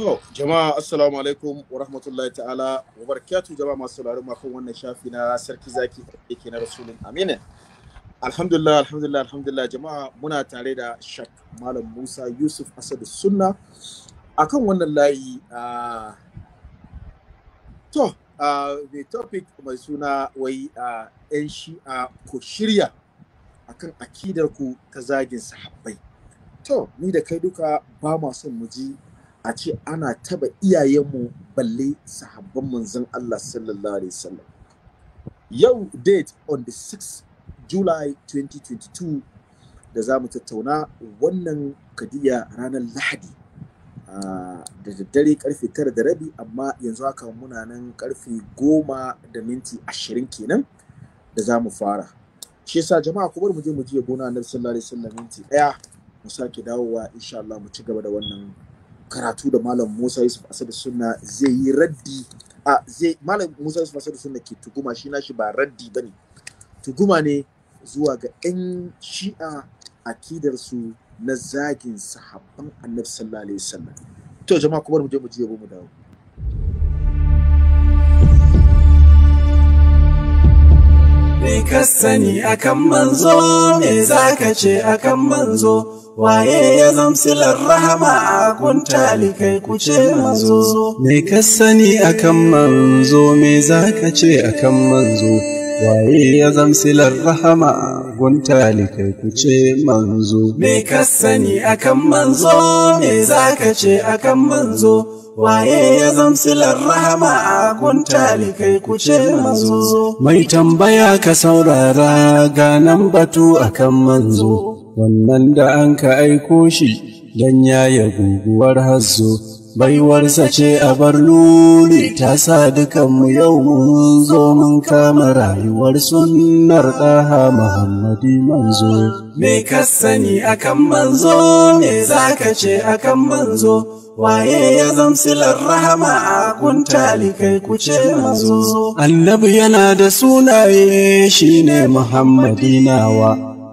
To, jama'a assalamu alaikum wa rahmatullahi ta'ala wa barakatuh jama'a masu sauraron makon wannan shafi na sarki zaki yake na rasulun aminin. Alhamdulillah, alhamdulillah, alhamdulillah jama'a muna tare da Shak Malam Musa Yusuf Asadu Sunna akan wannan layi a to the topic mai suna wai a 'yan shi'a ko shirya akan akidar ku ta zagin sahabbai. To, ni da kai duka ba ma son mu ji a ce ana taba iyayenmu balle sahabban manzon Allah sallallahu alaihi wasallam yau date on the 6 July 2022 da za mu tattauna wannan kadiya ranar Lahadi ah, da daddare karfe tara da rabi amma yanzu haka muna nan karfe goma da minti ashirin kenan da za mu fara shi yasa jama'a ku bar mu je mu je gona na sallallahu alaihi wasallam minti daya mu sake dawowa insha Allah mu ci gaba da wannan karatu da malam Musa Yusuf Asadu Sunna zai yi raddi a zai malam Musa Yusuf Asadu Sunna ke tuguma shi nashi ba raddi bane tuguma ne zuwa ga 'yan shi'a su na zagin sahabban annabi sallallahu alaihi wasallam to jama'a kuma mu je mu je mu dawo Me ka sani akan manzo, me za ka ce akan manzo, waye ya zamsilar rahama a kuntali kai kuce manzo me ka sani akan manzo me zaka ce akan manzo waye ya zamsilar rahama gun talikai ku ce manzo. Me ka sani akan manzo, me za ka ce akan manzo, waye ya zamsilar rahama a gun talikai ku ce manzo. Mai tambaya ka saurara ganan batu akan manzo, wannan da an ka aiko shi don yaya guguwar hazo. baiwarsa ce a bar luli ta sa dukan mu yau mun zo mun kama rayuwar sunnar ɗaha muhammadi manzo me ka sani akan manzo me za ka ce akan manzo waye ya zamsilar rahama a kuntali kai kuce manzo annabi yana da sunaye shine muhammadi nawa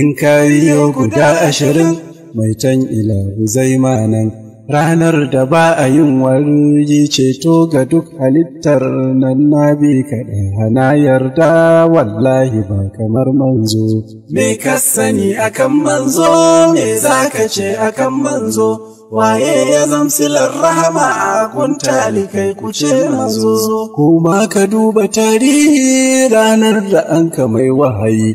in ka guda ashirin mai can ilahu zai manan ranar da ba a yin wari ceto ga duk halittar nan na bi kaɗa hana yarda wallahi ba kamar manzo me ka sani akan manzo me za ka ce akan manzo waye ya zamsilar rahama a talikai kai ce manzo kuma ka duba tarihi ranar da an ka mai wahayi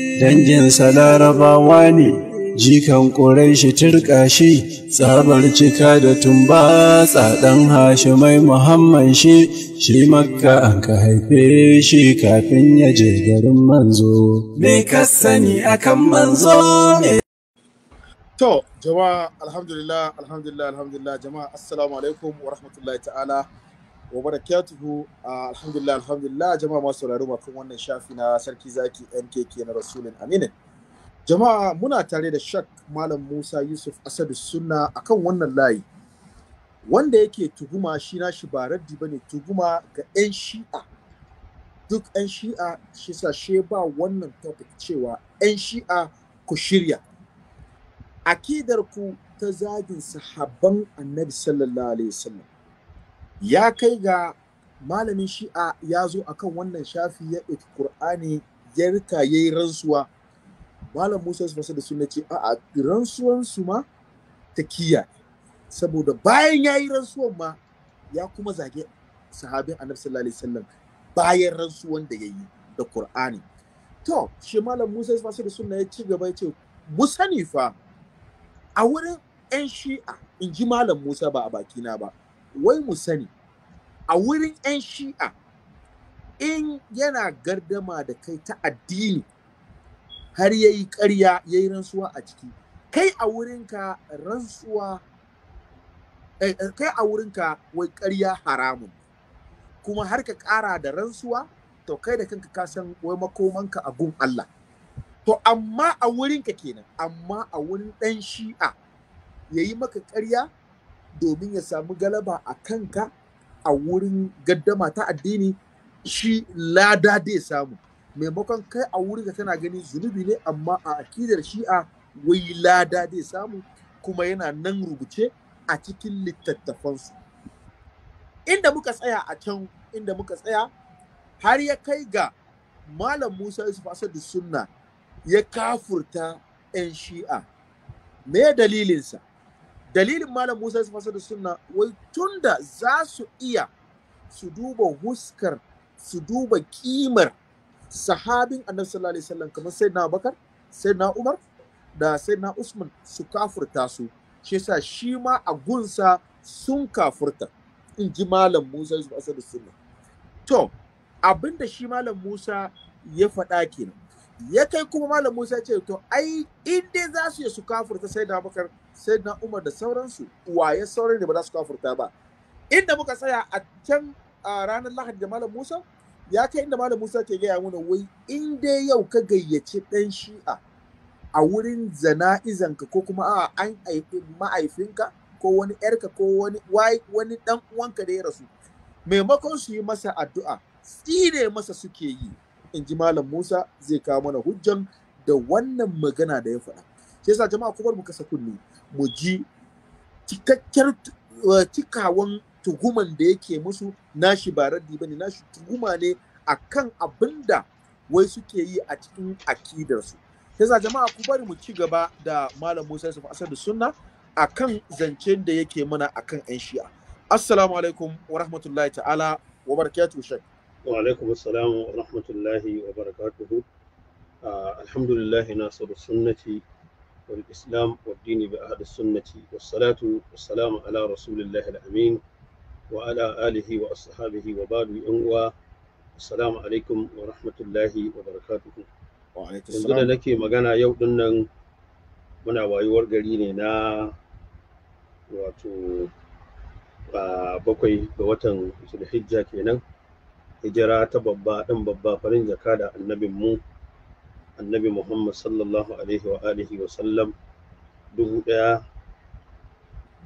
danginsa larabawa ne jikan ƙuraishi shi, tsabar cika da tumba tsadan mai muhamman shi shi makka an ka haife shi kafin ya je garin manzo me ka sani akan manzo ne to jama'a alhamdulillah alhamdulillah alhamdulillah jama'a assalamu alaikum wa rahmatullahi ta'ala wa barakatuhu ah, alhamdulillah alhamdulillah jama'a masu sauraro ma kan wannan shafi na sarki zaki nkk na rasulun aminin jama'a muna tare da shak malam Musa Yusuf Asadu Sunna akan wannan layi wanda yake tuhuma shi na shi ba raddi bane tuhuma ga 'yan shi'a duk 'yan shi'a shi sa she ba wannan topic cewa 'yan shi'a ku shirya akidar ku ta zagin sahabban annabi sallallahu alaihi wasallam ya kai ga malamin shi'a ya zo a kan wannan shafi ya ɗauki ƙur'ani ya rika ya yi rantsuwa malam musa su da suna ce a rantsuwansu ma ta kiya saboda bayan ya yi rantsuwan ma ya kuma zage sahabin annabi sallallahu alaihi wasallam bayan rantsuwan da ya yi da ƙur'ani to shi malam musa su da suna ya ci gaba ya ce mu sani fa a wurin 'yan shi'a in ji malam musa ba a bakina ba wai mu sani a wurin 'yan shi'a in yana gardama da kai ta addini har ya yi ƙarya ya yi rantsuwa a ciki kai a wurinka rantsuwa eh, eh, kai a wurinka wai ƙarya haramun kuma har ka ƙara da rantsuwa to kai da kanka ka san wai makomanka a gun Allah to amma a wurinka kenan amma a wurin ɗan shi'a ya yi maka ƙarya domin ya samu galaba a kanka a wurin gaddama ta addini shi lada dai samu maimakon kai a wurin ka kana gani zunubi ne amma a akidar shi'a wai lada dai samu kuma yana nan rubuce a cikin littattafansu inda muka tsaya a can inda muka tsaya har ya kai ga malam musa yusuf asadu sunna ya kafurta 'yan shi'a me dalilinsa dalilin malam musa ya fasa da sunna wai tunda za su iya su duba huskar su duba kimar sahabin annabi sallallahu alaihi wasallam kamar sayyidina abubakar sayyidina umar da sayyidina usman su kafurta su shi yasa shi ma a gunsa sun kafurta in ji malam musa ya fasa da sunna to abinda shi malam musa ya faɗa kenan ya kai kuma malam musa ce to ai in dai za su yi su kafurta sayyidina abubakar sai na umar da sauransu waye sauran ne ba za su kafurta ba inda muka tsaya a can a ranar lahadi da malam musa ya kai inda malam musa ke gaya mana wai in dai yau ka gayyaci ɗan shi'a a wurin zana'izanka ko kuma a an haifi ma'aifinka ko wani yarka ko wani wani dan uwanka da ya rasu maimakon su yi masa addu'a tsire masa suke yi in ji malam musa zai kawo mana hujjan da wannan magana da ya faɗa shi yasa jama'a kuma mu kasa kunne mu ji cikakkiyar eh, cikawan tuhuman da yake musu nashi ba raddi bane nashi tuhuma ne akan abin da wai suke yi a cikin akidarsu za jama'a ku bari mu ci gaba da malam Musa Yusuf Asad da Sunna akan zancen da yake mana akan yan Shi'a assalamu alaikum wa rahmatullahi ta'ala wa barakatuhu shek wa alaikum assalamu wa rahmatullahi wa barakatuhu ah, alhamdulillah nasiru sunnati والإسلام والدين بأهل السنة والصلاة والسلام على رسول الله الأمين وعلى آله وأصحابه وبعد ينوى السلام عليكم ورحمة الله وبركاته وعليكم السلام عندنا لك مغانا يو دنن منا وايوار غريني نا واتو bakwai ga watan zulhijja kenan hijira ta babba ɗan babba farin jaka da annabin mu annabi muhammad sallallahu alaihi wa alihi wa sallam dubu ɗaya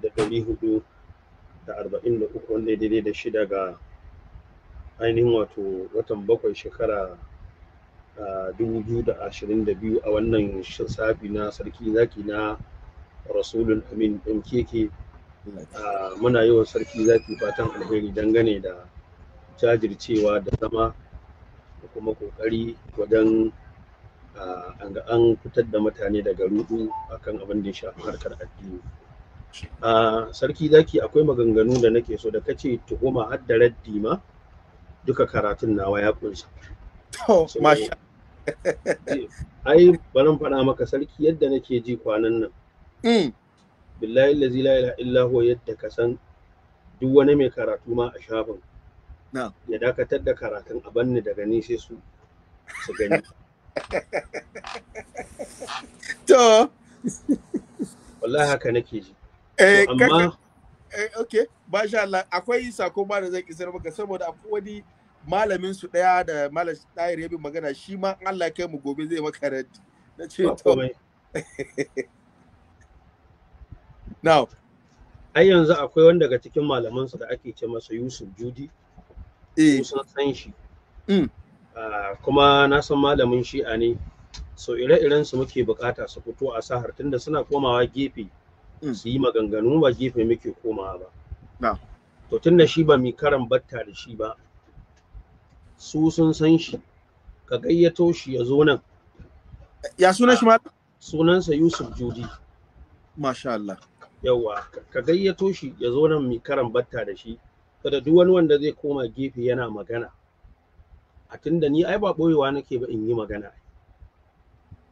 da ɗari hudu da arba'in da uku wanda daidai da shida ga ainihin wato watan bakwai shekara dubu biyu da ashirin da biyu a wannan safi na sarki zaki na rasulun amin ɗan keke muna yi wa sarki zaki fatan alheri dangane da jajircewa da zama da kuma ƙoƙari wajen an fitar da mutane daga rudu akan abin da ya shafi harkar addini a sarki zaki akwai maganganu da nake so da kace tuhuma har da raddi ma duka karatun nawa ya kunsa ai baran faɗa maka sarki yadda nake ji kwanan nan mm. billahi allazi la ilaha illa huwa yadda ka san duk wani mai karatu ma a shafin ya dakatar da karatun a banni daga ni sai su su gani to wallahi haka nake ji eh amma eh okay masha Allah akwai sako ba da zan isar maka saboda akwai wani malamin su daya da malam Dair ya bi magana shi ma Allah kai mu gobe zai maka raddi na ce to now ai yanzu akwai wanda daga cikin malaman su da ake ce masa Yusuf Judi eh sun san shi mm. Ah, kuma na san malamin shi'a ne so ire-iren su muke bukata su fito a sahar tunda suna komawa gefe hmm. su yi maganganu ba gefe muke komawa ba to tunda shi ba mai karan batta da shi ba su sun san shi ka gayyato shi ya zo nan ya sunan shi ah, sunansa yusuf judi masha Allah yawa ka gayyato shi ya zo nan mai karan batta da shi kada duk wani wanda zai koma gefe yana magana a tunda ni ai ba ɓoyewa nake ba in yi magana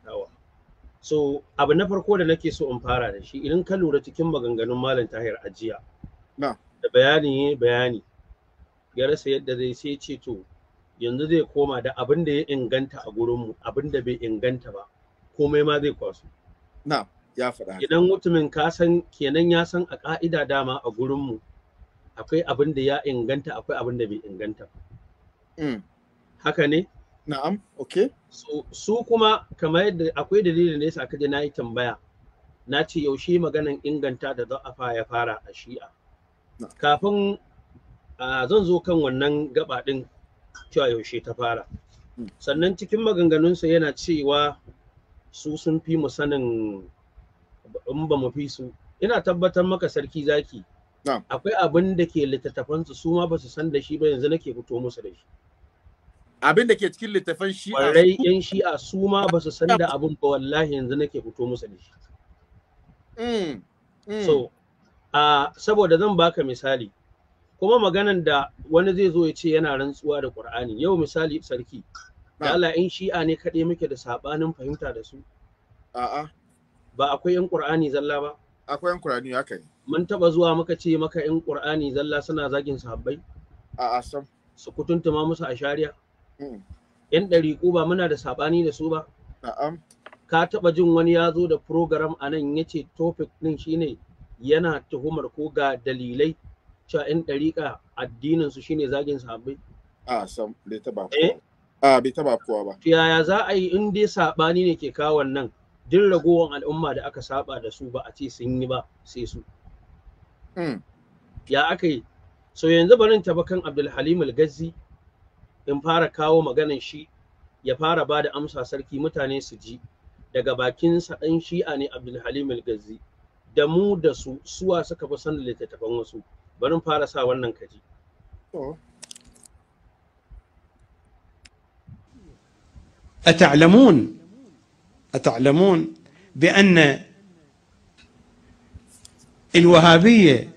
yawa so abu na farko da nake so in fara da shi idan ka lura cikin maganganun malam tahir ajiya da bayani ne bayani ya rasa yadda zai sai ce to yanzu zai koma da abin da ya inganta a gurinmu abin da bai inganta ba komai ma zai kwaso na ya faɗa idan mutumin ka san kenan ya san a ka'ida dama a gurinmu akwai abin da ya inganta akwai abin da bai inganta ba mm. haka ne na'am okay su kuma kamar yadda akwai dalilin da yasa aka na yi tambaya na ce yaushe maganan inganta da za'afa ya fara a shi'a kafin zan zo kan wannan gaba din cewa yaushe ta fara hmm. sannan cikin maganganunsa yana cewa su sun fi mu sanin in ba mu fi su ina tabbatar maka sarki zaki akwai abin da ke littattafansu su ma ba su san da shi ba yanzu nake fito musu da shi abin da ke cikin littafin shi'a warai yan shi'a su ma ba su san da abun ba wallahi yanzu nake fito musu da shi mm, mm. so a saboda zan baka misali kuma maganan da wani zai zo ya ce yana rantsuwa da Qur'ani yau misali sarki da Allah yan shi'a ne kaɗai muke da sabanin fahimta da su a'a ba akwai yan Qur'ani zalla ba akwai yan Qur'ani haka ne mun taba zuwa muka ce maka yan Qur'ani zalla suna zagin sahabbai a'a sam su kutuntuma musu a shari'a Hmm. yan ɗariƙu ba muna da saɓani da su ba ka taɓa jin wani ya zo da program a nan ya ce topic ɗin shine yana tuhumar ko ga dalilai cewa yan ɗariƙa addinin su shine zagin sahabbai a sam bai taɓa eh? a bai taɓa kowa ba yaya za a yi in dai saɓani ne ke kawo nan duk ragowar al'umma da aka saba da su ba a ce sun yi ba sai su hmm. ya aka yi so yanzu barin kan abdulhalim al in fara kawo maganar shi ya fara bada amsa sarki mutane su ji daga bakin bakinsa ɗan shi'a ne Abdul Halim al gazzi da mu da su suwa suka fi sanin littattafan wasu bari fara sa wannan kaji أتعلمون أتعلمون بأن الوهابية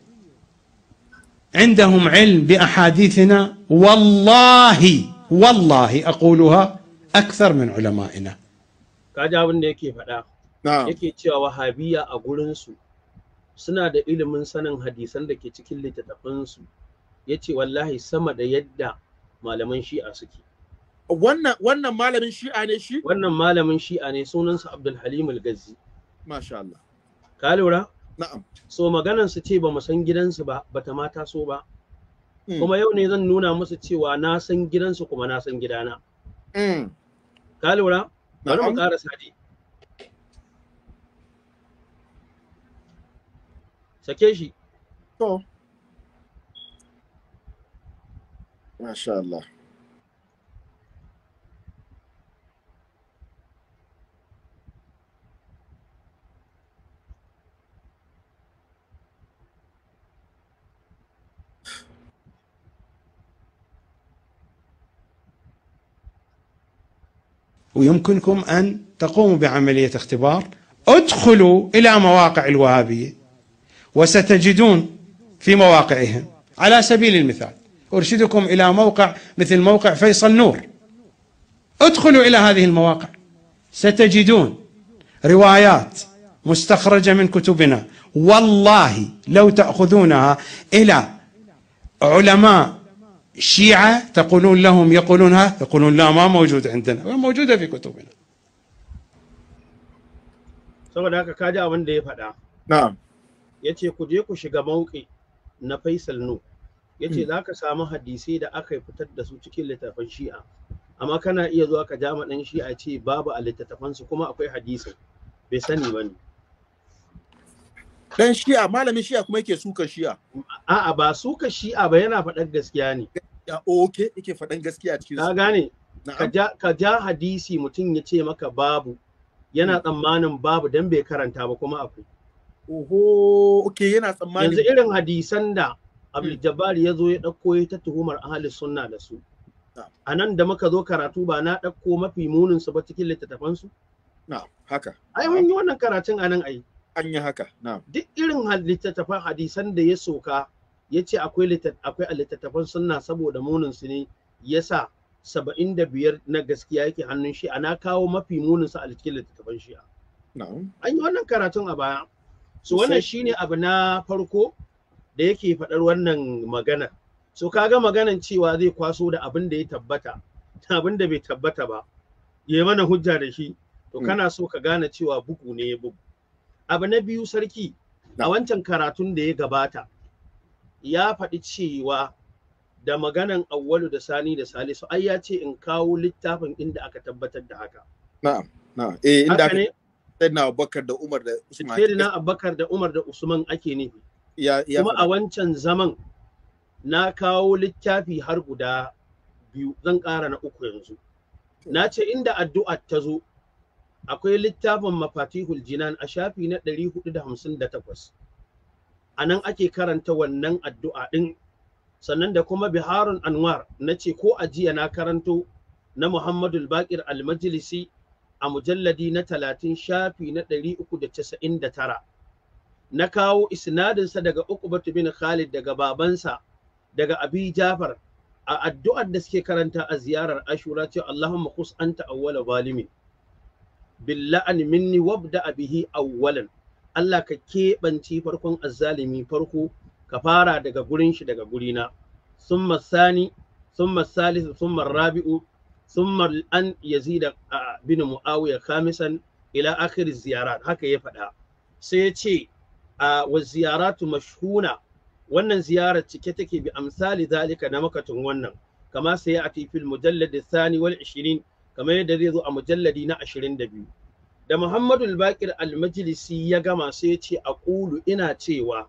عندهم علم بأحاديثنا والله والله أقولها أكثر من علمائنا kaji abin da yake faɗa yake cewa wahabiya a gurinsu suna da ilimin sanin hadisan da ke cikin littattafansu ya ce wallahi sama da yadda malaman shi'a suke wannan wannan malamin shi'a ne shi wannan malamin shi'a ne sunansa abdul halim al-gazzi masha Allah ka lura na'am so maganan su ce ba mu san gidansu ba bata mata so ba Mm. kuma yau ne zan nuna musu cewa na san gidansu kuma na san gidana mm. ka lura bari mu ƙara sadi sake shi to masha Allah ويمكنكم أن تقوموا بعملية اختبار ادخلوا إلى مواقع الوهابية وستجدون في مواقعهم على سبيل المثال أرشدكم إلى موقع مثل موقع فيصل نور ادخلوا إلى هذه المواقع ستجدون روايات مستخرجة من كتبنا والله لو تأخذونها إلى علماء الشيعة تقولون لهم يقولونها يقولون لا ما موجود عندنا موجودة في كتبنا saboda haka kaji abin da ya faɗa na'am yace ku je ku shiga mauki na Faisal Nu yace za ka samu hadisi da aka fitar da su cikin littafin Shi'a amma kana iya zuwa ka jama dan Shi'a ce babu a littattafansu kuma akwai hadisi bai sani bane Dan shi'a malamin shi'a kuma yake suka shi'a. A'a ba suka shi'a ba yana faɗan gaskiya ne. Ya oke yake faɗan gaskiya cikin Ka gane. Ka ja hadisi mutum ya ce maka babu yana hmm. tsammanin babu dan bai karanta ba kuma akwai. Oho, oke yana tsammanin. Yanzu irin hadisan da hmm. Jabbar ya zo ya ɗauko ya ta tuhumar ahli sunna da su. A nan da muka zo karatu ba na ɗauko mafi munin su ba cikin littattafansu? Na, haka. Ai mun yi wannan karatun a nan ai. an yi haka duk irin littattafan hadisan da ya soka ya ce akwai akwai littattafan sunna saboda munin su ne yasa saba'in da biyar na gaskiya yake hannun shi ana kawo mafi munin sa a cikin littattafan shi'a an yi wannan karatun a baya so wannan shine abu na farko da yake faɗar wannan magana so kaga maganan cewa zai kwaso da abin da ya tabbata abin da bai tabbata ba ya mana hujja da shi to hmm. kana so ka gane cewa bugu ne ya bugu abu na biyu sarki a wancan karatun da ya gabata ya faɗi cewa da maganan awwalu da sani da salisu ai ya ce in kawo littafin inda aka tabbatar da haka na'am na'am eh inda aka sayyidina abubakar da umar da usman sayyidina abubakar da umar da usman ake nufi ya ya kuma a wancan zaman na kawo littafi har guda biyu zan ƙara na uku yanzu na ce inda addu'a ta zo akwai littafin mafatihul jinan a shafi na 458 a nan ake karanta wannan addu'a ɗin sannan da kuma biharun anwar na ce ko ajiya na karanto na muhammadul al almajlisi a mujalladi na 30 shafi na 399 na kawo isnadinsa daga ukubatu bin khalid daga babansa daga abi jafar a addu'ar da suke karanta a ziyarar ashura ce allahumma kus anta awwala zalimin billa'an minni wabda bihi awwalan Allah ka keɓanci farkon azzalimi farko ka fara daga gurin shi daga gurina summa sani summa salisu summa rabi'u summa an a bin muawiya kamisan ila akhir ziyara haka ya faɗa sai ya ce wa ziyaratu mashhuna wannan ziyarar cike take bi amsali zalika na makatun wannan kama sai a fil mujalladi thani wal 20 kamar yadda zai zo a mujalladi na 22 da Muhammadu Bakir al ya gama sai ya ce aqulu ina cewa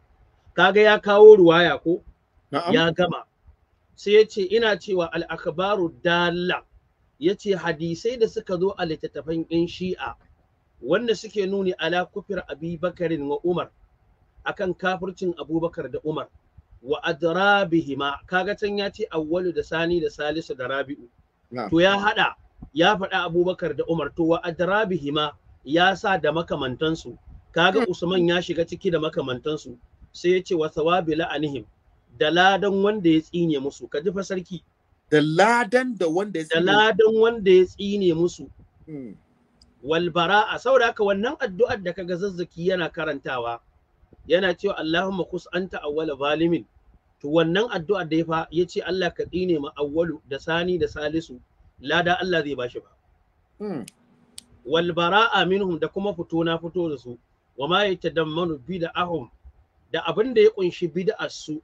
kaga ya kawo ruwaya ko ya gama sai ya ce ina cewa al akbaru dalla ya ce hadisai da suka zo a littattafan yan shi'a wanda suke nuni ala kufir abi wa umar akan kafircin abubakar da umar wa adrabihima kaga can ya ce awwalu da sani da salisu da rabi'u to ya hada ya faɗa abubakar da umar to wa adrabihima ya sa da makamantansu kaga hmm. Usman ya shiga ciki da makamantansu sai ya ce wa thawabi la'anihim da ladan wanda ya tsine musu ka ji fa sarki da ladan da wanda ya tsine da ladan wanda ya tsine musu hmm. wal bara'a saboda wannan addu'ar da kaga zazzaki yana karantawa yana cewa Allahumma kus anta awwala zalimin to wannan addu'a da yafa ya ce Allah ka tsine ma awwalu da sani da salisu lada Allah zai bashi ba hmm. Walbara bara'a minhum da kuma fito na fito da su wa ma yatadammanu bid'ahum da abin da ya kunshi bid'ar su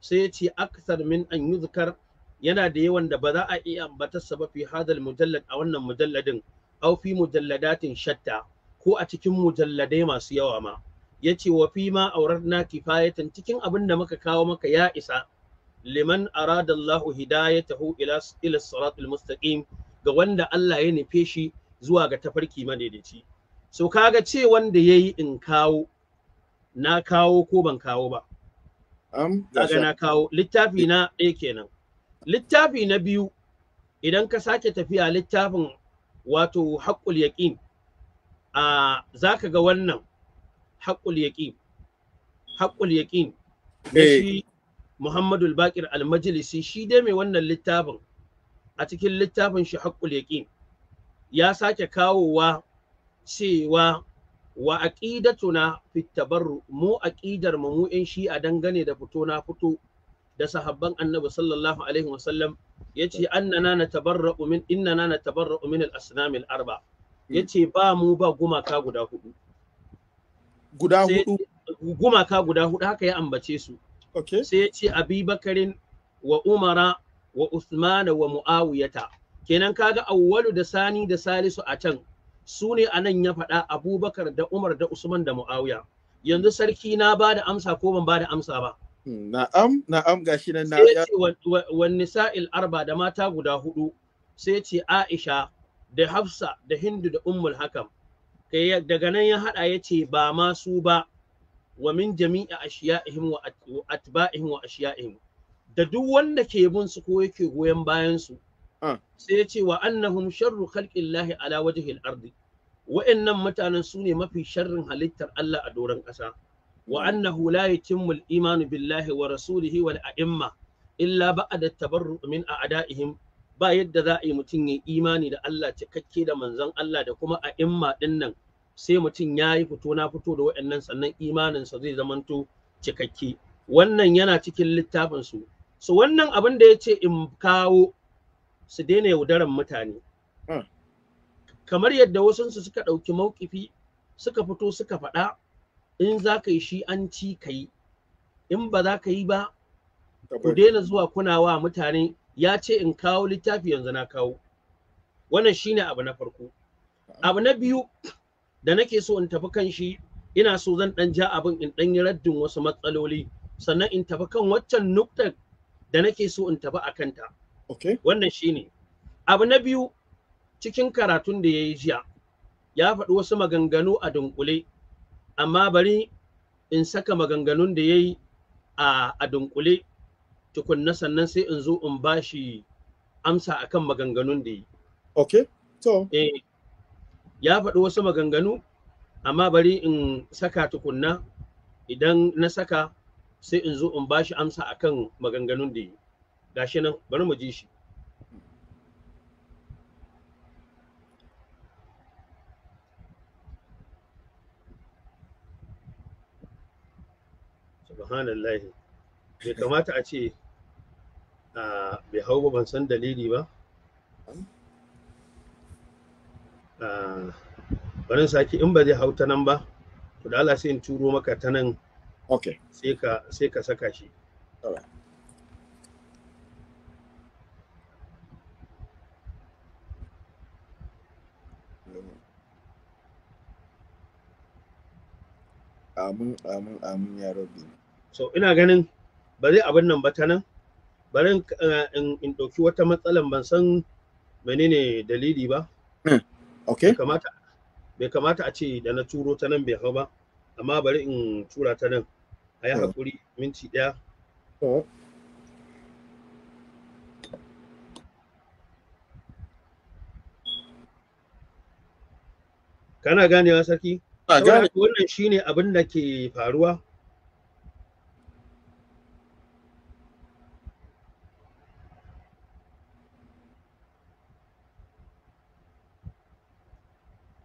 sai ya ce akthar min an yuzkar yana da yawan da ba za a iya ambatarsa ba fi hadal mujallad a wannan mujalladin aw fi mujalladatin shatta ko a cikin mujalladai masu yawa ma yace wa fi ma auratna kifayatan cikin abin da muka kawo maka ya isa liman arada Allah hidayatahu ila ila siratil mustaqim ga wanda Allah ya nufe shi zuwa ga tafarki madaidaici so kaga ce wanda yayi in kawo na kawo ko ban kawo ba um, kaga na kawo littafi na ɗaya kenan littafi na biyu idan ka sake tafiya littafin wato haƙƙul yaƙin a za ka ga wannan haƙƙul yaƙin haƙƙul yaƙin na eh. shi Muhammadu Bakir Almajlisi shi dai mai wannan littafin a cikin littafin shi haƙƙul yaƙin ya sake kawowa cewa wa aqidatuna fit tabarru mu aqidar mu mu'in shi a dangane da fito na fito da sahabban annabi sallallahu alaihi wasallam yace annana natabarra'u min innana natabarra'u min al-asnam al-arba yace ba mu ba gumaka guda hudu guda hudu gumaka guda hudu haka ya ambace su okay sai yace Bakarin wa umara wa usmana wa muawiyata kenan kaga awwalu da sani da salisu a can su ne a nan ya faɗa abubakar da umar da usman da muawiya yanzu sarki na ba da amsa ko ban ba da amsa ba hmm, na'am na'am gashi nan na wan nisa'il arba da mata guda hudu sai ce aisha da hafsa da hindu da ummul hakam daga nan ya hada ya ce ba ma su ba wa min jami'i ashiya'ihim wa atba'ihim wa ashiya'ihim da duk wanda ke bin su ko yake goyon bayan su Ah. sai ya ce wa annahum sharru khalqillahi ala wajhil ardi wa'annan mutanen su ne mafi sharrin halittar Allah a doron ƙasa wa annahu la yatimmu al-imanu billahi wa rasulihi wal a'imma illa ba'da tabarru min a'da'ihim ba yadda za a yi mutum ya imani da Allah cikakke da manzon Allah da kuma a'imma din nan sai mutum ya yi fito na fito da waɗannan sannan imaninsa zai zamanto cikakke wannan yana cikin littafinsu su wannan abin da ya ce in kawo su daina yaudaran mutane hmm. kamar yadda wasansu suka ɗauki maukifi suka fito suka faɗa in za ka yi shi an ci ka yi in ba za ka yi ba ku daina zuwa kuna wa mutane ya ce in kawo littafi yanzu na kawo wannan shine abu na farko abu na biyu da nake so in tafi kan shi ina so zan ɗan ja abin in ɗan yi raddin wasu matsaloli sannan in tafi kan waccan nuktar da nake so in tafi a kanta. Okay. Wannan ne. Abu na biyu cikin karatun da ya yi jiya ya faɗi wasu maganganu a dunkule, amma bari in saka maganganun da ya yi a dunkule tukunna sannan sai in zo in ba shi amsa akan maganganun da ya yi. Okay. So. Eh, ya faɗi wasu maganganu amma bari in saka tukunna idan na saka sai in zo in ba shi amsa akan maganganun da ya yi. gashi nan bari mu ji shi subhanallah bai kamata a ce bai hau ba ban san dalili ba barin sake in ba zai hau ta nan ba to da Allah sai in turo maka ta nan sai ka saka shi amin amin amin ya rabbi so ina ganin ba zai abin nan ba ta nan bari eh, in ɗauki wata matsalan ban san menene dalili ba hmm, okay bai kamata a ce da na turo ta nan bai hau ba amma bari in tura ta nan a yi hmm. haƙuri minti ɗaya oh. kana ganewa sarki wannan ne abin da ke faruwa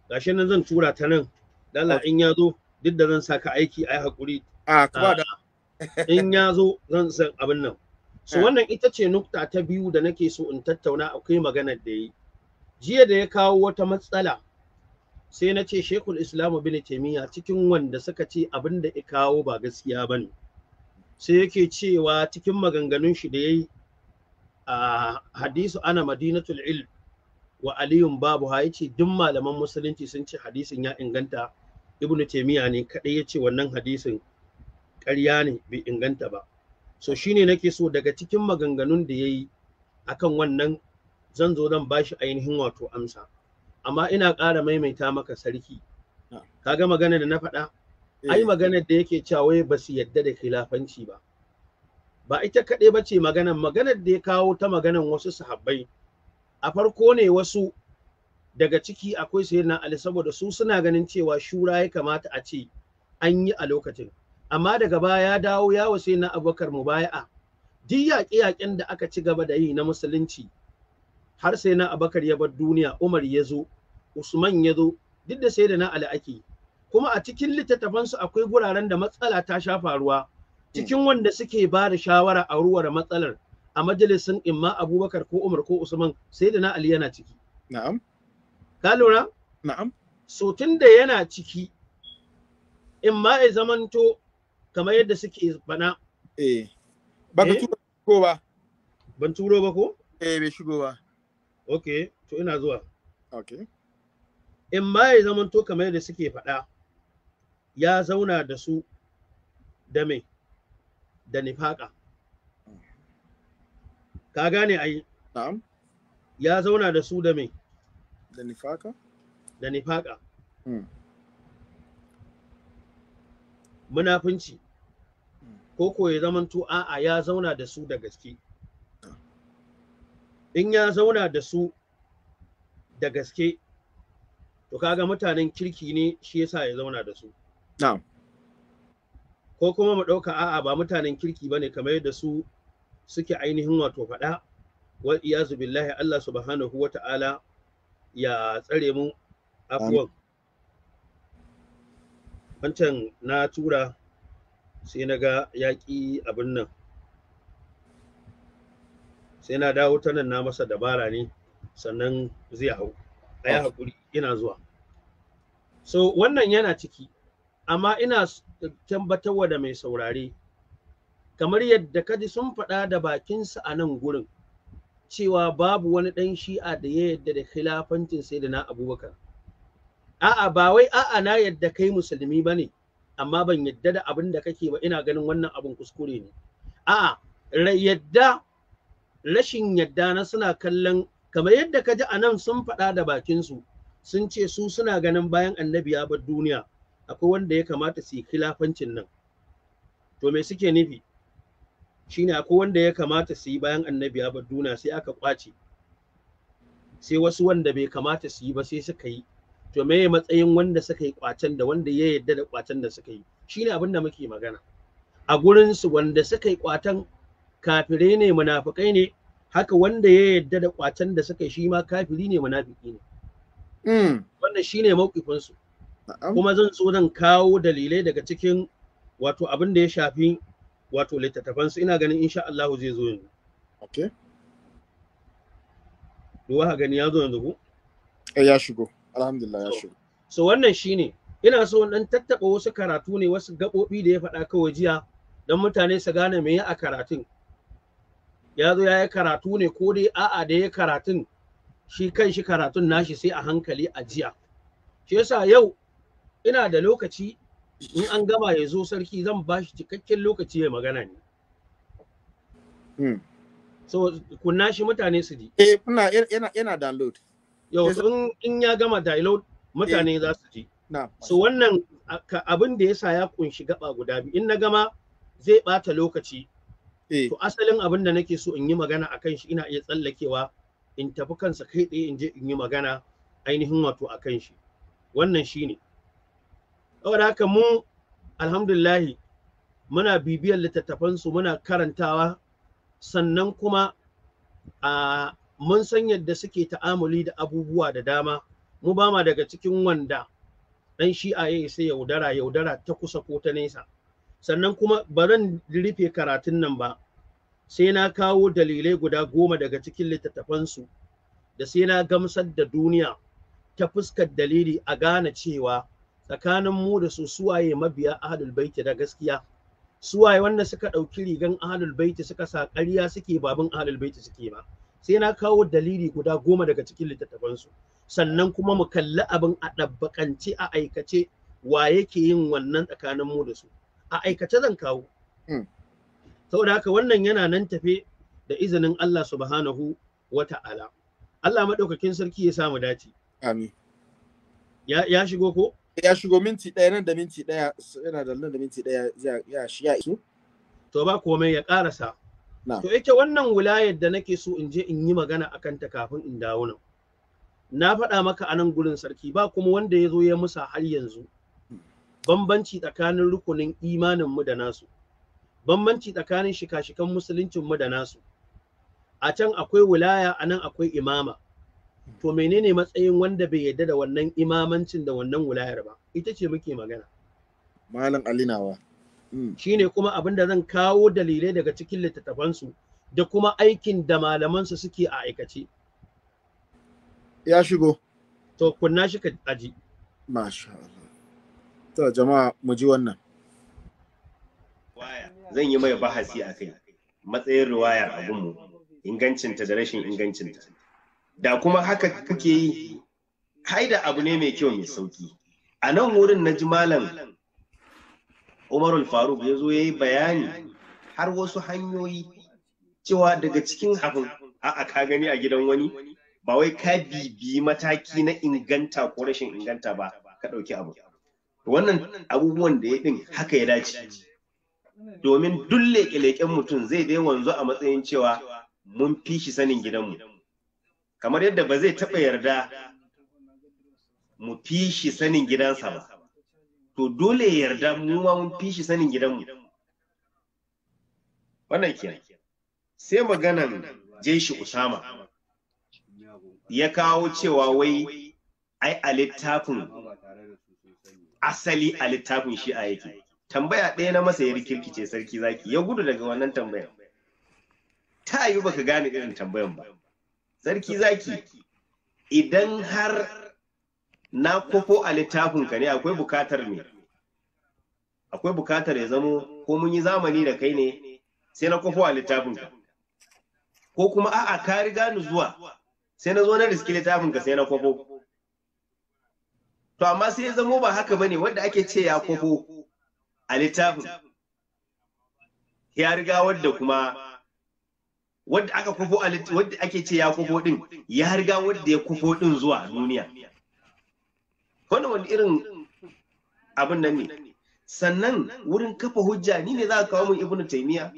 gashi nan zan tura ta nan dala in ya zo duk da zan saka aiki a yi haƙuri ah, in ya zo zan san abin nan Su eh. wannan ita ce nukta ta biyu da nake so in tattauna akwai maganar da yi jiya da ya kawo wata matsala sai na ce shekul islamu bin taimiyya cikin wanda suka ce abin da kawo ba gaskiya ba ne sai yake cewa cikin maganganun shi da ya yi a hadisu ana madinatul ilm wa aliyun babu ha yace duk malaman musulunci sun ce hadisin ya inganta ibnu taimiyya ne kaɗai ya ce wannan hadisin ƙarya ne bai inganta ba so shine nake so daga cikin maganganun da ya yi akan wannan zan zo zan bashi ainihin wato amsa amma ina ƙara maimaita maka sarki kaga magana da na faɗa ai eh. maganar da yake cewa wai ba su yadda da khilafanci ba ba ita kaɗai ba ce maganar maganar da ya kawo ta maganar wasu sahabbai a farko ne wasu daga ciki akwai sayyidina ali saboda su suna ganin cewa shura ya kamata a ce an yi a lokacin amma daga baya ya dawo yawo sai na abubakar mubaya'a duk yaƙe-yaƙen da aka ci gaba da yi na musulunci har sai na abakar ya bar duniya umar ya zo usman ya zo duk da sai da na ali ake kuma a cikin littattafansu akwai guraren da matsala ta sha faruwa cikin wanda suke ba da shawara a ruwar matsalar a majalisin imma abubakar ko umar ko usman sai da na ali yana ciki na'am ka lura na'am so tun da yana ciki imma ya zamanto kamar yadda suke bana eh baka eh? turo ko ba ban turo ba ko eh bai shigo ba ok to ina zuwa Okay. in ma ya to kamar yadda suke faɗa ya zauna da su da me da nifaƙa ka gane ai na'am ya zauna da su da me da nifaka da nifaka hmm. munafunci hmm. ko ko ya to a'a ya zauna da su da gaske in ya zauna da su da gaske to kaga mutanen kirki ne shi yasa ya zauna da su ko kuma mu ɗauka a'a ba mutanen kirki ba ne kamar yadda su suke ainihin wato faɗa wa iyazu billahi Allah subhanahu wa ta'ala ya tsare mu afuwan wancan na tura sai na ga yaƙi abin nan sai na dawo ta nan na masa dabara ne sannan zai hau a yi oh. haƙuri ina zuwa so wannan yana ciki amma ina tabbatarwa da mai saurare kamar yadda kaji sun faɗa da bakinsa a nan gurin cewa babu wani ɗan shi'a da ya yadda da khilafancin sai da na abubakar a'a ba wai a'a na yadda kai musulmi ba ne amma ban yadda da abin da kake ba ina ganin wannan abin kuskure ne a'a yadda rashin yadda na suna kallon kamar yadda ka ji a nan sun faɗa da bakinsu sun ce su suna ganin bayan annabi ya bar duniya akwai wanda ya kamata su yi khilafancin nan to me suke nufi shine akwai wanda ya kamata su yi bayan annabi ya bar duniya sai aka kwace sai wasu wanda bai kamata su yi ba sai suka yi to me matsayin wanda suka yi kwacen da wanda ya yarda da kwacen da suka yi shine abin da muke magana a gurin su wanda suka yi kwatan kafirai ne munafikai ne haka wanda ya yadda da kwacen da suka shi ma kafiri ne munafiki ne hmm. wannan shine mauƙifin su kuma zan so zan kawo dalilai daga cikin wato abin da ya shafi wato littattafan su ina ganin insha Allah zai zo yanzu okay duwa gani ya zo yanzu eh ya shigo alhamdulillah ya shigo so wannan shine ina so dan tattaba wasu karatu ne wasu gabobi da ya faɗa kawai jiya don mutane su gane me a karatun ya zo ya yi karatu ne ko dai a'a da ya karatun shi kan shi karatun nashi sai a hankali a jiya shi yasa yau ina da lokaci in an gama ya zo sarki zan ba shi cikakken lokaci ya magana ne hmm. so kunna shi mutane su ji eh kuna yana yana download yau in in ya gama download mutane eh. za su ji so wannan abin da yasa ya kunshi gaba guda biyu in na gama zai bata lokaci Eh. to asalin abin da nake so in yi magana akan shi ina iya tsallakewa in tafi kansa kai tsaye in je in yi magana ainihin wato akan shi wannan shine saboda haka mu alhamdulillahi muna bibiyar littattafansu muna karantawa sannan kuma a mun san yadda suke ta'amuli da abubuwa da dama mu ba ma daga cikin wanda ɗan shi'a ya sai yaudara yaudara ta kusa ko ta nesa sannan kuma ba zan rufe karatun nan ba sai na kawo dalilai guda goma daga cikin littattafansu da sai na gamsar da duniya ta fuskar dalili a gane cewa tsakanin mu da su suwaye mabiya ahlul baiti da gaskiya suwaye wanda suka ɗauki rigan ahlul baiti suka sa ƙarya suke babin ahlul baiti suke ba sai na kawo dalili guda goma daga cikin littattafansu sannan kuma mu kalli abin a ɗabbaƙance a aikace wa yake yin wannan tsakanin mu da su a aikace zan kawo hmm. saboda haka wannan yana nan tafe da izinin Allah subhanahu wa ta'ala Allah maɗaukakin sarki ya samu dace amin ya shigo ko ya shigo minti ɗaya nan da minti ɗaya yana da nan da minti ɗaya ya shi ya isu to ba komai ya ƙarasa to ita wannan wilayar da nake so in je in yi magana a kanta kafin in dawo nan na faɗa maka a nan gurin sarki ba kuma wanda ya zo ya musa har yanzu bambanci tsakanin rukunin imanin mu da nasu bambanci tsakanin shika-shikan musuluncin mu da nasu a can akwai wilaya a nan akwai imama to menene matsayin wanda bai yarda da wannan imamancin da wannan wilayar ba ita ce muke magana malam alinawa hmm. shine kuma abin da zan kawo dalilai daga cikin littattafansu da kuma aikin da malamansu suke a aikace ya shigo to kunna shi ka aji masha Allah Ta jama'a mu ji wannan. Zan yi mai bahasi a kai matsayin riwayar abinmu ingancinta da rashin ingancinta. Da kuma haka kuke yi, haida abu ne mai kyau mai sauki. A nan wurin na ji malam Umarul Faruk ya zo ya yi bayani har wasu hanyoyi cewa daga cikin abin a'a ka gani a gidan wani ba wai ka bibi mataki na inganta ko rashin inganta ba ka ɗauki abu. wannan abubuwan da ya ɗin haka ya dace domin duk leƙe-leƙen mutum zai dai wanzu a matsayin cewa mun fi shi sanin gidanmu kamar yadda ba zai taɓa yarda mu fi shi sanin gidansa ba to dole ya yarda mu ma mun fi shi sanin gidanmu wannan kenan sai maganan jeshi usama ya kawo cewa wai ai a littafin asali a littafin shi'a yake tambaya ɗaya na masa ya ce sarki zaki ya gudu daga wannan tambayan ta yi baka gane irin tambayan ba sarki zaki idan har na kofo a littafin ka ne akwai bukatar ne akwai bukatar ya zamo ko mun yi zamani da kai ne sai na kofo a littafin ka ko kuma a'a ka riga ni zuwa sai na zo na riski littafin ka sai na kofo to amma sai ya zamo ba haka bane wanda ake ce yakubu a littafin ya riga wadda kuma wadda aka kufo wadda ake ce ya kufo din ya riga wadda ya kufo din zuwa duniya wannan wani irin abin nan ne sannan wurin kafa hujja ni ne za ka kawo min ibnu taymiya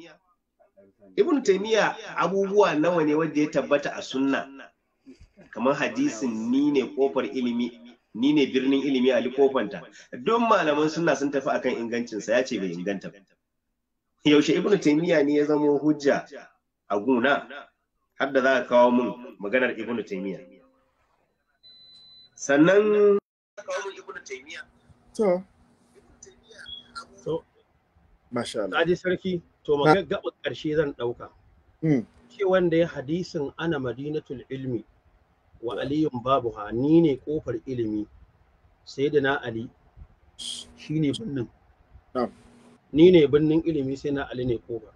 ibnu taymiya abubuwa nawa ne wanda ya tabbata a sunna kamar hadisin ni ne kofar ilimi ni ne birnin ilimi ali kofanta don malaman suna sun tafi akan ingancinsa ya ce bai inganta ba yaushe Ibn taymiya ne ya zamo hujja a guna har da za ka kawo mun maganar Ibn taymiya sannan to to masha Allah kaji sarki to magagaba karshe zan dauka hmm. ce wanda ya hadisin ana madinatul ilmi wa aliyun ha ni ne kofar ilimi sai da na ali shi ne birnin ni ne birnin ilimi sai na ali ne kofar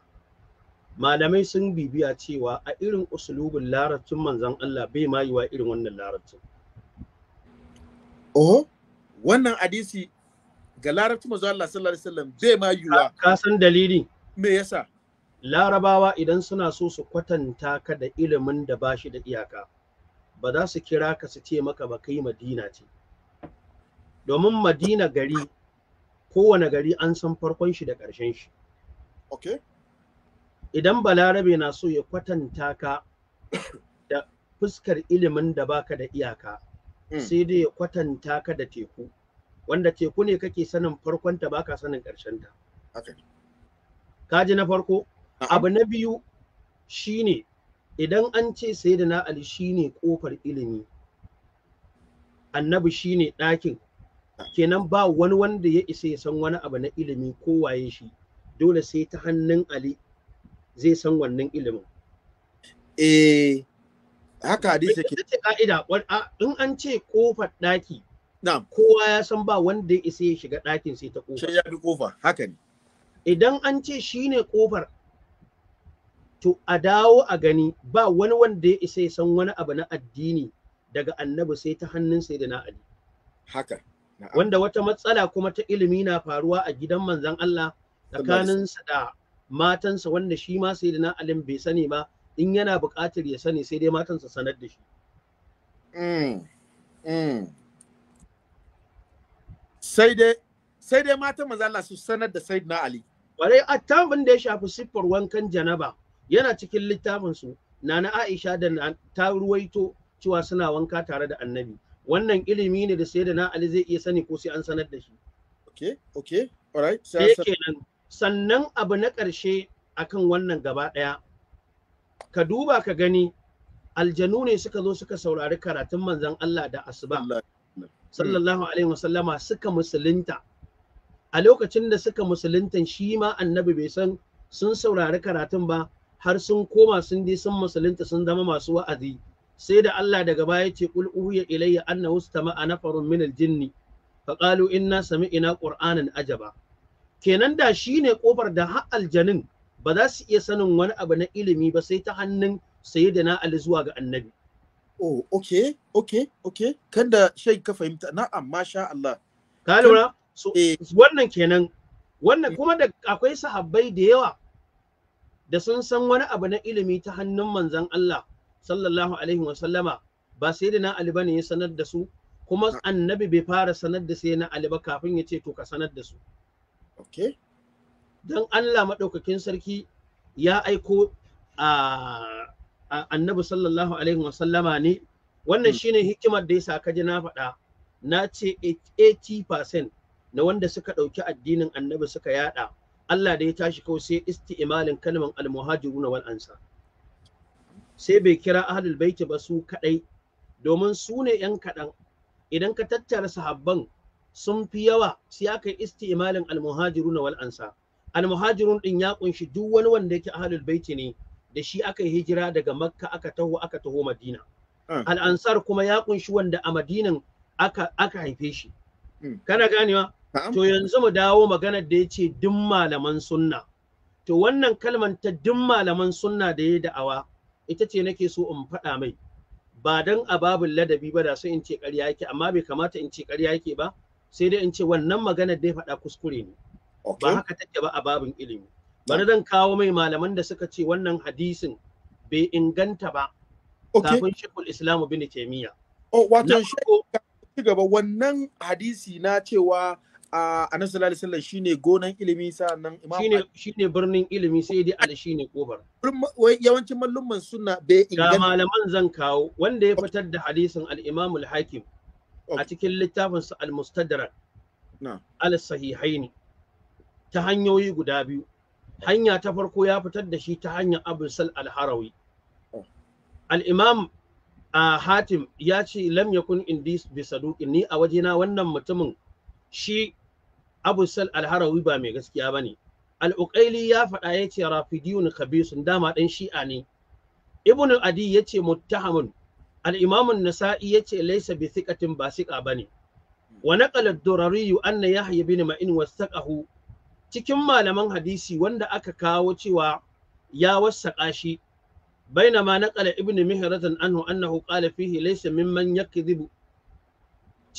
malamai sun bibiya cewa a irin usulubin larabcin manzan Allah bai ma yiwa irin wannan larabcin oh wannan hadisi ga larabcin manzan Allah sallallahu alaihi wasallam bai ma yiwa ka san dalili me yasa larabawa idan suna so su kwatanta ka da ilimin da bashi da iyaka ba za su kira ka su ce maka ba kai madina ce domin madina gari kowane gari an san farkon shi da ƙarshen shi okay. idan balarabe na so ya kwatanta ka da fuskar ilimin da baka da iyaka hmm. sai dai ya kwatanta ka da teku wanda teku ne kake sanin farkonta baka sanin ƙarshenta. ta. Kaji na farko, abu na biyu shine idan an ce sayyidina ali shine kofar ilimi annabi shine ɗakin kenan ba wani wanda ya isa ya san wani abu na ilimi ko waye shi dole sai ta hannun ali zai san wannan ilimin eh haka hadisi ke ce ka'ida in an ce kofar ɗaki kowa ya san ba wanda ya isa ya shiga ɗakin sai ta kofa sai ya bi kofa haka ne idan an ce shine kofar to a dawo a gani ba wani wanda ya isa ya san wani abu na addini daga annabi sai ta hannun sai da na ali haka wanda wata matsala kuma ta ilimi na faruwa a gidan manzon Allah tsakaninsa da matansa wanda shi ma sai da na alim bai sani ba in yana buƙatar ya sani sai dai matansa sanar da shi mm, mm. sai dai sai dai matan manzon Allah su sanar da sayyidina ali bare a tambun da ya shafi siffar wankan janaba yana cikin littafin su nana Aisha da ta ruwaito cewa suna wanka tare da annabi wannan ilimi ne da sai da na Ali zai iya sani ko sai an sanar da shi okay okay all right sai kenan sannan abu na ƙarshe akan wannan gaba ɗaya ka duba ka gani aljanu ne suka zo suka saurari karatun manzon Allah da asuba sallallahu alaihi wasallama suka musulunta a lokacin da suka musuluntan shi ma annabi bai san sun saurari karatun ba har sun koma sun dai sun musulunta sun zama masu wa'azi sai da Allah daga baya ce qul uhiya ilayya annahu istama'a nafarun min al-jinni faqalu inna sami'na qur'anan ajaba kenan da shine kofar da har aljanin ba za su iya sanin wani abu na ilimi ba sai ta hannun sayyidina Ali zuwa ga annabi oh okay okay okay kada shai ka fahimta na'am masha Allah ka lura so eh. wannan kenan wannan eh. kuma da akwai sahabbai da yawa da sun san wani abu na ilimi ta hannun manzon Allah sallallahu alaihi wa sallama ba sai da na Aliba ne ya sanar da su kuma annabi bai fara sanar da sai na Ali kafin ya ce to ka sanar da su okay dan Allah madaukakin sarki ya aiko a annabi sallallahu alaihi wa sallama ne wannan hmm. shine hikimar da yasa ka ji na faɗa na ce 80% na wanda suka ɗauki addinin annabi suka yada Allah da ya tashi kawai sai isti'malin kalman al-muhajiruna wal sai bai kira ahlul baiti ba su kadai domin su ne yan kadan idan ka tattara sahabban sun fi yawa sai aka yi isti'malin al-muhajiruna wal ansar al din ya kunshi duk wani wanda yake ahlul baiti ne da shi aka yi hijira daga makka aka taho aka taho madina ah. al-ansar kuma ya kunshi wanda a madinan aka aka haife shi hmm. kana ganewa To yanzu mu dawo maganar da ya ce duk malaman sunna. To wannan kalman ta duk malaman sunna da ya da'awa ita ce nake so in faɗa mai. Ba don a babin ladabi ba da sai in ce ƙarya yake amma bai kamata in ce ƙarya yake ba sai dai in ce wannan maganar da ya faɗa kuskure ne. Ba haka take ba a babin ilimi. Bari zan kawo mai malaman da suka ce wannan hadisin bai inganta ba. Kafin Shekul Islamu bin Taimiyya. Oh, wato shi gaba wannan hadisi na cewa a annabi sallallahu alaihi wasallam shine gonan ilimi sannan imam shine shine birnin ilimi sai dai al shine kobar yawancin mallumman sunna bai inganta ga malaman zan kawo wanda ya fitar da hadisin al-imam al-hakim a cikin littafin sa al-mustadrak na al-sahihaini ta hanyoyi guda biyu hanya ta farko ya fitar da shi ta hanyar abu sal al-harawi oh. al-imam a hatim ya ce lam yakun indi bisaduqin ni a wajena wannan mutumin shi abu sal ba mai gaskiya ba ne al-uqaili ya faɗa ya ce rafidiyun kabisun dama ɗan shi'a ne ibnu adi ya ce muttahamun al-imamun nasa'i ya ce laisa bi thiqatin ba siƙa ba ne wa naqala ad-durari anna yahya bin ma'in wasaqahu cikin malaman hadisi wanda aka kawo cewa ya wasaƙa shi bainama naƙala ibnu mihratan anhu annahu qala fihi Laisa, mimman yakdhibu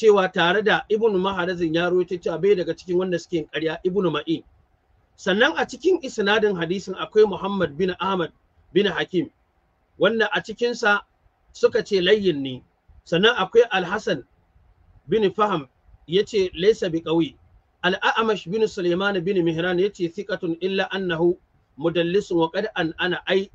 cewa tare da ibnu maharazin ya rawaito cewa bai daga cikin wanda suke yin ƙarya ibnu ma'in sannan a cikin isnadin hadisin akwai muhammad bin ahmad bin hakim wanda a cikinsa suka ce layyin ne sannan akwai alhassan bin faham ya ce laisa bi ƙauye al'amash bin suleiman bin mihran ya ce thiqatun illa annahu mudallisun wa qad an ana ai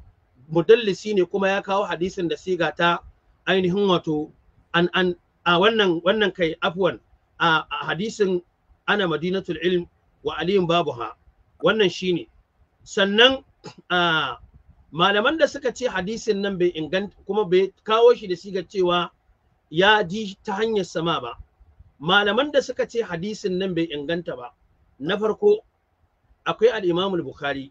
mudallisi ne kuma ya kawo hadisin da siga ta ainihin wato an an a ah, wannan wannan kai afwan ah, a hadisin ana madinatul ilm wa aliyun Ha, wannan shine sannan a ah, malaman da suka ce hadisin nan bai inganta kuma bai kawo shi da siga cewa ya ji ta hanyar sama ba malaman da suka ce hadisin nan bai inganta ba na farko akwai al-imamul bukhari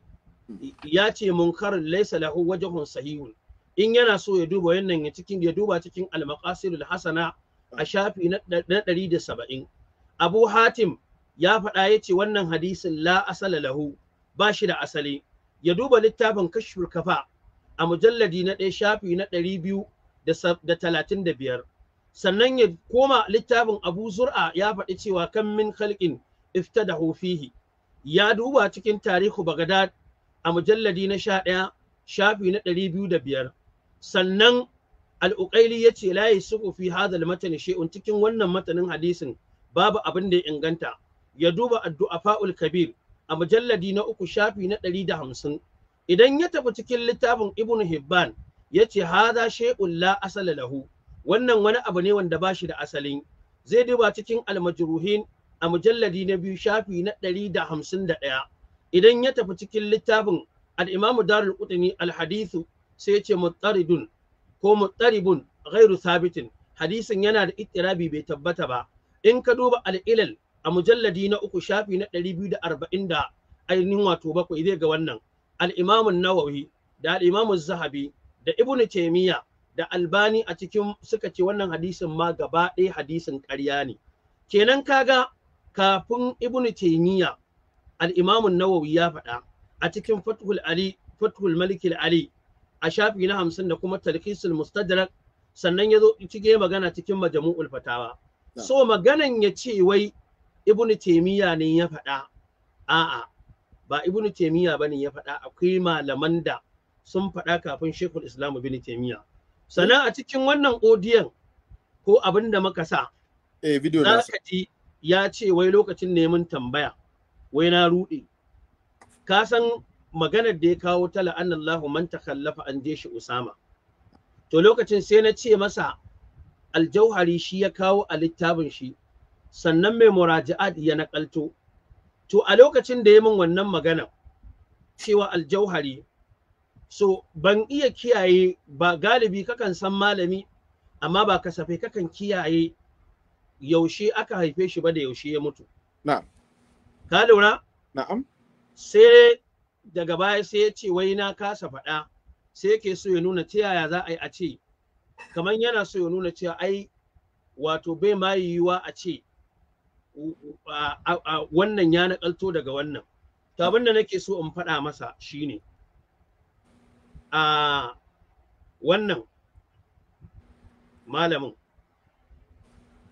ya ce munkar laysa lahu wajhun sahihun in yana so ya duba wannan ya cikin ya duba cikin al-maqasidul hasana a shafi na ɗari da saba'in abu hatim ya faɗa ya ce wannan hadisin la asala lahu ba shi da asali ya duba littafin kashfur kafa a mujalladi na ɗaya shafi na ɗari biyu da talatin da biyar sannan ya koma littafin abu zur'a ya faɗi cewa kan min khalqin iftadahu fihi ya duba cikin tarihu bagadad a mujalladi na sha ɗaya shafi na ɗari biyu da biyar sannan al'uƙaili uqaili yace layi yasuqu fi hadha al she'un cikin wannan matanin hadisin babu abin da ya inganta ya duba Fa'ul kabir a mujalladi na uku shafi na ɗari da hamsin idan ya tafi cikin littafin ibn hibban ya ce haza she'un la asala lahu wannan wani abu ne wanda ba shi da asalin zai duba cikin almajruhin a mujalladi na biyu shafi na ɗari da hamsin da ɗaya idan ya tafi cikin littafin al-imamu darul qutni al-hadithu sai ya ce muttaridun ko mutaribun ghairu sabitin hadisin yana da ittirabi bai tabbata ba in ka duba al'ilal a mujalladi na uku shafi na 240 da ainihin wato bakwai zai ga wannan an nawawi da az zahabi da ibn taymiya da albani a cikin suka ce wannan hadisin ma gaba ɗaya hadisin ƙarya ne kenan kaga kafin ibn al-imam an nawawi ya faɗa a cikin fathul ali fathul malikil ali a shafi na hamsin da kuma talkisul mustadrak sannan ya zo cike magana cikin majamu'ul fatawa so maganan ya ce wai ibnu taymiya ne ya faɗa a'a ba ibnu taymiya bane ya faɗa akwai malaman da sun faɗa kafin shekul islam ibnu taymiya sannan a cikin wannan odiyon ko abin da muka sa eh na ya ce wai lokacin neman tambaya wai na rude. ka san maganar da ya kawo ta la'anallahu manta takallafa an je shi Usama. To lokacin sai na ce masa aljauhari shi ya kawo a littafin shi sannan mai muraji'at ya nakalto. To a lokacin da ya min wannan magana cewa aljauhari so ban iya kiyaye ba galibi kakan san malami amma ba kasafai kakan kiyaye yaushe aka haife shi ba da yaushe ya mutu. Na'am. Ka lura? Na'am. Sai daga baya sai ya ce wai na kasa faɗa sai yake so ya nuna ta yaya za a yi a ce kamar yana so ya nuna cewa ai wato bai ma yiwuwa a ce wannan ya nakalto daga wannan to abin da nake so in faɗa masa shine a wannan malamin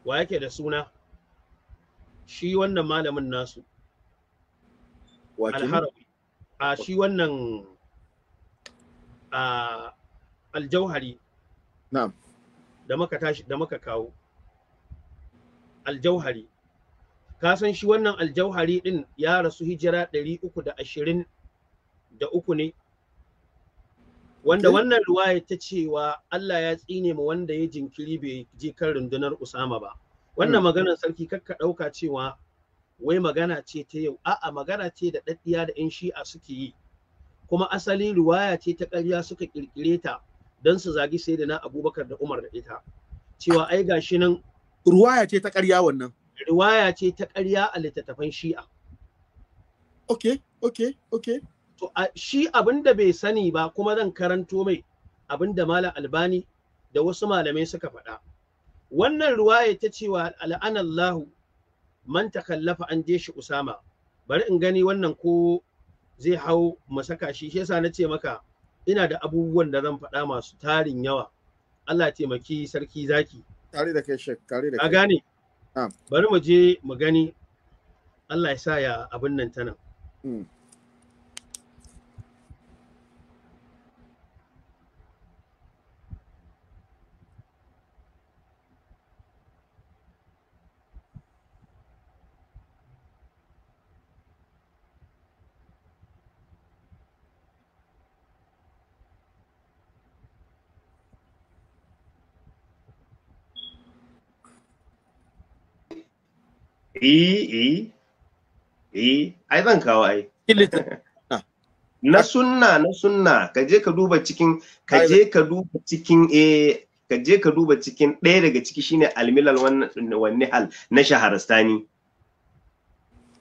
wa yake da suna shi wannan malamin nasu alharabi a shi wannan aljauhari da muka kawo aljauhari ka san shi wannan aljauhari din ya rasu hijira 323 ne wanda wannan ruwaya ta cewa Allah ya tsine ma wanda ya jinkiri bai je kan rundunar Usama ba wannan hmm. maganar sarki kakka ɗauka cewa wai magana ce ta yau a'a magana ce da daddiya da yan shi'a suke yi kuma asali riwaya ce ta ƙarya suka kirkire ta don su zagi sai da na abubakar da umar da ita cewa ai gashi nan riwaya ce ta ƙarya wannan riwaya ce ta ƙarya a littattafan shi'a okay okay okay to a shi abin da bai sani ba kuma zan karanto mai abin da malam albani da wasu malamai suka faɗa wannan ruwaya ta cewa al'anallahu man takallafa an je shi usama bari in gani wannan ko zai hau masaka shi shi yasa na ce maka ina da abubuwan da zan faɗa masu tarin yawa Allah taimaki sarki zaki tare da kai shek tare da kai a gane bari mu je mu gani Allah ya sa ya abin nan ta nan hmm. e eh ai zan kawo ai na sunna na sunna ka je ka duba cikin ka ka duba cikin eh ka ka duba cikin ɗaya daga ciki shine almilal wanne hal na shaharastani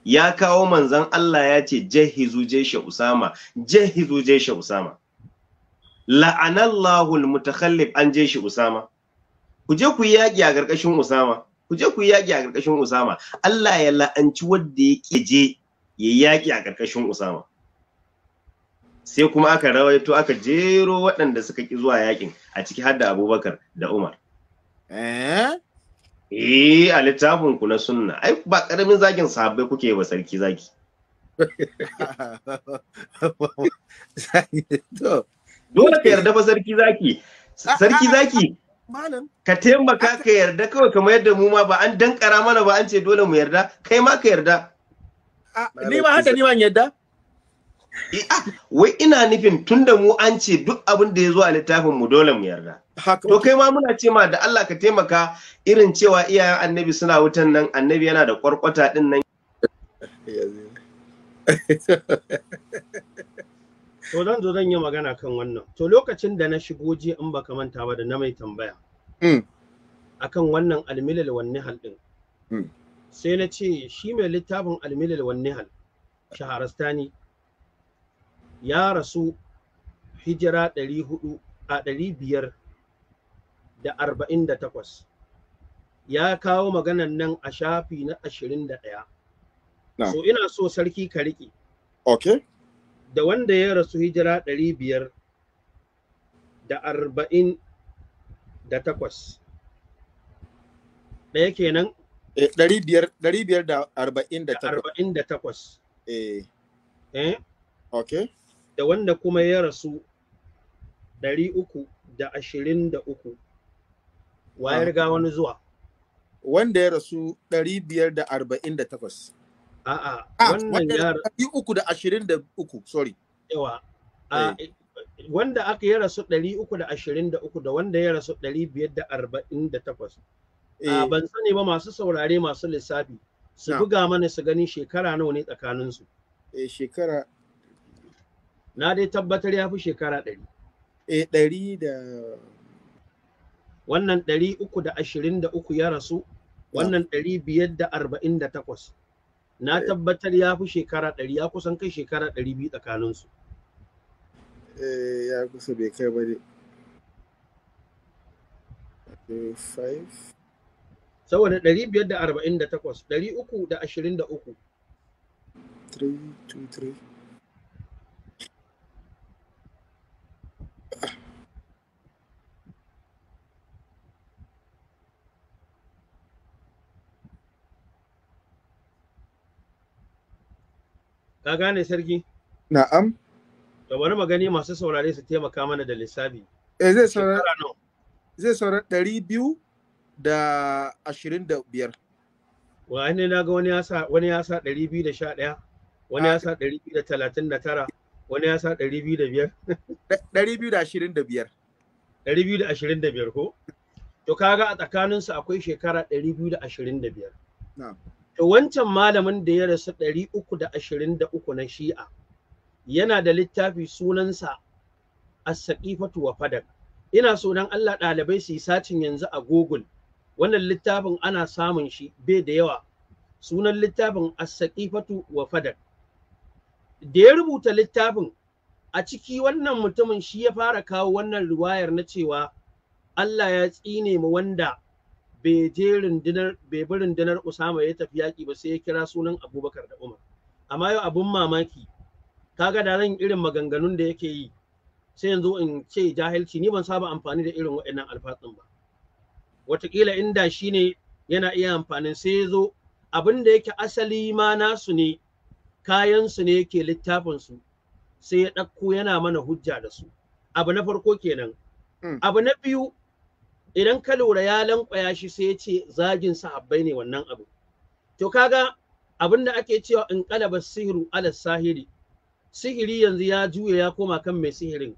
ya kawo manzan Allah ya ce jahizu jaisha usama jahizu jaisha usama la'anallahu al-mutakhallif an shi usama ku je ku yi yaƙi a ƙarƙashin usama ku je ku yi yaƙi a ƙarƙashin Usama Allah ya la'anci wanda ya ke je ya yi yaƙi a ƙarƙashin Usama sai kuma aka rawaito aka jero waɗanda suka ƙi zuwa yaƙin a ciki har da Abubakar da Umar eh eh a littafin ku na sunna ai ba ƙaramin zagin sahabbai kuke ba sarki zaki dole ka yarda ba sarki zaki sarki zaki ka taimaka ka yarda kawai kamar yadda mu ma ba an dankara mana ba an ce dole mu yarda kai ma ka yarda ni ma haka ni ma yarda wai ina nufin tunda mu an ce duk abin da ya zo a littafin mu dole mu yarda to kai ma muna ce ma da Allah ka taimaka irin cewa iyayen annabi suna wutan nan annabi yana da kwarkwata din nan To zan zo zan yi magana kan wannan. To lokacin da na shigo je in baka manta ba da na mai tambaya. Mm. Akan wannan almilal wan nihal din. Mm. Sai na ce shi mai littafin almilal wan nihal shaharastani ya rasu hijira ɗari hudu a ɗari biyar da arba'in da takwas. Ya kawo maganan nan a shafi na ashirin da ɗaya. So ina so sarki ka riƙe. Okay. da wanda ya rasu hijira ɗari biyar da arba'in da takwas ɗaya kenan eh, ɗari biyar da arba'in da arba'in da takwas eh eh okay da wanda kuma ya rasu ɗari uku da ashirin da uku wa ya ah. riga wani zuwa wanda ya rasu ɗari biyar da arba'in da takwas A'a, ah, wannan yar... uku da ashirin da uku, sorry. Yawa. a, eh. Wanda aka yi rasu ɗari uku da ashirin da uku da wanda ya rasu ɗari biyar da arba'in da takwas. Eh. Ban sani ba masu saurare masu lissafi. Su buga mana su gani shekara nawa ne tsakaninsu. Eh, shekara. Na dai tabbatar ya fi shekara ɗari. Eh, ɗari da... Wannan ɗari uku da ashirin da uku ya rasu, wannan ɗari biyar da arba'in da takwas. na tabbatar ya fi shekara ɗari ya kusan kai shekara ɗari biyu tsakaninsu. Eh, ya kusa bai kai ba ne. Eh, Saboda ɗari biyar da arba'in da takwas, ɗari uku da ashirin da uku. three. Ka gane sarki? Na'am. Da wani magani masu saurare su taimaka mana da lissafi. Eh zai saurari zai saurari ɗari biyu da ashirin da biyar. Wa ne na ga wani ya sa wani ya sa ɗari biyu da sha ɗaya, wani ya sa ɗari biyu da talatin da tara, wani ya sa ɗari biyu da biyar. Ɗari biyu da ashirin da biyar. Ɗari biyu da ashirin da biyar ko? To kaga a tsakaninsu akwai shekara ɗari biyu da ashirin da biyar. Na'am. to wancan malamin da ya rasu ɗari uku da da ashirin uku na shi'a yana da littafi sunansa a saƙifatu wa Fadar. ina so don Allah ɗalibai su yi sacin yanzu a Google wannan littafin ana samun shi bai da yawa sunan littafin a saƙifatu wa Fadar. da ya rubuta littafin a ciki wannan mutumin shi ya fara kawo wannan riwayar na cewa Allah ya tsine mu wanda bai bi rundunar Usama ya tafi yaƙi ba sai ya kira sunan Abubakar da Umar amma yau abun mamaki kaga da ran irin maganganun da yake yi sai yanzu in ce jahilci ni ban saba amfani da irin waɗannan alfatsin ba wataƙila inda shi ne yana iya amfanin sai ya zo abin da yake asali ma nasu ne kayansu ne yake littafinsu sai ya ɗauko yana mana hujja da su abu na farko kenan hmm. abu na biyu idan ka lura ya lankwaya shi sai ya ce zagin sahabbai ne wannan abu to kaga abin da ake cewa in kalaba sihiru ala sahiri sihiri yanzu ya juya ya koma kan mai sihirin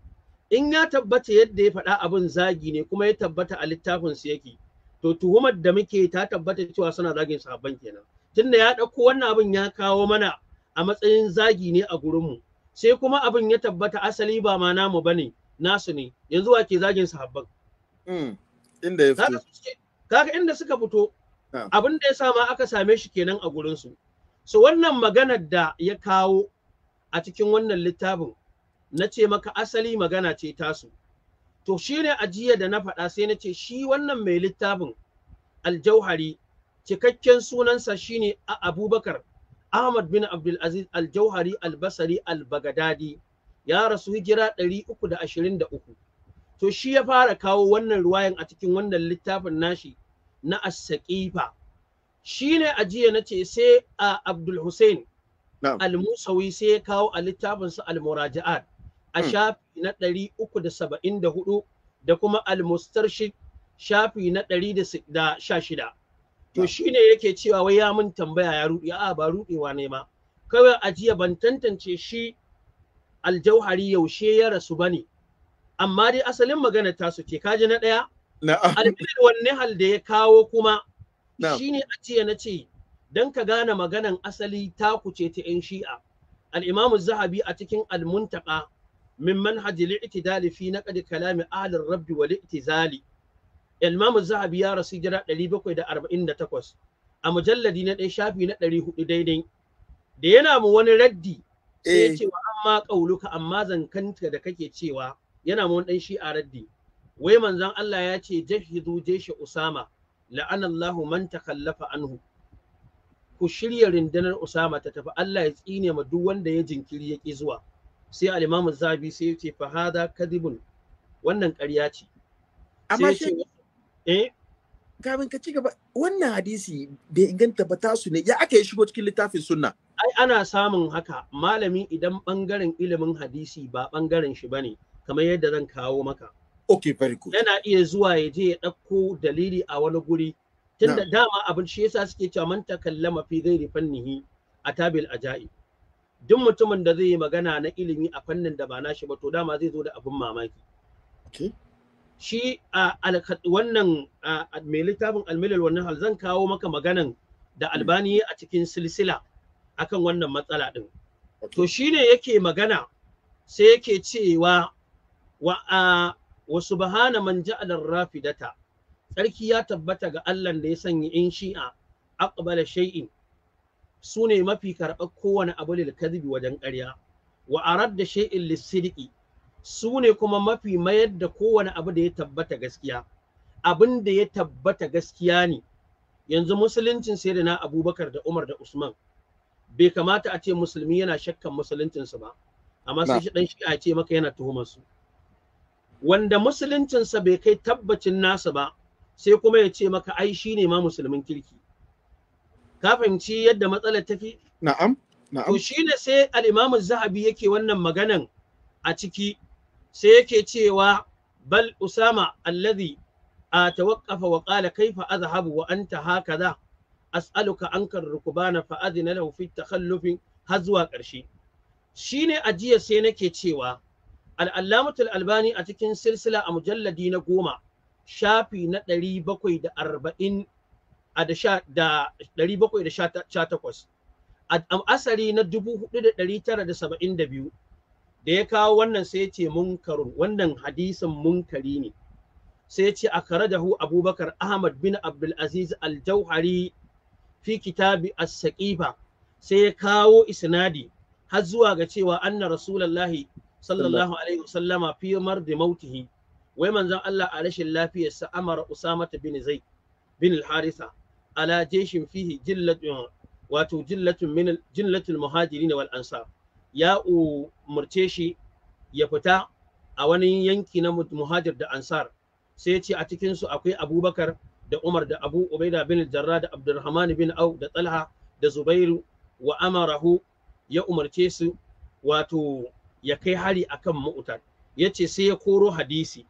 in ya tabbata yadda ya faɗa abin zagi ne kuma ya tabbata a littafin su yake to tuhumar da muke ta tabbata cewa suna zagin sahabban kenan tunda ya ɗauko wannan abin ya kawo mana a matsayin zagi ne a gurinmu sai kuma abin ya tabbata asali ba ma namu bane nasu ne yanzu wa ke zagin sahabban hmm. inda ya fito kaga inda suka fito ah. abin da ya sa ma aka same shi kenan a gurin su so wannan maganar da ya kawo a cikin wannan littafin na ce maka asali magana ce tasu to shine ajiya da na faɗa sai na ce shi wannan mai littafin aljauhari cikakken sunansa shine abubakar ahmad bin abdulaziz aljauhari albasari albagadadi ya rasu hijira 323 to shi ya fara kawo wannan ruwayan a cikin wannan littafin nashi na ne a shine ajiya nace sai a Abdul Hussein al-Musawi sai ya kawo a littafin sa al-Murajaat a hmm. shafi na uku da kuma almustar shafi na shida. to shine yake cewa wai ya mun tambaya ya rudi a ba ruɗewa ne ma kawai ajiya ban tantance shi aljauhari yaushe ya rasu bane amma dai asalin magana ta su ke kaji na ɗaya albilal wan hal da ya kawo kuma shine a ce na ce dan ka gane maganan asali ta kuce ta yan shi'a al zahabi a cikin almuntaka min manhaj al-i'tidal fi naqd kalam ahli ar-rabb wal i'tizali al zahabi ya rasu jira 748 a mujalladi na ɗaya shafi na 400 daidai da yana mu wani raddi sai ya eh. ce wa amma kauluka amma zankanka da kake cewa yana mun dan shi a raddi wai manzon Allah ya ce jahidu jeshi usama la'anallahu man takallafa anhu ku shirya rindunar usama ta tafi Allah ya tsine ma duk wanda ya jinkiri ya ki zuwa sai al-imamu zabi sai ya ce fa hada kadibun wannan ƙarya ce amma shi eh kafin ka ci gaba wannan hadisi bai inganta ba tasu ne ya aka yi shigo cikin littafin sunna ai ana samun haka malami idan bangaren ilimin hadisi ba bangaren shi bane kamar yadda zan kawo maka okay very good yana iya zuwa ya je ya ɗauko dalili a wani guri tunda dama abin shi yasa suke cewa man takallama fi ghairi fannihi a tabil aja'i duk mutumin da zai yi magana na ilimi a fannin da ba nashi ba to dama zai zo da abin mamaki okay shi a wannan mai littafin almilal wannan hal zan kawo maka maganan da hmm. albani a cikin silsila akan wannan matsala din to shine yake magana sai yake cewa wa a wa subhana man ja'ala rafidata Sarki ya tabbata ga Allah da ya sanya in shi'a aqbala shay'in sune mafi karɓar kowane abu lil kadhibi wajen ƙarya wa aradda shay'in lisidiki sune kuma mafi mayar da kowane abu da ya tabbata gaskiya abin da ya tabbata gaskiya ne yanzu musuluncin sai da na abubakar da umar da usman bai kamata a ce musulmi yana shakkan musuluncinsu ba amma sai shi dan shi ce maka yana tuhumar su wanda musuluncinsa bai kai tabbacin nasa ba sai kuma ya ce maka ai shi ne ma musulmin kirki ka fahimci yadda matsalar tafi na'am na'am to shine sai al-imamu zahabi yake wannan maganan a ciki sai yake cewa bal usama alladhi a tawaqqafa wa qala kaifa azhabu wa anta hakaza as'aluka ankar rukubana fa adina lahu fi takhallufi har zuwa ƙarshe shine ajiya sai nake cewa al'allamatul albani a cikin silsila a mujalladi na goma shafi na ɗari bakwai da arba'in a da ɗari bakwai da sha takwas asari na dubu hudu da ɗari tara da saba'in da biyu da ya kawo wannan sai ce munkarun wannan hadisin munkari ne sai ce a kare da hu abubakar ahmad bin abdulaziz aljauhari fi kitabi as-saqifa sai ya kawo isnadi har zuwa ga cewa anna rasulullahi sallallahu alaihi wasallama fi mar da mautihi wai manzon Allah a rashin lafiyarsa amara Usama bin Zaid bin al-Harisa ala jeshin fihi jillatun wato jillatun min jillatul muhajirin wal ansar ya umurce shi ya fita a wani yanki na muhajir da ansar sai ce a cikin su akwai Abubakar da Umar da Abu Ubaida bin Jarrah da Abdurrahman bin Au da Talha da Zubairu wa amarahu ya umarce su wato ya kai hari akan mutar yace sai ya koro hadisi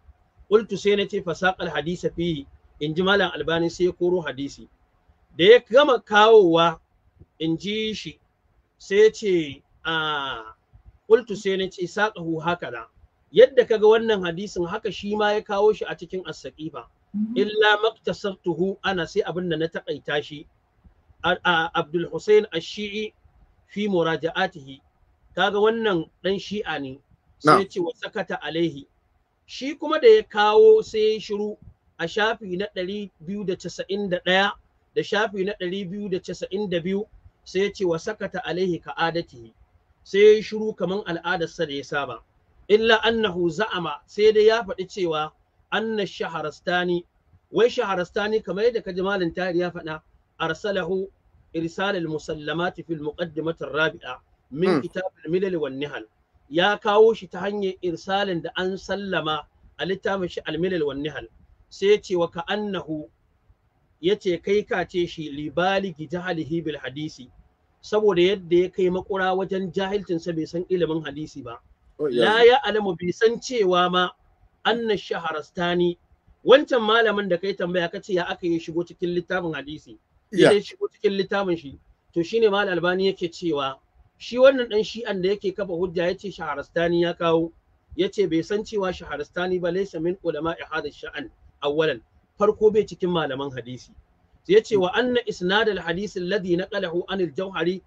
qultu sai nace fasaqal hadisa fi in ji malam albani sai ya koro hadisi da ya gama kawowa in ji shi sai ya ce a qultu sai nace saqahu hakada yadda kaga wannan hadisin haka shi ma ya kawo shi a cikin as-saqifa mhm. illa maktasabtuhu ana sai abin da na takaita shi Abdul Hussein Ash-Shi'i fi muraja'atihi kaga wannan dan shi'a ne sai ce wa sakata alaihi shi kuma da ya kawo sai ya shiru a shafi na biyu da shafi na biyu sai ya ce wa sakata alaihi ka adatihi sai ya shiru kaman al'adarsa da ya saba illa annahu za'ama sai dai ya faɗi cewa anna shaharastani wai shaharastani kamar yadda kaji malam tari ya faɗa arsalahu irsal musallamati fil muqaddimati rabi'a min hmm. kitabul milal wan nihal ya kawo shi ta hanyar irsalin da an sallama a littafin shi almilal wan nihal sai ya ce wa ka annahu ya ce kai ka ce shi libaligi jahalihi bil hadisi saboda yadda ya kai makura wajen jahilcinsa bai san ilimin hadisi ba oh, la ya alamu bai san cewa ma anna shaharastani wancan malamin da kai tambaya kace ya aka yi shigo cikin littafin hadisi ya shigo cikin littafin shi to shine mal albani yake cewa shi wannan dan shi'an da yake kafa hujja yace shaharastani ya kawo yace bai san cewa shaharastani ba laysa min ulama ihad sha'an awwalan farko bai cikin malaman hadisi Ya ce wa anna isnadal al hadisi alladhi naqalahu anil al jawhari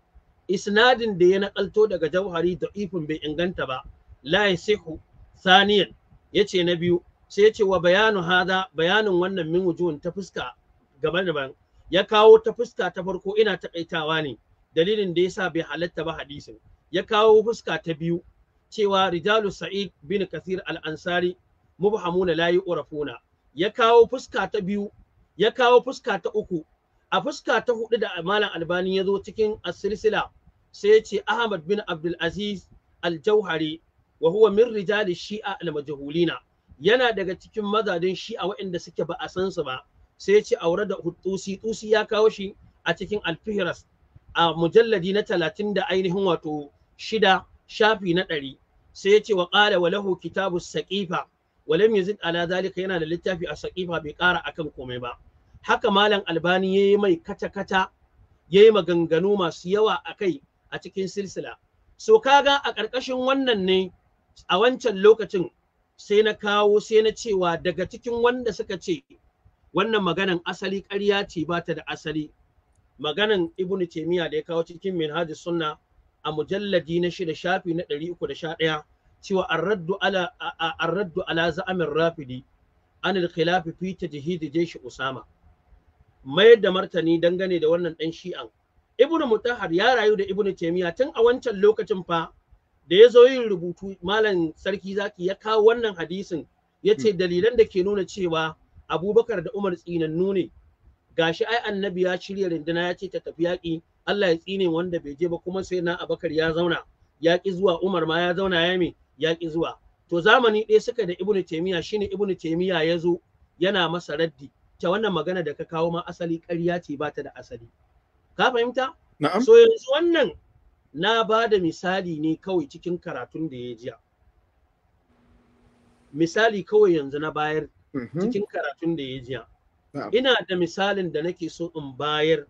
isnadin da ya nakalto daga jawhari ifin bai inganta ba la yasihu ya yace na biyu sai yace wa bayanu hada bayanin wannan min wujuhun ta fuska gaban-gaban ya kawo ta fuska ta farko ina takaitawa ne dalilin da yasa bai halatta ba hadisin ya kawo fuska ta biyu cewa rijalu sa'id bin kathir al-ansari mubhamuna la yu'rafuna ya kawo fuska ta biyu ya kawo fuska ta uku a fuska ta hudu da malam albani ya zo cikin as-silsila sai ya ce ahmad bin abdul aziz al-jauhari wa huwa min rijali shi'a al-majhulina yana daga cikin mazadin shi'a waɗanda suke ba a san su ba sai ya ce aure da tusi tusi ya kawo shi a cikin alfihras a mujalladi na talatin da ainihin wato shida shafi na ɗari sai ya ce wa ƙala wa lahu kitabu saƙifa walam yazid ala zalika yana da littafi a saƙifa bai ƙara akan komai ba haka malam albani yayi mai kata kata yayi maganganu masu yawa akai a cikin silsila so kaga a ƙarƙashin wannan ne a wancan lokacin sai na kawo sai na cewa daga cikin wanda suka ce wannan maganan asali ƙarya ce ba ta da asali maganan ibnu taymiya da ya kawo cikin minhaj sunna a mujalladi na shida shafi na 311 cewa ar-raddu ala ar-raddu ala za'amin rafidi an al-khilaf fi tajhid jaysh usama Mai da martani dangane da wannan dan shi'an ibnu mutahhar ya rayu da ibnu taymiya tun a wancan lokacin fa da ya zo yin rubutu malam sarki zaki ya kawo wannan hadisin ya ce hmm. dalilan da ke nuna cewa abubakar da umar tsinannu ne gashi ai annabi ya shirya rinduna ya ce ta tafi yaƙi Allah ya tsine wanda bai je ba kuma sai na Abakar ya zauna ya zuwa Umar ma ya zauna ya mi ya zuwa to zamani ɗaya suka da ibnu Taymiyyah shine ibnu Taymiyyah ya zo yana masa raddi ta wannan magana da ka kawo ma asali ƙarya ce ba ta da asali ka fahimta na'am so yanzu wannan na ba da misali ne kawai cikin karatun da ya jiya misali kawai yanzu na bayar mhm. cikin karatun da ya jiya ina da misalin da nake so in bayar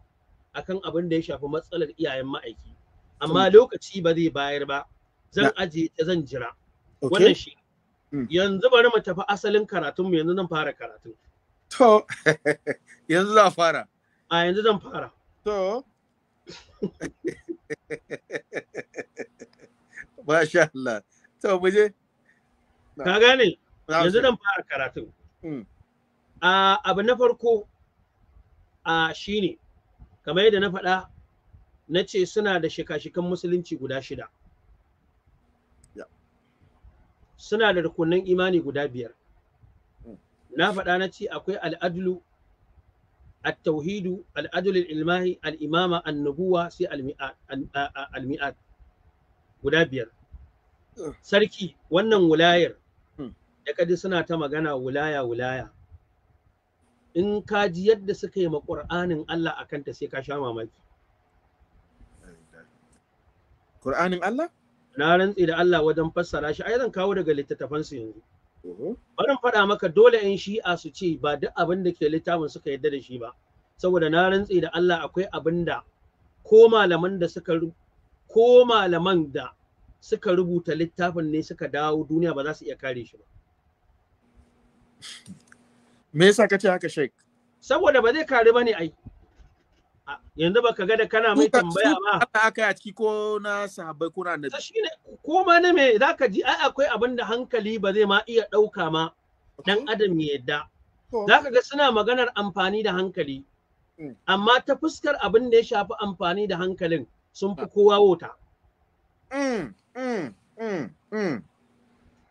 akan abin da ya shafi matsalar iyayen ma'aiki amma lokaci ba zai bayar ba zan aje ta zan jira wannan shi hmm. yanzu bari mu tafi asalin karatunmu yanzu zan fara karatun to yanzu za fara a yanzu zan fara to Masha Allah. To, muje? Ka gane, yanzu zan fara karatun. Hmm. a abu na farko a shine kamar yadda na faɗa na ce suna da shika-shikan musulunci guda shida suna da rukunin imani guda biyar na faɗa na ce akwai al'adlu التوحيد العدل الإلماهي الإمامة النبوة سي المئات guda biyar uh. sarki wannan wulayar hmm. da kadi suna ta magana wulaya wulaya in ka ji yadda suka yi ma ƙur'anin Allah a kanta sai ka sha mamaki ƙur'anin Allah na rantsi da Allah wajen fassara shi ai zan kawo daga littattafansu yanzu mm-hmm. Barin faɗa maka dole 'yan shi'a su ce ba duk abin da ke littafin suka yadda da shi ba, saboda na rantse da Allah akwai abin da ko malaman da suka ko malaman da suka rubuta littafin ne suka dawo duniya ba za su iya kare shi ba. me yasa ce haka sheik saboda ba zai kare bane ai yanzu baka ga da kana mai tambaya ba Allah aka yi a ciki ko na sahabbai ko na annabi shine ko ma ne me zaka ji ai akwai abin da hankali ba zai ma iya dauka ma dan adam ya yadda zaka ga suna maganar amfani da hankali hmm. amma ta fuskar abin da ya shafi amfani da hankalin sun fi hmm. kowa wota hmm,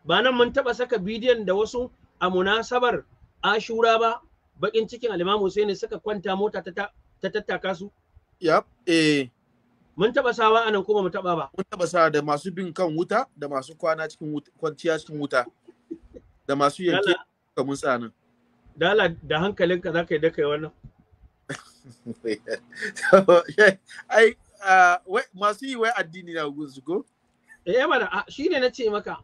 ba nan mun taba saka bidiyon da wasu a munasabar ashura ba bakin cikin alimamu sai ne suka kwanta mota ta tattaka su yep eh mun taba sawa anan kuma mu taba ba mun taba sawa da masu bin kan wuta da masu kwana cikin kwanciya cikin wuta da masu yanke ka mun tsanin dala da hankalinka zaka yi da kai wannan ai masu yi wai addini na gunsu ko eh mana shine nace maka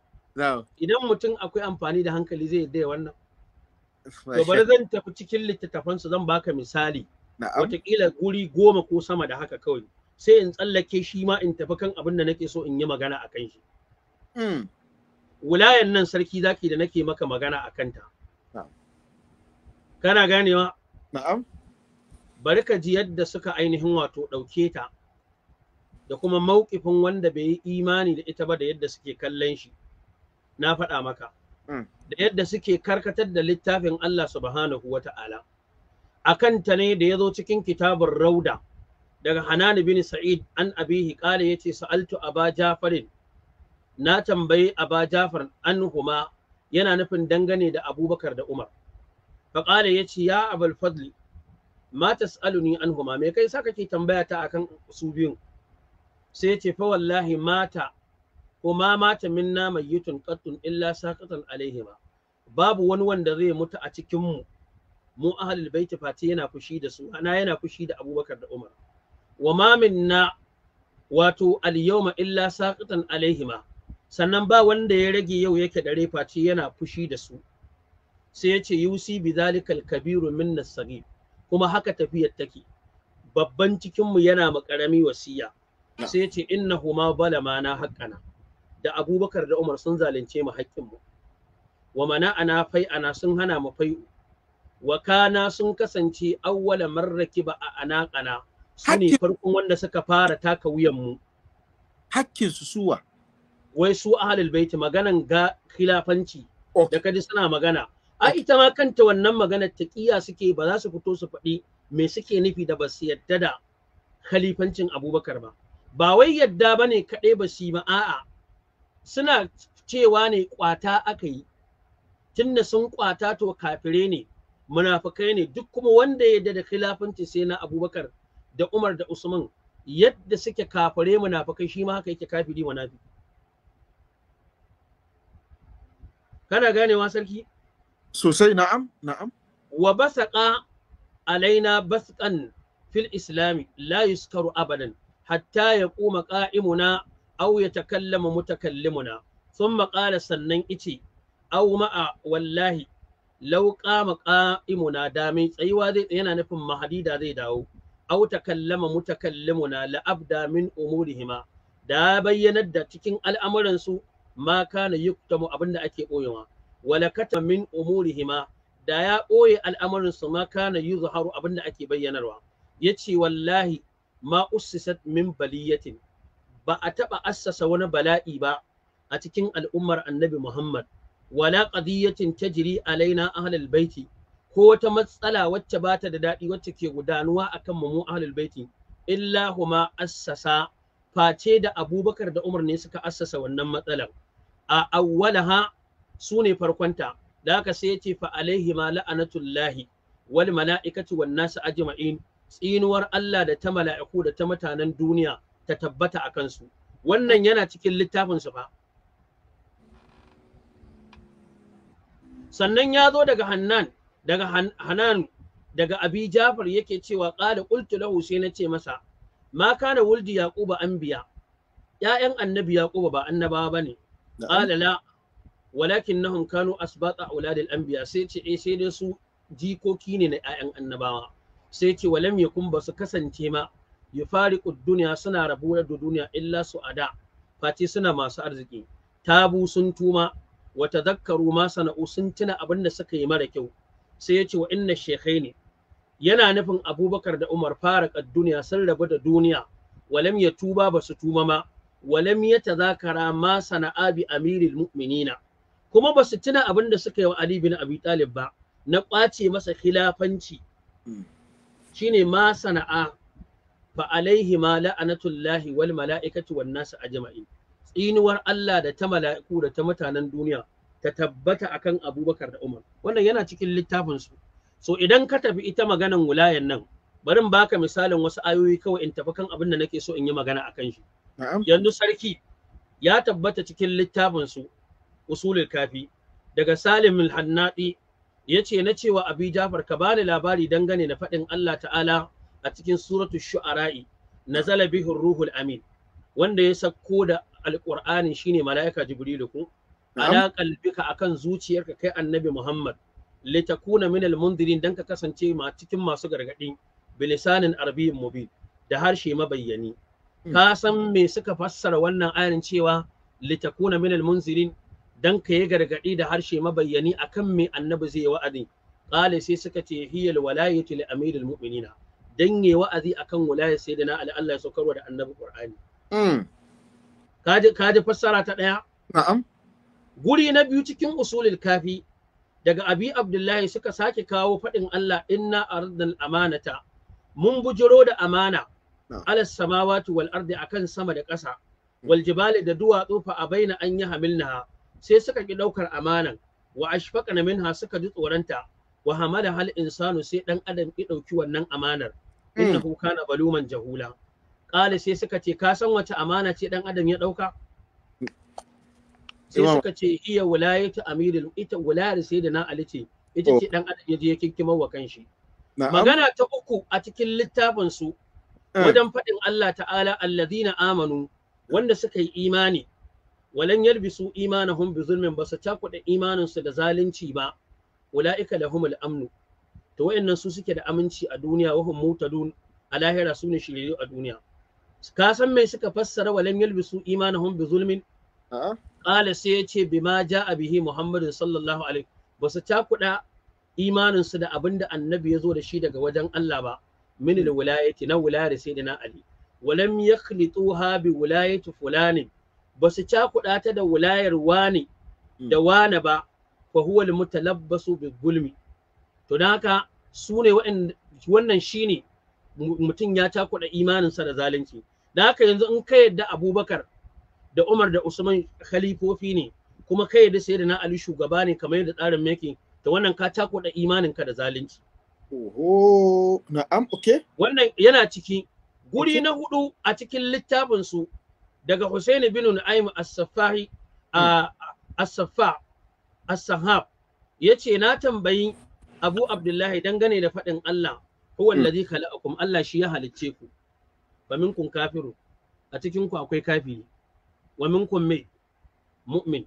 idan mutum akwai amfani da hankali zai yi da wannan To bari zan tafi cikin littattafansu zan baka misali. Wataƙila guri goma ko sama da haka kawai. Sai in tsallake shi ma in tafi kan abin da nake so in yi magana a kan shi. Hmm. Wulayan nan sarki zaki da nake maka magana a kanta. Kana ganewa? Na'am. Bari ka ji yadda suka ainihin wato ɗauke ta da kuma mauƙifin wanda bai yi imani da ita ba da yadda suke kallon shi. Na faɗa maka. Mm. da yadda suke karkatar da littafin Allah subhanahu wa ta'ala akan ta ne da ya zo cikin kitabun rauda daga Hanani bin Sa'id an abihi kale yace sa'altu aba Jafarin na tambayi aba Jafar an huma yana nufin dangane da Abubakar da Umar fa kale yace ya abul fadli ma tas'aluni an huma me kai saka ke tambaya ta akan su biyun sai yace fa wallahi mata kuma mata minna mayyitun qattun illa saqatan alaihima babu wani wanda zai mutu a cikin mu mu ahlul fati yana fushi da su ana yana fushi da Abubakar da Umar wa ma wato al-yawma illa sakatan alaihima sannan ba wanda ya rage yau yake dare fati yana fushi da su sai ya ce yusi zalikal kabiru minna sagir kuma haka tafiyar take babban cikinmu yana makarami wasiya sai ya ce innahu ma balama na haƙƙana da abubakar da umar sun zalunce mu haƙƙinmu wa mana ana fai ana sun hana mu fai wa kana sun kasance awwala marraki ba a anaƙana sune farkon wanda suka fara taka wuyanmu hakkin su suwa wai su ahlul baiti maganan ga khilafanci da kadi suna magana a ita ma kanta wannan maganar kiya suke ba za su fito su faɗi me suke nufi da ba su yadda da khalifancin abubakar ba ba wai yadda ba ne kaɗai ba su yi a'a suna cewa ne kwata aka yi tunda sun kwata to kafire ne munafikai ne duk kuma wanda ya da khilafanci sai na abubakar da umar da usman yadda suke kafare munafikai shi ma haka yake kafiri munafiki kana ganewa sarki sosai na'am na'am wa basaka alaina basqan fil islami la yuskaru abadan hatta yaquma qa'imuna aw yatakallama mutakallimuna sun qala sannan ice aw ma'a wallahi law qama qa'imuna da tsayuwa zai yana nufin mahadi da zai dawo aw takallama mutakallimuna la abda min umurihima da bayyanar da cikin al'amuran su ma kana yuktamu abinda ake koyewa wala kata min umurihima da ya ɓoye al'amarinsu ma kana yi zuharu abinda ake bayyanarwa, Yace wallahi ma ussisat min baliyatin ba a taɓa assasa wani bala'i ba a cikin al'ummar annabi Muhammad, wala ƙadiyyatin ta jiri alaina ahlul baiti, ko wata matsala wacce ba ta da daɗi wacce ke gudanuwa a kan mu ahlul baiti, illa huma assasa face da abubakar da umar ne suka assasa wannan matsalar. A awwalaha su ne farkonta, da haka sai ya ce fa alaihi ma la'anatullahi wal mala'ikati wan nasu ajma'in tsinuwar Allah da ta mala'iku da ta mutanen duniya ta tabbata a kansu wannan yana cikin littafinsu ba sannan ya zo daga hannan daga hanan daga abi jafar yake cewa qala qultu lahu sai na ce masa ma kana wuldi yaquba anbiya ya'yan annabi yaquba ba annabawa bane qala la walakinnahum kanu asbata auladil anbiya sai ce eh sai dai su jikoki ne na 'ya'yan annabawa sai ce walam yakun ba su kasance ma yufariqu dunya suna rabuwar da duniya illa su ada fati suna masu arziki tabu sun tuma wa tadhakkaru ma sana'u sun tuna abin da suka yi mara kyau sai ya ce wa inna shaykhaini yana nufin Abubakar da Umar fara dunya sun rabu da duniya walam ya tuba ba su tuma ma walam ya tazakara ma sana'a bi amiril mu'minina kuma ba su tuna abin da suka yi wa Ali bin Abi Talib ba na ƙwace masa khilafanci hmm. shine ma sana'a fa ma la'anatullahi wal mala'ikati wan nasu jama'i. tsinuwar Allah da ta mala'iku da ta mutanen duniya ta tabbata akan Abubakar da Umar wannan yana cikin littafin su so idan ka tafi ita maganan wilayan nan bari barin baka misalin wasu ayoyi kawai in tafi kan abin da nake so in yi magana akan shi yanzu sarki ya tabbata cikin littafin su usulul kafi daga Salim al-Hannadi yace na cewa Abi Jafar ka bani labari dangane da faɗin Allah ta'ala a cikin suratu shu'ara'i nazala bihi ruhul amin wanda ya sako da Alƙur'ani shine malaika jibrilu ku ala qalbika akan zuciyarka kai annabi muhammad litakuna min almundirin dan ka kasance ma cikin masu gargadi bilisanin arabiyyin mubin da harshe mabayyani hmm. ka san me suka fassara wannan ayarin cewa litakuna min almunzirin dan ka yi gargadi da harshe mabayyani akan me annabi zai wa'adi qala sai suka ce hiyal walayati li amiril mu'minina dan wa'azi akan wulayar sayyidina Ali Allah ya saukarwa da annabi Qur'ani mm kaji fassara ta ɗaya? na'am guri na biyu cikin usulul kafi daga abi abdullahi suka sake kawo faɗin Allah inna aradnal amanata mun bujiro da amana Alas samawati wal ardi akan sama da ƙasa wal jibali da duwatsu fa baina an yi hamilnaha sai suka ki ɗaukar amanan wa ashfaqana minha suka ji tsoranta wa hamala hal insanu sai dan adam ki ɗauki wannan amanar innahu mm. kana baluman jahula qala sai suka ce ka san wace amana ce dan adam ya dauka sai suka ce iya wilayatu amiril ita wilayar sayyidina ali ce ita ce oh. dan adam ya je ya kikkimar wa kanshi magana ta uku a cikin littafin su eh. wajen faɗin Allah ta'ala alladhina amanu wanda suka yi imani walan yalbisu imanahum bi zulmin ba su cakuɗa imaninsu da zalunci ba ula'ika lahumul amnu to wayannan su suke da aminci a duniya wa hum mutadun a lahira su ne shiriyu a duniya ka san me suka fassara walam yalbisu imanahum bi zulmin qala sai yace bima ja'a bihi muhammadin sallallahu alaihi ba su cakuda imanin su da da annabi ya zo da shi daga wajen Allah ba min alwilayati na wilayar sayyidina ali walam yakhlituha bi wilayati fulani ba su cakuda ta da wilayar wani mm. da wani ba fa huwa almutalabbasu bi zulmi to don haka su ne wannan shine mutum ya cakuɗa imaninsa da zalunci da haka yanzu in ka yadda abubakar da umar da usman khalifofi ne kuma ka yadda sai da na ali shugaba ne kamar yadda tsarin meke. to wannan ka cakuɗa imaninka da zalunci oho na'am okay wannan yana ciki guri na hudu a cikin littafin su daga Husaini bin Nu'aym as a as saffah as-Sahab yace na tambayi Abu Abdullahi dangane da faɗin Allah huwa hmm. allazi khalaqakum Allah shi ya halicce ku wa minkum kafiru a cikin ku akwai kafiri wa minkum mai mu'min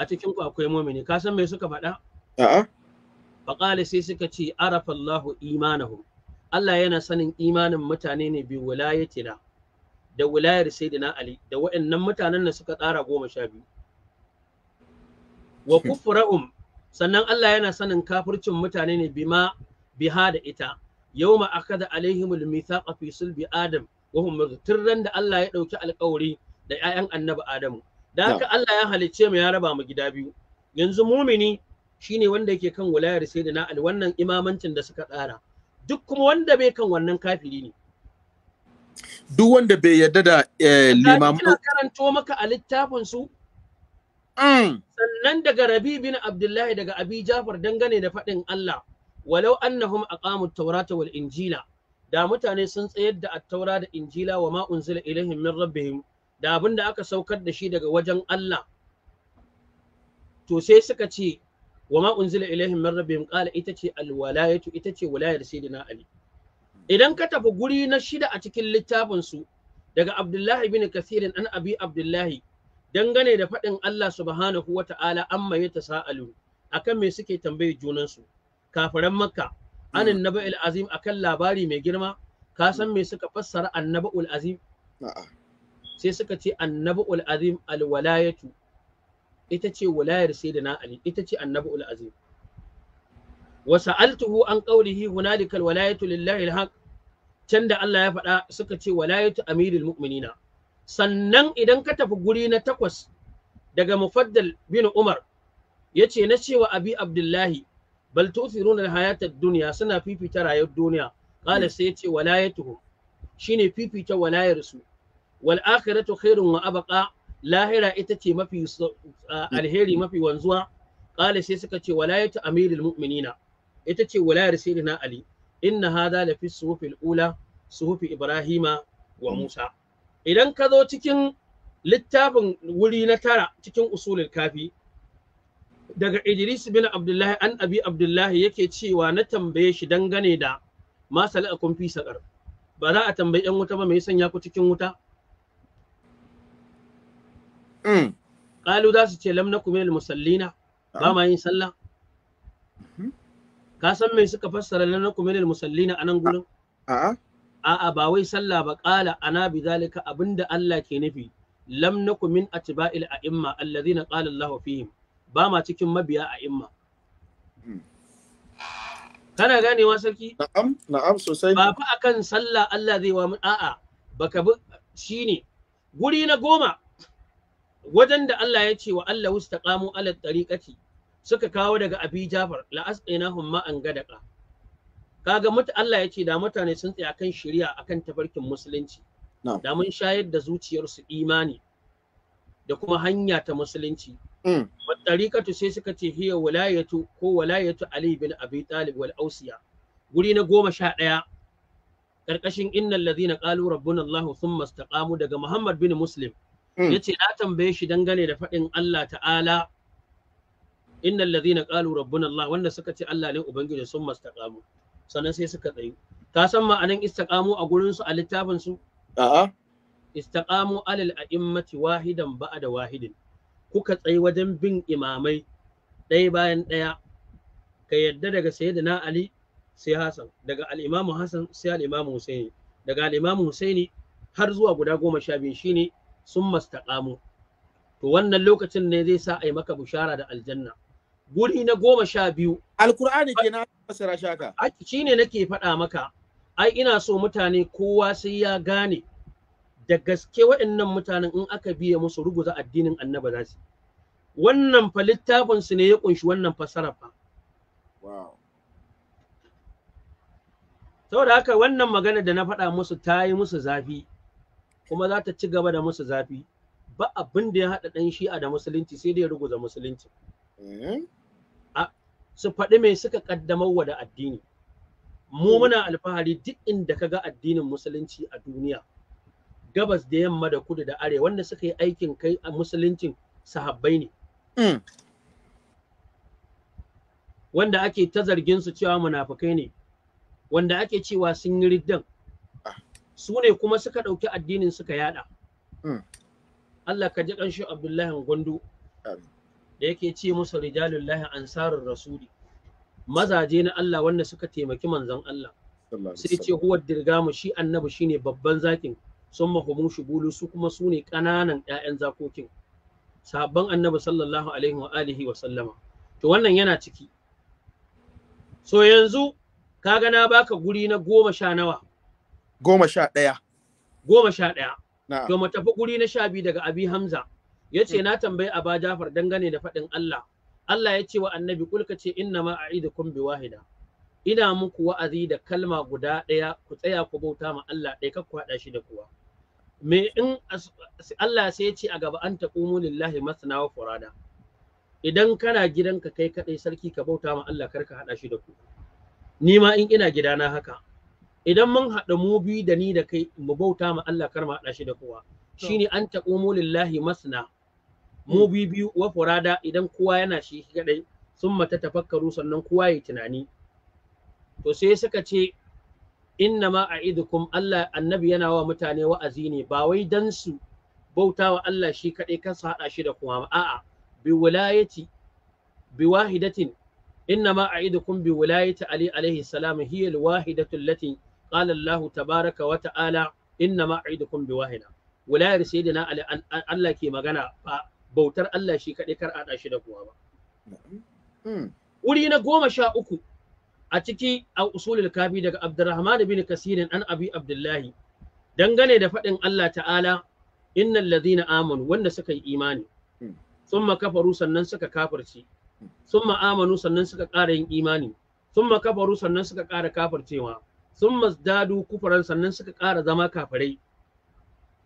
a cikin ku akwai mu'mini ka san me suka faɗa a'a sai suka ce arafa Allahu imanahum Allah yana sanin imanin mutane ne bi wulayatina da wulayar sayyidina Ali da waɗannan mutanen da suka tsara goma sha biyu wa kufra'um sannan Allah yana sanin kafircin mutane ne bima biha da ita yawma akada alaihimul mithaqa fi sulbi adam wa hum mutirran da Allah ya dauki alƙawari da ƴaƴan annabi Adamu da haka Allah ya halicce mu ya raba mu gida biyu yanzu mumini shine wanda yake kan wulayar sayyidina Ali wannan imamancin da suka tsara duk kuma wanda bai kan wannan kafiri ne duk wanda bai yarda da eh, limamu karanto maka a littafin su Mm. sannan daga rabi bin abdullahi daga abi jafar dangane da faɗin Allah walau annahum aqamu taurata wal injila da mutane sun tsayar da attaura da injila wa ma unzila ilaihim min rabbihim da abin da aka saukar da shi daga wajen Allah to sai suka ce wa ma unzila ilaihim min rabbihim qala ita ce alwalayatu ita ce walayar sayyidina ali idan ka tafi guri na shida a cikin littafin su daga abdullahi bin kasirin an abi abdullahi dangane da faɗin Allah subhanahu wa ta'ala amma ya tasa'alu akan me suke tambaye junansu kafiran makka anin mm. naba'il azim akan labari mai girma ka san me suka fassara annaba'ul azim sai suka ce annaba'ul azim alwalayatu ita ce walayar sayyidina ali ita ce annaba'ul azim wa sa'altuhu an qawlihi hunalikal walayatu lillahi alhaq can da Allah ya faɗa suka ce walayatu amirul mu'minina sannan idan ka tafi guri na takwas daga mufaddal bin umar ya ce na cewa abi abdullahi bal tu'thiruna hayatar duniya suna fifita rayuwar duniya ƙala sai ya ce walayatuhum shine fifita walayarsu wal akhiratu khairun wa abqa lahira ita ce mafi alheri mafi wanzuwa ƙala sai suka ce walayatu amirul mu'minina ita ce walayar sayyidina ali inna hadha la fi suhufil ula suhufi ibrahima wa musa idan ka zo cikin littafin wuri na tara cikin usulul kafi daga Idris bin Abdullahi an abi Abdullahi yake cewa na tambaye shi dangane da masala a fi sakar ba za a tambayi yan wuta ba mai sanya ku cikin wuta Kalu mm. za su ce lam na kumel musallina ah. ba ma yin sallah mm-hmm. ka san me suka fassara lam na kumel musallina a nan gurin a'a ah. a'a ba wai sallah ba qala ana bi zalika abinda Allah ke nufi lam naku min atba'il a'imma alladhina qala Allah fihim ba ma cikin mabiya a'imma hmm. kana ganewa sarki na'am na'am sosai ba fa akan sallah Allah zai wa mu a'a baka bi shine guri na goma wajen da Allah ya ce wa Allah wustaqamu ala tariqati suka kawo daga Abi Jafar la asqinahum ma an gadaka kaga mutu Allah ya ce da mutane sun tsaya kan shari'a akan tafarkin musulunci da mun shayar da zuciyarsu imani da kuma hanya ta musulunci Matsarikatu mm. sai suka ce hiya walayatu ko walayatu Ali bin Abi Talib wal Ausiya guri na goma sha ɗaya ƙarƙashin innan ladhina qalu rabbuna Allahu sun mastaƙamu. daga Muhammad bin Muslim mm. yace na tambaye shi dangane da faɗin Allah ta'ala Innan ladhina qalu rabbuna Allah wanda suka ce Allah ne ubangiji sun mastaƙamu. sannan sai suka tsayu ka san ma'anin istiqamu a gurin su a littafin su a'a istiqamu alal a'immati wahidan ba'da wahidin kuka tsayi wajen bin imamai ɗaya bayan ɗaya ka yadda daga sayyidina ali sai Hassan daga al'imamu Hassan sai al'imamu Husaini daga al'imamu Husaini har zuwa guda goma sha biyu shine sun mastaƙamu to wannan lokacin ne zai sa a yi maka bushara da aljanna guri na goma sha biyu alkur'ani kenan shi ne nake faɗa maka ai ina so mutane kowa sai ya gane da gaske waɗannan mutanen in aka biya musu ruguza addinin annaba za su wannan fa littafin ne ya ƙunshi wannan fasara fa wow saboda haka wannan magana da na faɗa musu ta yi musu zafi kuma za ta ci gaba da musu zafi ba abin da ya haɗa ɗan shi'a da musulunci sai dai ya ruguza musulunci eh? su faɗi mai suka ƙaddamar wa da addini mu hmm. muna alfahari duk inda ka ga addinin musulunci a duniya gabas da yamma da kudu da arewa wanda suka yi aikin kai a musuluncin sahabbai ne hmm. wanda ake ta zargin su cewa munafukai ne wanda ake cewa sun yi riddan ah. su ne kuma suka ɗauki addinin suka yada hmm. Allah ka ji ƙanshi Abdullahi Gwandu. Amin. da yake ce musu rijalullahi ansarur rasuli mazaje na Allah wanda suka taimaki manzon Allah sai ce huwa dirgamu shi annabi shine babban zakin sun mahumun shubulu su kuma su ne ƙananan ƴaƴan zakokin sabon annabi sallallahu alaihi wa alihi wa sallama to wannan yana ciki so yanzu kaga na baka guri na goma sha nawa goma sha ɗaya goma sha ɗaya to mu tafi guri na sha biyu daga abi hamza Ya ce hmm. na tambayi Aba Jafar dangane da faɗin Allah Allah ya ce wa annabi kulka ce inna ma a'idukum bi wahida ina muku wa'azi da kalma guda ɗaya ku tsaya ku bauta ma Allah ɗaya kar ku haɗa shi da kowa me in Allah sai ya ce a gaba an taqumu lillahi masna wa furada idan kana gidanka kai kaɗai sarki ka bauta ma Allah kar ka haɗa shi da ku ni ma in ina gidana haka idan mun haɗa mu biyu da ni da kai mu bauta ma Allah kar mu haɗa shi da kowa shine an taqumu lillahi masna mu mm. biyu wa furada idan kowa yana shi kadai sun mata tafakkaru sannan kowa ya tunani to sai suka ce inna ma a Allah annabi yana wa mutane wa'azi ne ba wai dan su bauta wa Allah shi kadai kan su hada shi da kuma a'a bi wilayati bi wahidatin inna ma a bi wilayati ali alaihi salam hiya al wahidatu allati qala Allah tabaraka wa ta'ala inna ma a idukum bi wahida wilayar sayyidina ali Allah ke magana ba bautar Allah shi kaɗai kar a shi da kowa ba. Hmm. Wuri na goma sha uku a ciki a usulul kafi daga Abdurrahman bin Kasirin an Abi Abdullahi dangane da faɗin Allah ta'ala innal ladina amanu wanda suka yi imani hmm. summa kafaru sannan suka kafirce hmm. summa amanu sannan suka ƙara yin imani summa kafaru sannan suka ƙara kafircewa summa zdadu sannan suka ƙara zama kafirai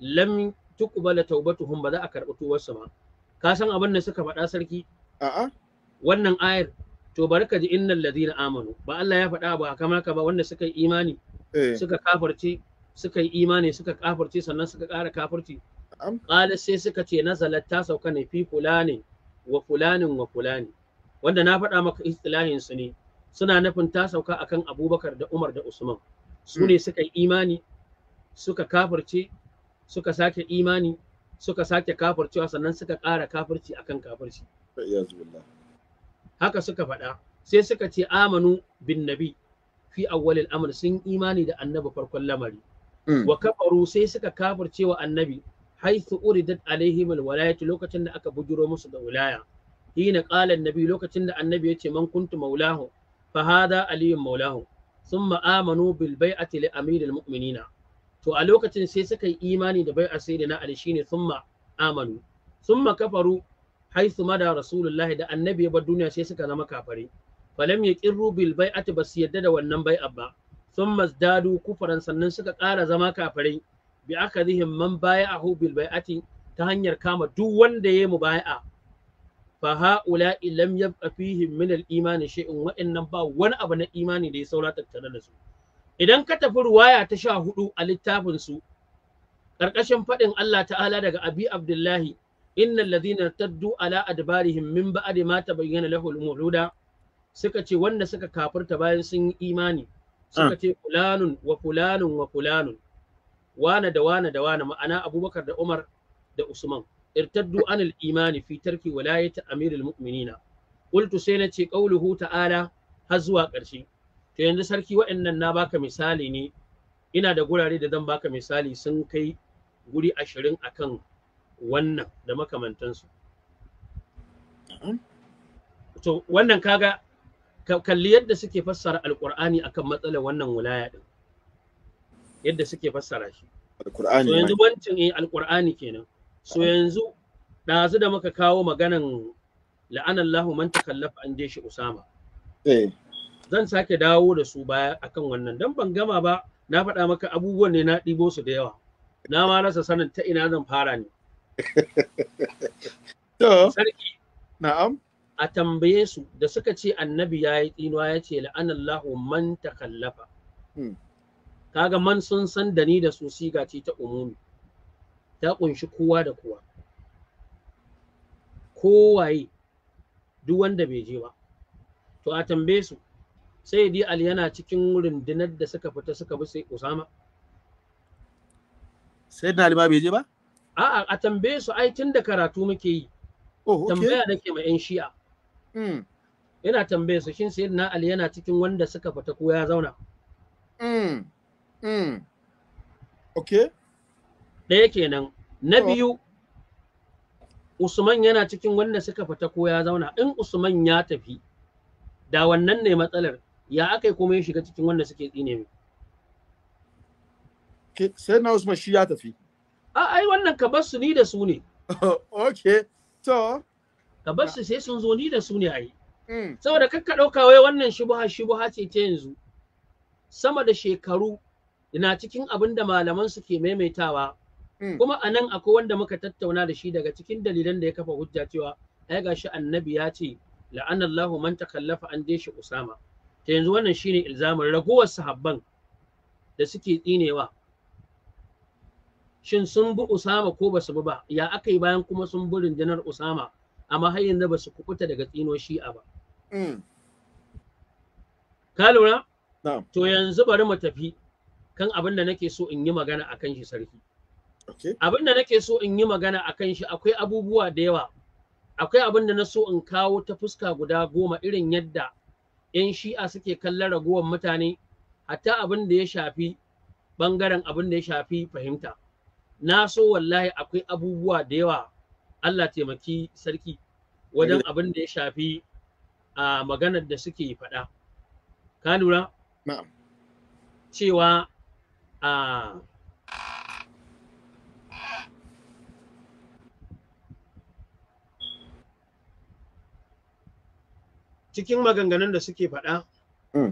lam tuqbala taubatuhum ba za a karɓi tuwarsu ba ka san abin da suka faɗa sarki a'a wannan ayar to bari ka ji innal ladina amanu ba Allah ya faɗa ba kamar ka ba wanda suka yi imani eh. suka kafirce suka yi imani suka kafirce sannan suka ƙara kafirci qala sai suka ce nazalat ta sauka ne fi fulani wa fulani wa fulani wanda na faɗa maka istilahin su ne suna nufin ta sauka akan Abubakar da Umar da Usman su ne hmm. suka yi imani suka kafirce suka sake imani suka sake kafircewa sannan suka ƙara kafirci akan kafirci haka suka faɗa sai suka ce amanu bin nabi fi awwalil amr sun imani da annabi farkon lamari mm. wa kafaru sai suka kafircewa annabi haythu uridat alaihim alwalayatu lokacin da aka bujuro musu da wilaya hina qala annabi lokacin da annabi yace man kuntu maulahu fa hada aliyyun maulahu thumma amanu bil bai'ati li amiril mu'minina to a lokacin sai suka yi imani da bai'a na ali shine summa amanu summa kafaru haythu mada rasulullahi da annabi ya bar duniya sai suka zama kafare falam yaqirru bil bai'ati bas yadda da wannan bai'a ba summa zdadu kufran sannan suka ƙara zama kafare bi akadihim man bai'ahu bil bai'ati ta hanyar kama duk wanda ya yi mubaya'a fa haula lam yabqa fihim min al-imani shay'un wa'annan ba wani abu na imani da ya saura tattare da su idan ka tafi ruwaya ta sha hudu a littafin su ƙarƙashin faɗin Allah ta'ala daga abi abdullahi innal ladhina taddu ala adbarihim min ba'di ma tabayyana lahul muluda suka ce wanda suka kafirta bayan sun yi imani suka ce fulanun wa fulanun wa fulanun wane da wane da wane ma'ana abubakar da umar da usman irtaddu anil imani fi tarki walayati amirul mu'minina qultu sai ce qauluhu ta'ala har zuwa ƙarshe to yanzu sarki waɗannan na baka misali ne ina da gurare da zan baka misali sun kai guri ashirin akan wannan da makamantansu to wannan kaga kalli yadda suke fassara alkur'ani akan matsalar wannan wulaya ɗin yadda suke fassara shi so yanzu wancan eh alkur'ani kenan so yanzu ɗazu da muka kawo maganan la'anallahu man takallafa an je shi usama eh zan sake dawo da su baya akan wannan dan ban gama ba na faɗa maka abubuwan ne na ɗibo su da yawa na ma rasa sanin ta ina zan fara ne to sarki na'am a tambaye su da suka ce annabi ya yi tsinuwa ya ce la'anallahu man takallafa hmm. kaga man sun san da ni da su siga ce ta umumi ta kunshi kowa da kowa kowaye duk wanda bai je ba to a tambaye su sai di ali yana cikin rundunar da suka fita suka bi sai usama sai na alima bai je ba a'a a tambaye su ai tun da karatu muke yi oh, tambaya nake ma yan shi'a yana hmm. tambaye su shin sayyidina ali yana cikin wanda suka fita ko ya zauna hmm. Hmm. Ok. ɗaya kenan na oh. biyu Usman yana cikin wanda suka fita ko ya zauna in Usman ya tafi da wannan ne matsalar ya aka yi kuma ya shiga cikin wanda suke tsine mai sai na Usman shi ya tafi a ai wannan ka bar su ni da su ne okay to ka bar su sai sun zo ni da su ne ai mm. saboda kakka ɗauka wai wannan shubuha shubuha ce ta yanzu sama da shekaru na cikin abin da malaman su ke maimaitawa mm. kuma a nan akwai wanda muka tattauna da shi daga cikin dalilan da ya kafa hujja cewa ai gashi annabi ya ce la'anallahu man takallafa an shi usama ta yanzu wannan shine ilzamin ragowar sahabban da suke tsinewa shin sun bi usama ko basu su bi ba ya aka yi bayan kuma sun bi rundunar usama amma har yanzu ba su kukuta daga tsino shi'a ba mm. ka lura to yanzu bari mu tafi kan abin da nake so in yi magana a kan shi sarki abin da nake so in yi magana a kan shi akwai abubuwa da yawa akwai abin da na so in kawo ta fuska guda goma irin yadda 'yan shi'a suke kallon ragowar mutane hatta abin da ya shafi bangaren abin da ya shafi fahimta na so wallahi akwai abubuwa da yawa Allah taimaki sarki wajen abin da ya shafi a maganar da suke faɗa ka lura cewa a cikin maganganun da suke faɗa mm.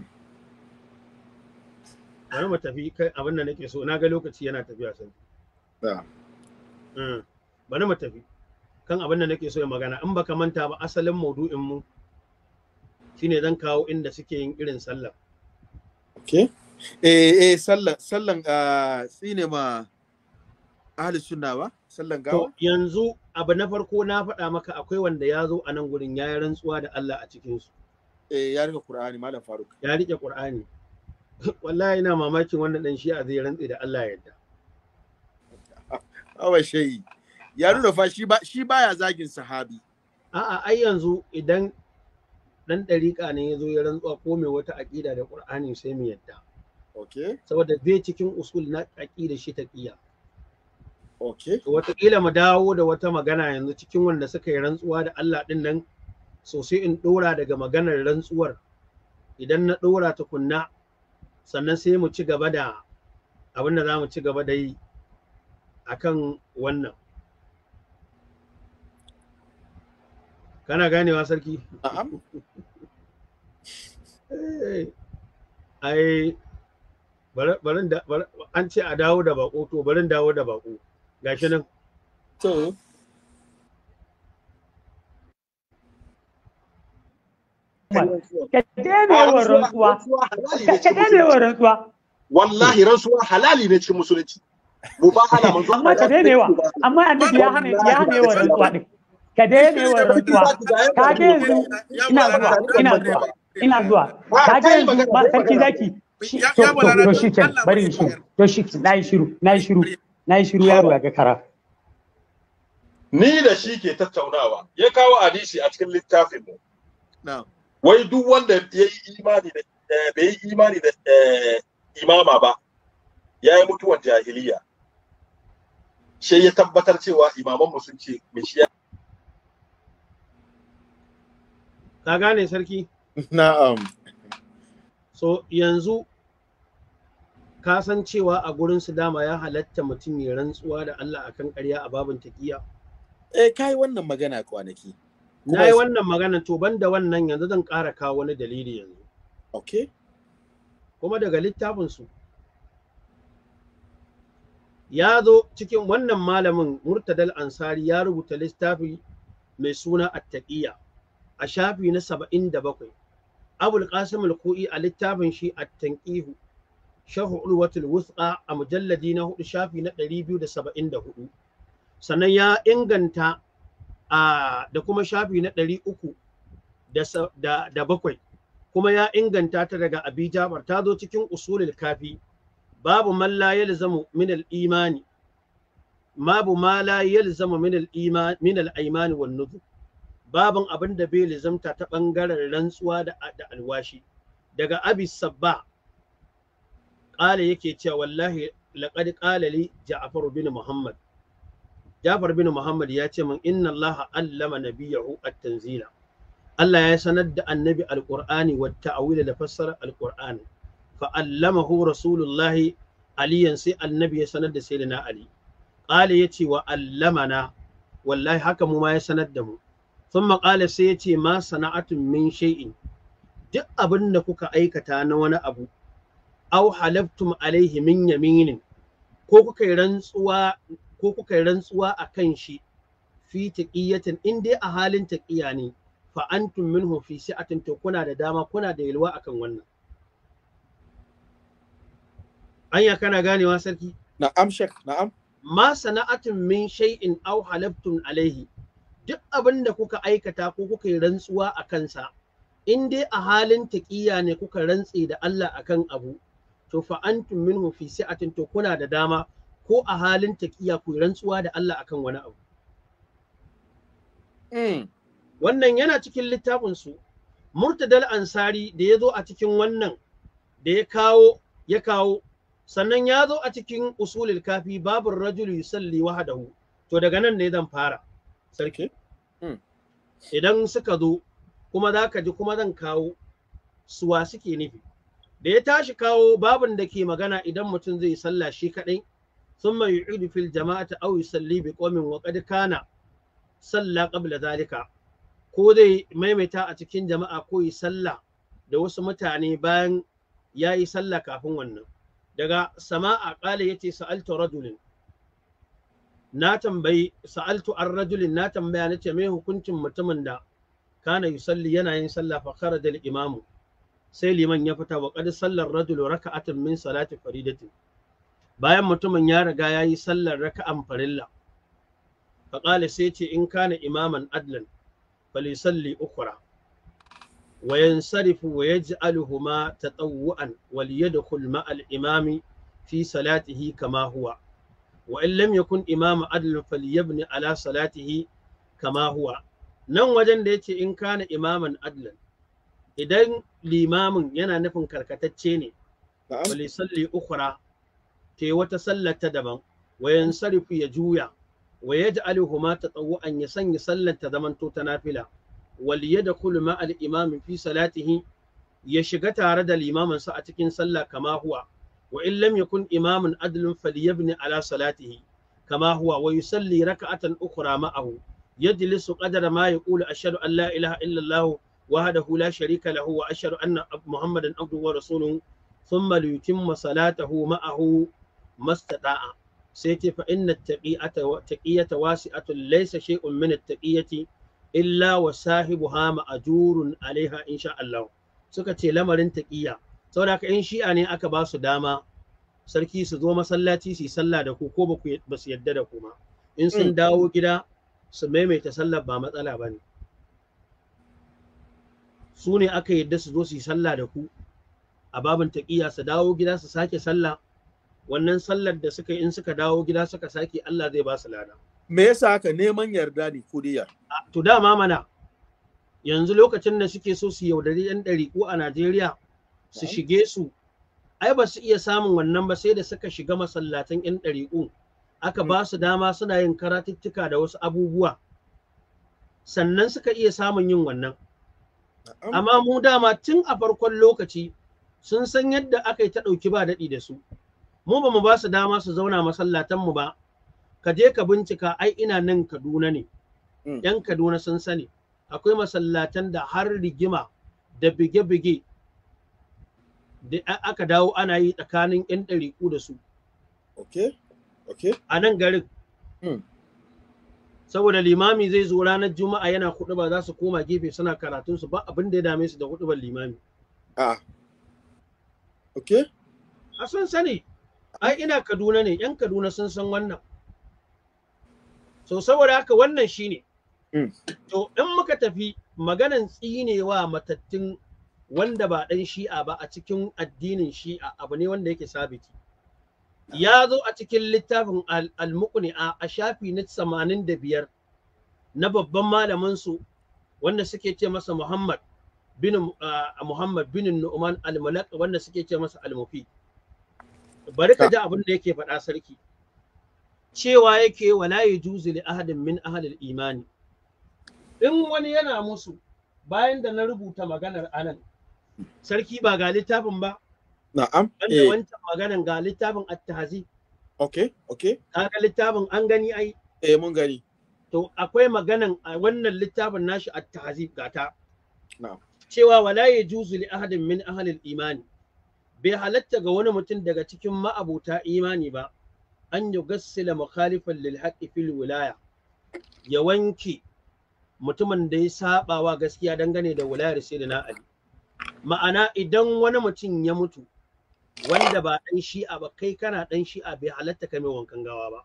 bari mu tafi kai abin da nake so na ga lokaci yana tafiya sai mm. bari mu tafi kan abin da nake so ya magana in baka manta ba asalin maudu'in mu shine zan kawo inda suke yin irin sallah okay eh eh sallan sallan a ah, ma ahli sunna ba sallan gawa yanzu abu na farko na faɗa maka akwai wanda ya zo a nan gurin ya yi rantsuwa da Allah a cikin su E, ya rike Qur'ani malam Faruk ya rike Qur'ani wallahi ina mamakin wannan dan a zai rantsi da Allah ya yarda awa shayi ya nuna fa shi ba shi baya zagin sahabi a'a ai yanzu idan dan dariƙa ne ya zo ya rantsuwa ko mai wata aƙida da Qur'ani sai mu yarda okay saboda be cikin usul na aƙida shi ta taqiyya okay wataƙila mu dawo da wata magana yanzu cikin wanda suka yi rantsuwa da Allah din nan so sai in ɗora daga maganar rantsuwar idan na ɗora tukunna sannan sai mu ci gaba da abin da za mu ci gaba da yi a kan wannan kana ganewa sarki eh, ai barin da an ce a dawo da bako to barin dawo da bako gashi nan to ka daina ah, yawan rantsuwa rantsuwa wallahi rantsuwa halali ne cikin musulunci mubahala manzo amma ka daina yawa amma annabi ya hana ya hana wa rantsuwa din ka daina wa rantsuwa ka ga yanzu ina zuwa ina zuwa ina zuwa ka ga yanzu ba sarki zaki to shi ke bari shi, to shi ke na yi shiru na yi shiru na yi shiru yaro ya ga kara ni da shi ke tattaunawa ya kawo hadisi a cikin littafin mu wai duk wanda ya yi imani da eh, bai yi imani da eh, imama ba ya yi mutuwan jahiliya sai ya tabbatar cewa imamanmu sun ce mai shi ka gane sarki na'am so yanzu ka san cewa a gurin su dama ya halatta mutum ya rantsuwa da Allah akan ƙarya a babin taqiya eh kai wannan magana kwanaki na yi wannan magana to ban da wannan yanzu zan ƙara kawo wani dalili yanzu kuma daga littafinsu ya zo cikin wannan malamin murtadal ansari ya rubuta littafi mai suna attaƙiya a shafi na saba'in da bakwai abul qasim kui a littafin shi at shahuul watul ulwatul a mujalladi na hudu shafi na hudu, sannan ya inganta da kuma shafi na ɗari uku da bakwai kuma ya inganta ta daga abi jabar ta zo cikin usulil kafi babu man la yalzamu min al imani babu ma la yalzamu min al imani min al aymani wal nuzur babun abin da bai lizamta ta bangaren rantsuwa da, da alwashi daga abi sabba qala yake cewa wallahi laqad qala li ja'far bin muhammad Jafar bin Muhammad ya ce min inna Allah allama nabiyahu at-tanzila Allah ya sanar da annabi alqur'ani wa ta'awila da fassara alqur'ani fa allamahu rasulullahi aliyan sai annabi ya sanar da na ali qala yace wa allamana wallahi haka mu ma ya sanar da mu thumma qala sai yace ma sana'atun min shay'in duk abin da kuka aikata na wani abu Au halaftum alaihi min yaminin ko kuka yi rantsuwa ko kuka yi rantsuwa a kan shi fi taqiyatin in dai a halin ƙiya ne fa antum minhu fi si'atin to kuna da dama kuna da yalwa akan wannan anya kana ganewa sarki na'am shek na'am ma sana'atin min shay'in aw halaftum alaihi duk abin da kuka aikata ko kuka yi rantsuwa a kansa in dai a halin ƙiya ne kuka rantse da Allah akan abu to fa antum minhu fi si'atin to kuna da dama ko a halin taƙiya ku rantsuwa da Allah akan wani abu. Hmm. Wannan yana cikin littafinsu, Murtadal Ansari da ya zo a cikin wannan da ya kawo, ya kawo, sannan ya zo a cikin usulul kafi babu rajulu yusalli wahadahu. To daga nan ne zan fara. Sarki? Hmm. Idan suka zo, kuma za ka ji kuma zan kawo suwa suke nufi. Da ya tashi kawo babin da ke magana idan mutum zai sallah shi kaɗai, ثم يعيد في الجماعة أو يصلي بقوم وقد كان صلى قبل ذلك ko zai maimaita a cikin jama'a ko yi sallah da wasu mutane bayan ya yi sallah kafin wannan daga sama'a ƙala ya ce sa'altu rajulin na tambayi sa'altu an rajulin na tambaya na ce mai hukuncin mutumin da kana yi salli yana yin sallah fa kharaja imamu sai liman ya fita wa qad sallar rajulu raka'atan min salati faridatin bayan mutumin ya riga ya yi sallar raka'an farilla faƙali sai ce in kana imaman adlan falisalli ukura wayan sarifu wa yaji aluhuma ta tsawu'an waliye da kulma al'imami fi salatihi kama huwa wa in lam yakun imama adlan faliyabni ala salatihi kama huwa nan wajen da ya ce in kana imaman adlan idan limamin yana nufin karkatacce ne falisalli ukura ta yi wata sallar ta daban wayan sarifu ya juya wa yaj'aluhuma tatawu'an ya sanya sallar ta zamanto ta nafila wal da ma al imamin fi salatihi ya shiga tare da limamin sa a cikin sallah kama huwa wa in lam yakun imamun adlun falyabni ala salatihi kama huwa wa yusalli raka'atan ukhra ma'ahu yajlisu qadara ma yaqulu ashhadu an la ilaha illa allah وحده لا شريك له وأشهد أن محمدا عبده ورسوله ثم ليتم صلاته معه mastada'a sai ce fa inna taqiyata taqiyata wasi'atun laysa shay'un min at-taqiyati illa wa sahibuha ma'jurun alaiha insha Allah suka ce lamarin taqiya saboda ka in shi'a ne aka ba su dama sarki su zo masallaci su yi sallah da ku ko ba su yadda da ku ma in sun dawo gida su maimaita sallar ba matsala ba ne su ne aka yadda su zo su yi sallah da ku a babin taƙiyya su dawo gida su sake sallah wannan sallar da suka in suka dawo gida suka sake Allah zai ba su lada me yasa haka neman yarda ne ko diya to dama mana yanzu lokacin da suke so su yaudari yan ko a Najeriya su shige su ai ba su iya samun wannan ba sai da suka shiga masallatan yan ɗariƙu aka hmm. ba su dama suna yin karatuttuka da wasu abubuwa sannan suka iya samun yin wannan amma mu dama tun a farkon lokaci sun san yadda aka ta ɗauki ba daɗi da su mu ba mu ba su dama su zauna masallatan mu ba ka je ka bincika ai ina nan Kaduna ne mm. yan Kaduna sun sani akwai masallatan da har rigima da bige-bige da aka dawo ana yi tsakanin 'yan ɗariku da su. Okay, okay. A nan garin. Mm. Saboda limami zai zo ranar Juma'a yana kuɗi ba za su koma gefe suna karatunsu ba abin da ya dame su da kuɗi limami. Ah, okay. A sun sani. ai ina kaduna ne yan kaduna sun san wannan so saboda haka wannan shine mm. to in muka tafi maganan tsinewa matattun wanda ba ɗan shi'a ba a cikin addinin shi'a abu ne wanda yake sabiti ya zo a cikin littafin al-muqni'a a shafi na 85 na babban malamin su wanda suke ce masa Muhammad bin ah, Muhammad bin Nu'man al-Malak wanda suke ce masa al-Mufid bari ka ji abin da yake faɗa sarki cewa yake wala yajuzu li ahadin min ahlil imani in wani yana musu bayan da na rubuta maganar anan sarki ba ga littafin ba na'am wanda eh. wancan maganar ga littafin at-tahzi okay okay kaga littafin an gani ai eh mun gani to akwai maganan a wannan littafin nashi at-tahzi gata na'am cewa wala yajuzu li ahadin min ahlil imani bai halatta ga wani mutum daga cikin ma'abuta imani ba an yi gassila mukhalifan lil fil wilaya ya wanke mutumin da ya saba wa gaskiya dangane da wilayar sai na ali ma'ana idan wani mutum ya mutu wanda ba dan shi'a ba kai kana dan shi'a bai halatta ka mai wankan gawa ba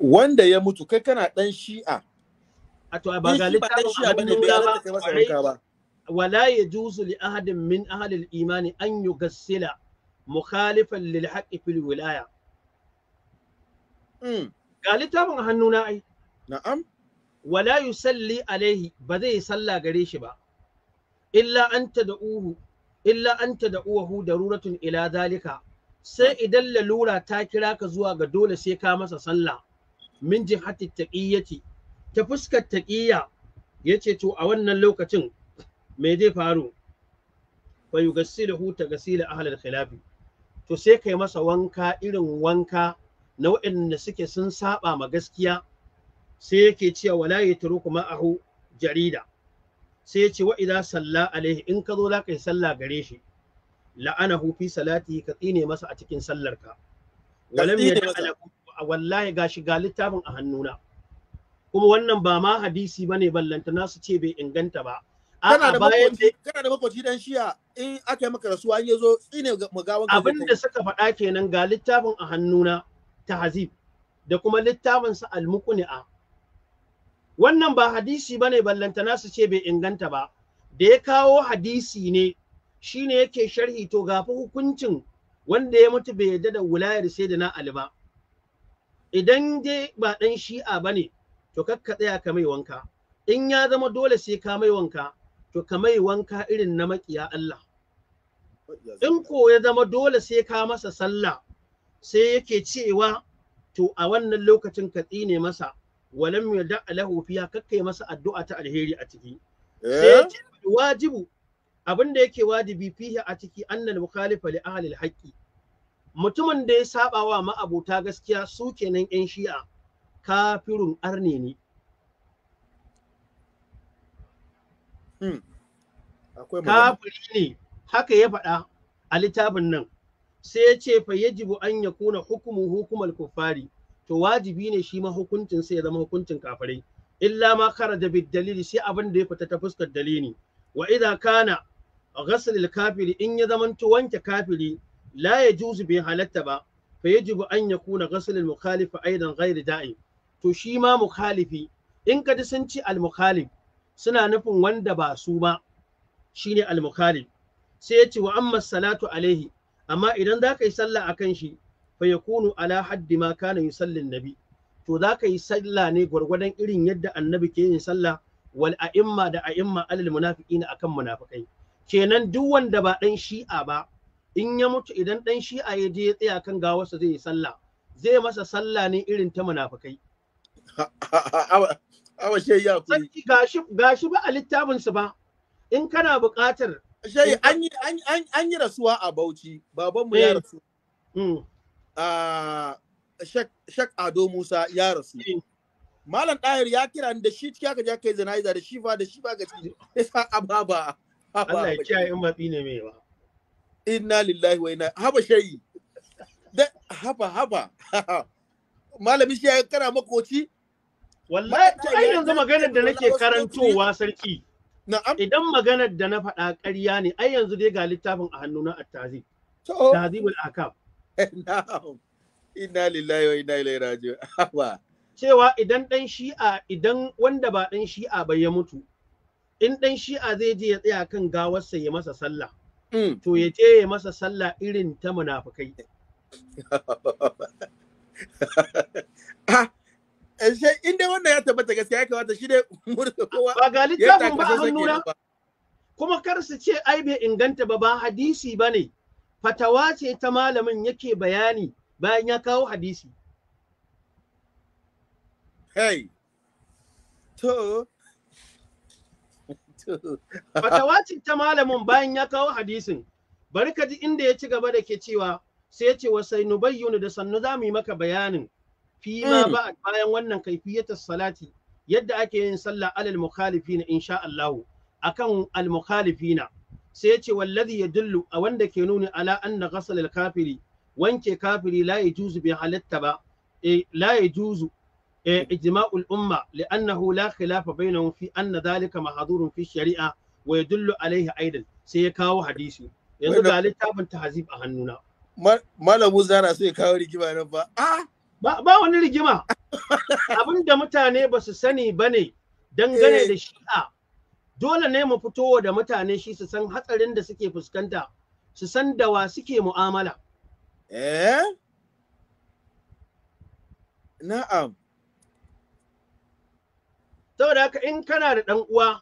wanda ya mutu kai kana dan shi'a a to ba ga littafin abin da ba wala yajuzu li ahadin min ahli al-imani an yugassila mukhalifan lil haqqi fil wilaya ga littafin hannuna ai na'am wala yusalli alaihi ba zai salla gare shi ba illa anta da'uhu illa anta daruratun ila zalika sai idan lalura ta kira ka zuwa ga dole sai ka masa sallah min jihati taqiyyati ta fuskar taqiyya yace to a wannan lokacin me zai faru fa yugassiluhu tagasila ahlul khilafi to sai kai masa wanka irin wanka na waɗanda suke sun saba ma gaskiya sai yake cewa wala yatruku ma'ahu jarida sai ya ce wa idza salla alaihi in ka zo za yi sallah gare shi la'anahu fi salati ka tsine masa a cikin sallarka walam yaj'al wallahi gashi ga littafin a hannuna kuma wannan ba ma hadisi bane ballanta nasu ce bai inganta ba kana da makoci kana da makoci dan shiya in aka maka rasuwa in yazo tsine ga ka abin da suka faɗa kenan ga littafin a hannuna tahzib da kuma littafin sa al wannan ba hadisi bane ballantana su ce bai inganta ba da ya kawo hadisi ne shine yake sharhi to gafi hukuncin wanda ya mutu bai yarda da wulayar sai da na alba. idan dai ba dan shi'a bane to kakka tsaya ka mai wanka in ya zama dole sai ka mai wanka to ka mai wanka irin na maƙiya Allah. In ko ya zama dole sai ka masa sallah sai yake cewa to a wannan lokacin ka tsine masa walam yada lahu fiya kakkai masa addu'a ta alheri a ciki. Eh? Sai wajibu abin da yake wajibi fihi a ciki annal mukhalifa li ahli haƙƙi. mutumin da ya saba wa ma'abota gaskiya su kenan yan shi'a kafirun arne ne Hmm. kafiri ne haka ya faɗa a littafin nan sai ya ce fa yajibu an ya kuna hukumu hukumar kuffari to wajibi ne shi ma hukuncin sai ya zama hukuncin kafirai illa ma kharaja bid dalili sai abin da ya fita ta fuskar dalili wa idza kana ghasl kafiri in ya zamanto wanke kafiri la yajuzu bai halatta ba fa yajibu an yakuna ghasl al mukhalif aidan ghairi da'i to shi ma mukhalifi in ka ji sun ci al mukhalif suna nufin wanda ba su ba shine al-mukhalif sai ya ce wa amma salatu alaihi amma idan za ka yi sallah akan shi fa kunu ala haddi ma kana sallin nabi to za ka yi sallah ne gwargwadon irin yadda annabi ke yin sallah wal a'imma da a'imma alal munafiqin akan munafikai kenan duk wanda ba dan shi'a ba in ya mutu idan dan shi'a ya je ya tsaya kan gawarsa zai yi sallah zai masa sallah ne irin ta munafikai awa ya kuri gashi gashi ba a littafin su ba in kana buƙatar shi an yi an yi rasuwa a Bauchi baban mu ya eh. rasu hmm. a ah, Shek Ado Musa ya rasu eh. Malam Ɗahir ya kira ni da shi ciki aka je kai da shi fa da shi ba ga ciki yasa ababa Allah ya kiyaye in matsi ne mai ba inna lillahi wa inna haba shayi da haba haba malami shi ya makoci wallahi ai yanzu maganar da nake karantowa sarki idan maganar da na faɗa ƙarya ne ai yanzu dai ga littafin a hannuna attazi tazibul akab eh, inna lillahi wa inna ilaihi raji'un cewa idan dan shi'a idan wanda ba ɗan shi'a ba ya mutu in ɗan shi'a zai je ya tsaya kan gawarsa ya masa sallah mm. to ya je ya masa sallah irin ta munafukai ah, Ashe in dai wannan ya tabbata gaskiya ya kamata shi dai murka kowa. Ba ga littafin ba a hannuna. Kuma kar su ce ai bai inganta ba ba hadisi ba ne. Fatawa ce ta malamin yake bayani bayan ya kawo hadisi. Hey. To. Fatawa ce ta malamin bayan ya kawo hadisin. Bari ka ji inda ya ci gaba da ke cewa sai ya ce wa sai nubayyunu da sannu za mu yi maka bayanin fi mm. ma ba bayan wannan kaifiyatus salati yadda ake yin sallah alal mukhalifina insha Allah akan al mukhalifina sai ya ce wallazi yadullu a wanda ke nuni ala anna ghasal al kafiri wanke kafiri la yajuzu bi halatta ba e, la yajuzu إجماع الأمة لأنه لا خلاف بينهم في أن ذلك محظور في Alayhi Aidan, sai ya kawo hadisi. yanzu ga littafin tahzib a hannuna malamu zara sai kawo rigima nan ba ba wani rigima abin da mutane ba su sani ba ne dangane eh. da shi'a dole ne mu fitowa da mutane shi su san hatsarin da suke fuskanta su san da wa suke mu'amala eh na'am saboda haka in kana da ɗan uwa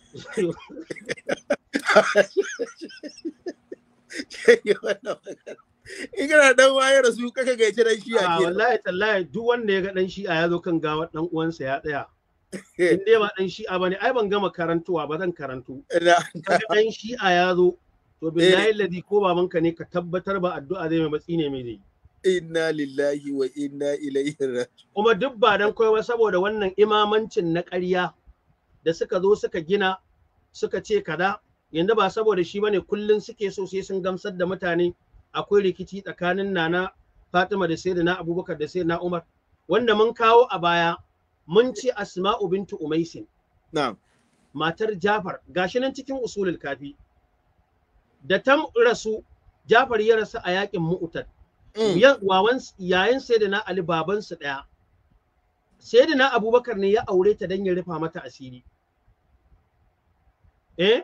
in kana dan da su kaka gaice dan a ke wallahi tallahi duk wanda ya ga dan shi ya yazo kan gawa dan uwansa ya tsaya in dai ba dan a bane ai ban gama karantuwa ba zan karantu dan shi ya zo to eh. billahi ladi ko babanka ne ka tabbatar ba addu'a zai mai matsi ne mai zai inna lillahi wa inna ilaihi raji'un kuma duk ba dan koyo saboda wannan imamancin na ƙarya da suka zo suka gina suka ce kada yanda ba saboda shi bane kullun suke so sai sun gamsar da mutane akwai rikici tsakanin nana Fatima da na Abubakar da sai na Umar wanda mun kawo a baya mun ce Asma'u bintu Umaisin. Na'am. Matar Jafar gashi nan cikin usulul kafi. Da ta rasu Jafar ya rasu a yakin Mu'tad. Mm. Wawan yayin na Ali babansu daya. na Abubakar ne ya aure ta dan ya rufa mata asiri. Eh?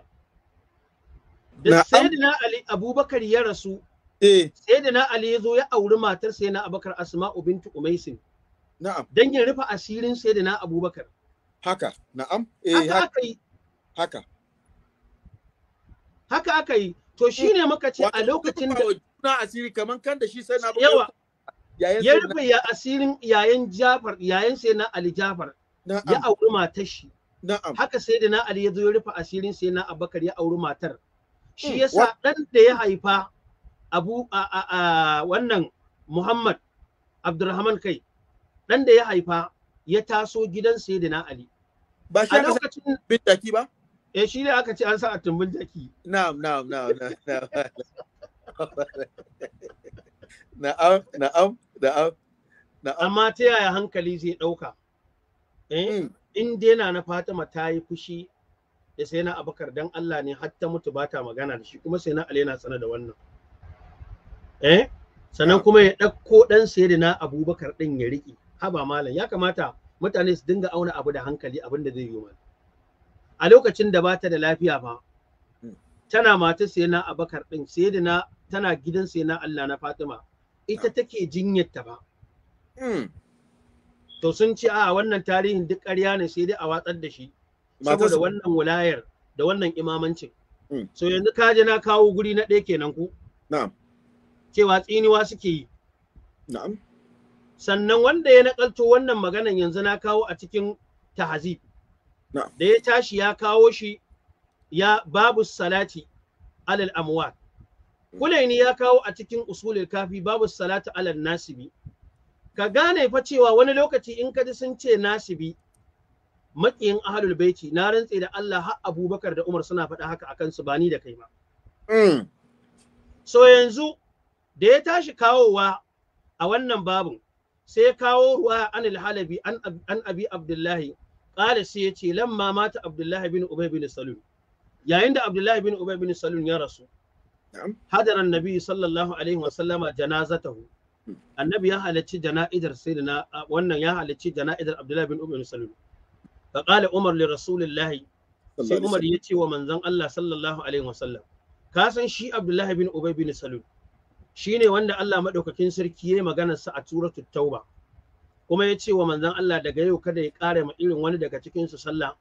Da na Ali Abubakar ya rasu Eh. sai da na Ali ya zo ya auri matar sai na Abubakar Asma'u bintu Umaisin. Na'am. Dan ya rufe asirin sai da na Abubakar. Haka, na'am. Eh, haka aka yi. Haka. Haka aka yi. To shine muka ce a lokacin da na asiri kaman kan da shi sai na Yawa. Ya rufe ya asirin yayan Jafar, yayan sai na Ali Jafar. Ya auri matar shi. Na'am. Haka sai da na Ali ya zo ya rufe asirin sai na Abubakar ya auri matar. Shi hmm. yasa dan da ya haifa abu a, a, a wannan muhammad abdurrahman kai ɗan da ya haifa ya taso gidan na ali ba shi aka lokacin bin jaki ba eh shi ne aka ce an sa a tumbin jaki na'am na'am na'am na'am na'am na'am na'am amma ta yaya hankali zai ɗauka eh hmm. in dai na na fatima ta yi fushi da sai na abakar dan Allah ne har ta mutu ba ta magana da shi kuma sai na Ali yana sana da wannan eh sannan kuma ya ɗauko ɗan sayyidina abubakar ɗin ya riƙe haba malam ya kamata mutane su dinga auna abu da hankali abin da zai yi mana a lokacin da bata da lafiya ba hmm. tana matar sayyidina abubakar ɗin sayyidina tana gidan sayyidina Allah na Fatima ita take jinyar ta ba hmm. to sun ce a wannan tarihin duk ƙarya ne sai dai a watsar da shi saboda wannan wulayar da wannan imamancin hmm. so yanzu kaje na kawo guri na ɗaya kenan ku na'am cewa tsiniwa suke yi na'am sannan wanda ya nakalto wannan maganan yanzu na kawo a cikin tahazib da ya tashi ya kawo shi ya babu salati alal amwat kulaini ya kawo a cikin usulul kafi babu salati alal nasibi ka gane fa cewa wani lokaci in ka ji sun ce nasibi makiyin ahlul baiti na rantse da Allah har Abubakar da Umar suna faɗa haka akan su ba da kai ba mm. so yanzu da ya tashi kawowa a wannan babu, sai kawo ruwa an halabi an abi abdullahi kala sai ya ce lamma mata abdullahi bin ubay bin salul yayin da abdullahi bin ubay bin salul ya rasu hadar annabi sallallahu alaihi wa sallama janazatahu hmm. annabi ya halacci jana'idar sayyidina wannan ya halacci jana'idar abdullahi bin ubay bin salul fa qala umar li rasulillahi sai umar ya ce wa manzon Allah sallallahu alaihi wa sallam ka san shi abdullahi bin ubay bin salul shine wanda Allah madaukakin sarki yayi maganar sa a tura tauba kuma ya ce wa manzon Allah daga yau kada ya ƙara ma irin wani daga cikin su sallah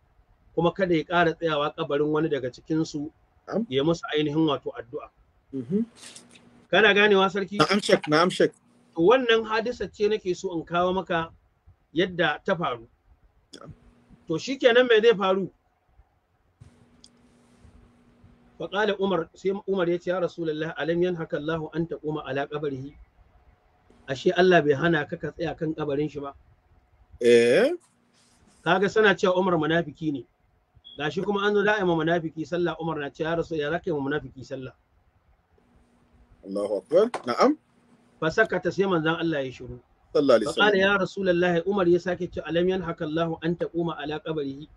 kuma kada ya ƙara tsayawa kabarin wani daga cikin su ya musu ainihin wato addu'a mm-hmm. kana ganewa sarki na'am shek na'am shek wannan hadisa ce nake so in kawo maka yadda ta faru to shikenan me zai faru faƙala umar sai umar ya ce ya rasulullah alam yanhaka Allah an taquma ala qabrihi ashe Allah bai hana ka ka tsaya kan kabarin shi ba eh kaga sana cewa umar munafiki ne gashi kuma an zo da ayyama munafiki sallah umar na ya rasul ya zaka yi munafiki sallah Allahu akbar na'am fa sakata sai manzon Allah ya shiru sallallahu alaihi wasallam ya rasulullahi umar ya sake ce alam yanhaka Allah an taquma ala qabrihi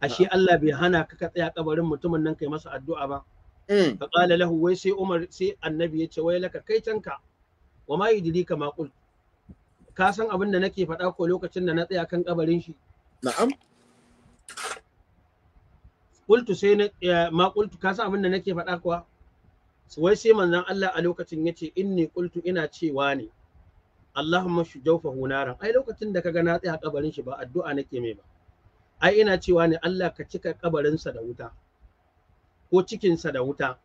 ashe Allah bai hana ka ka tsaya kabarin mutumin nan kai masa addu'a ba mm. fa qala lahu wai sai Umar sai annabi ya ce wai laka kai tanka wa ma yudrika ma qult ka san abin da nake faɗa ko lokacin da na tsaya kan kabarin shi na'am qultu sai na ma qultu ka san abin da nake faɗa kuwa wai sai manzon Allah a lokacin yace inni qultu ina cewa ne Allahumma shujaufahu hunaran. ai lokacin da kaga na tsaya kabarin shi ba addu'a nake mai ba ai ina cewa ne Allah ka cika kabarinsa da wuta ko cikinsa da wuta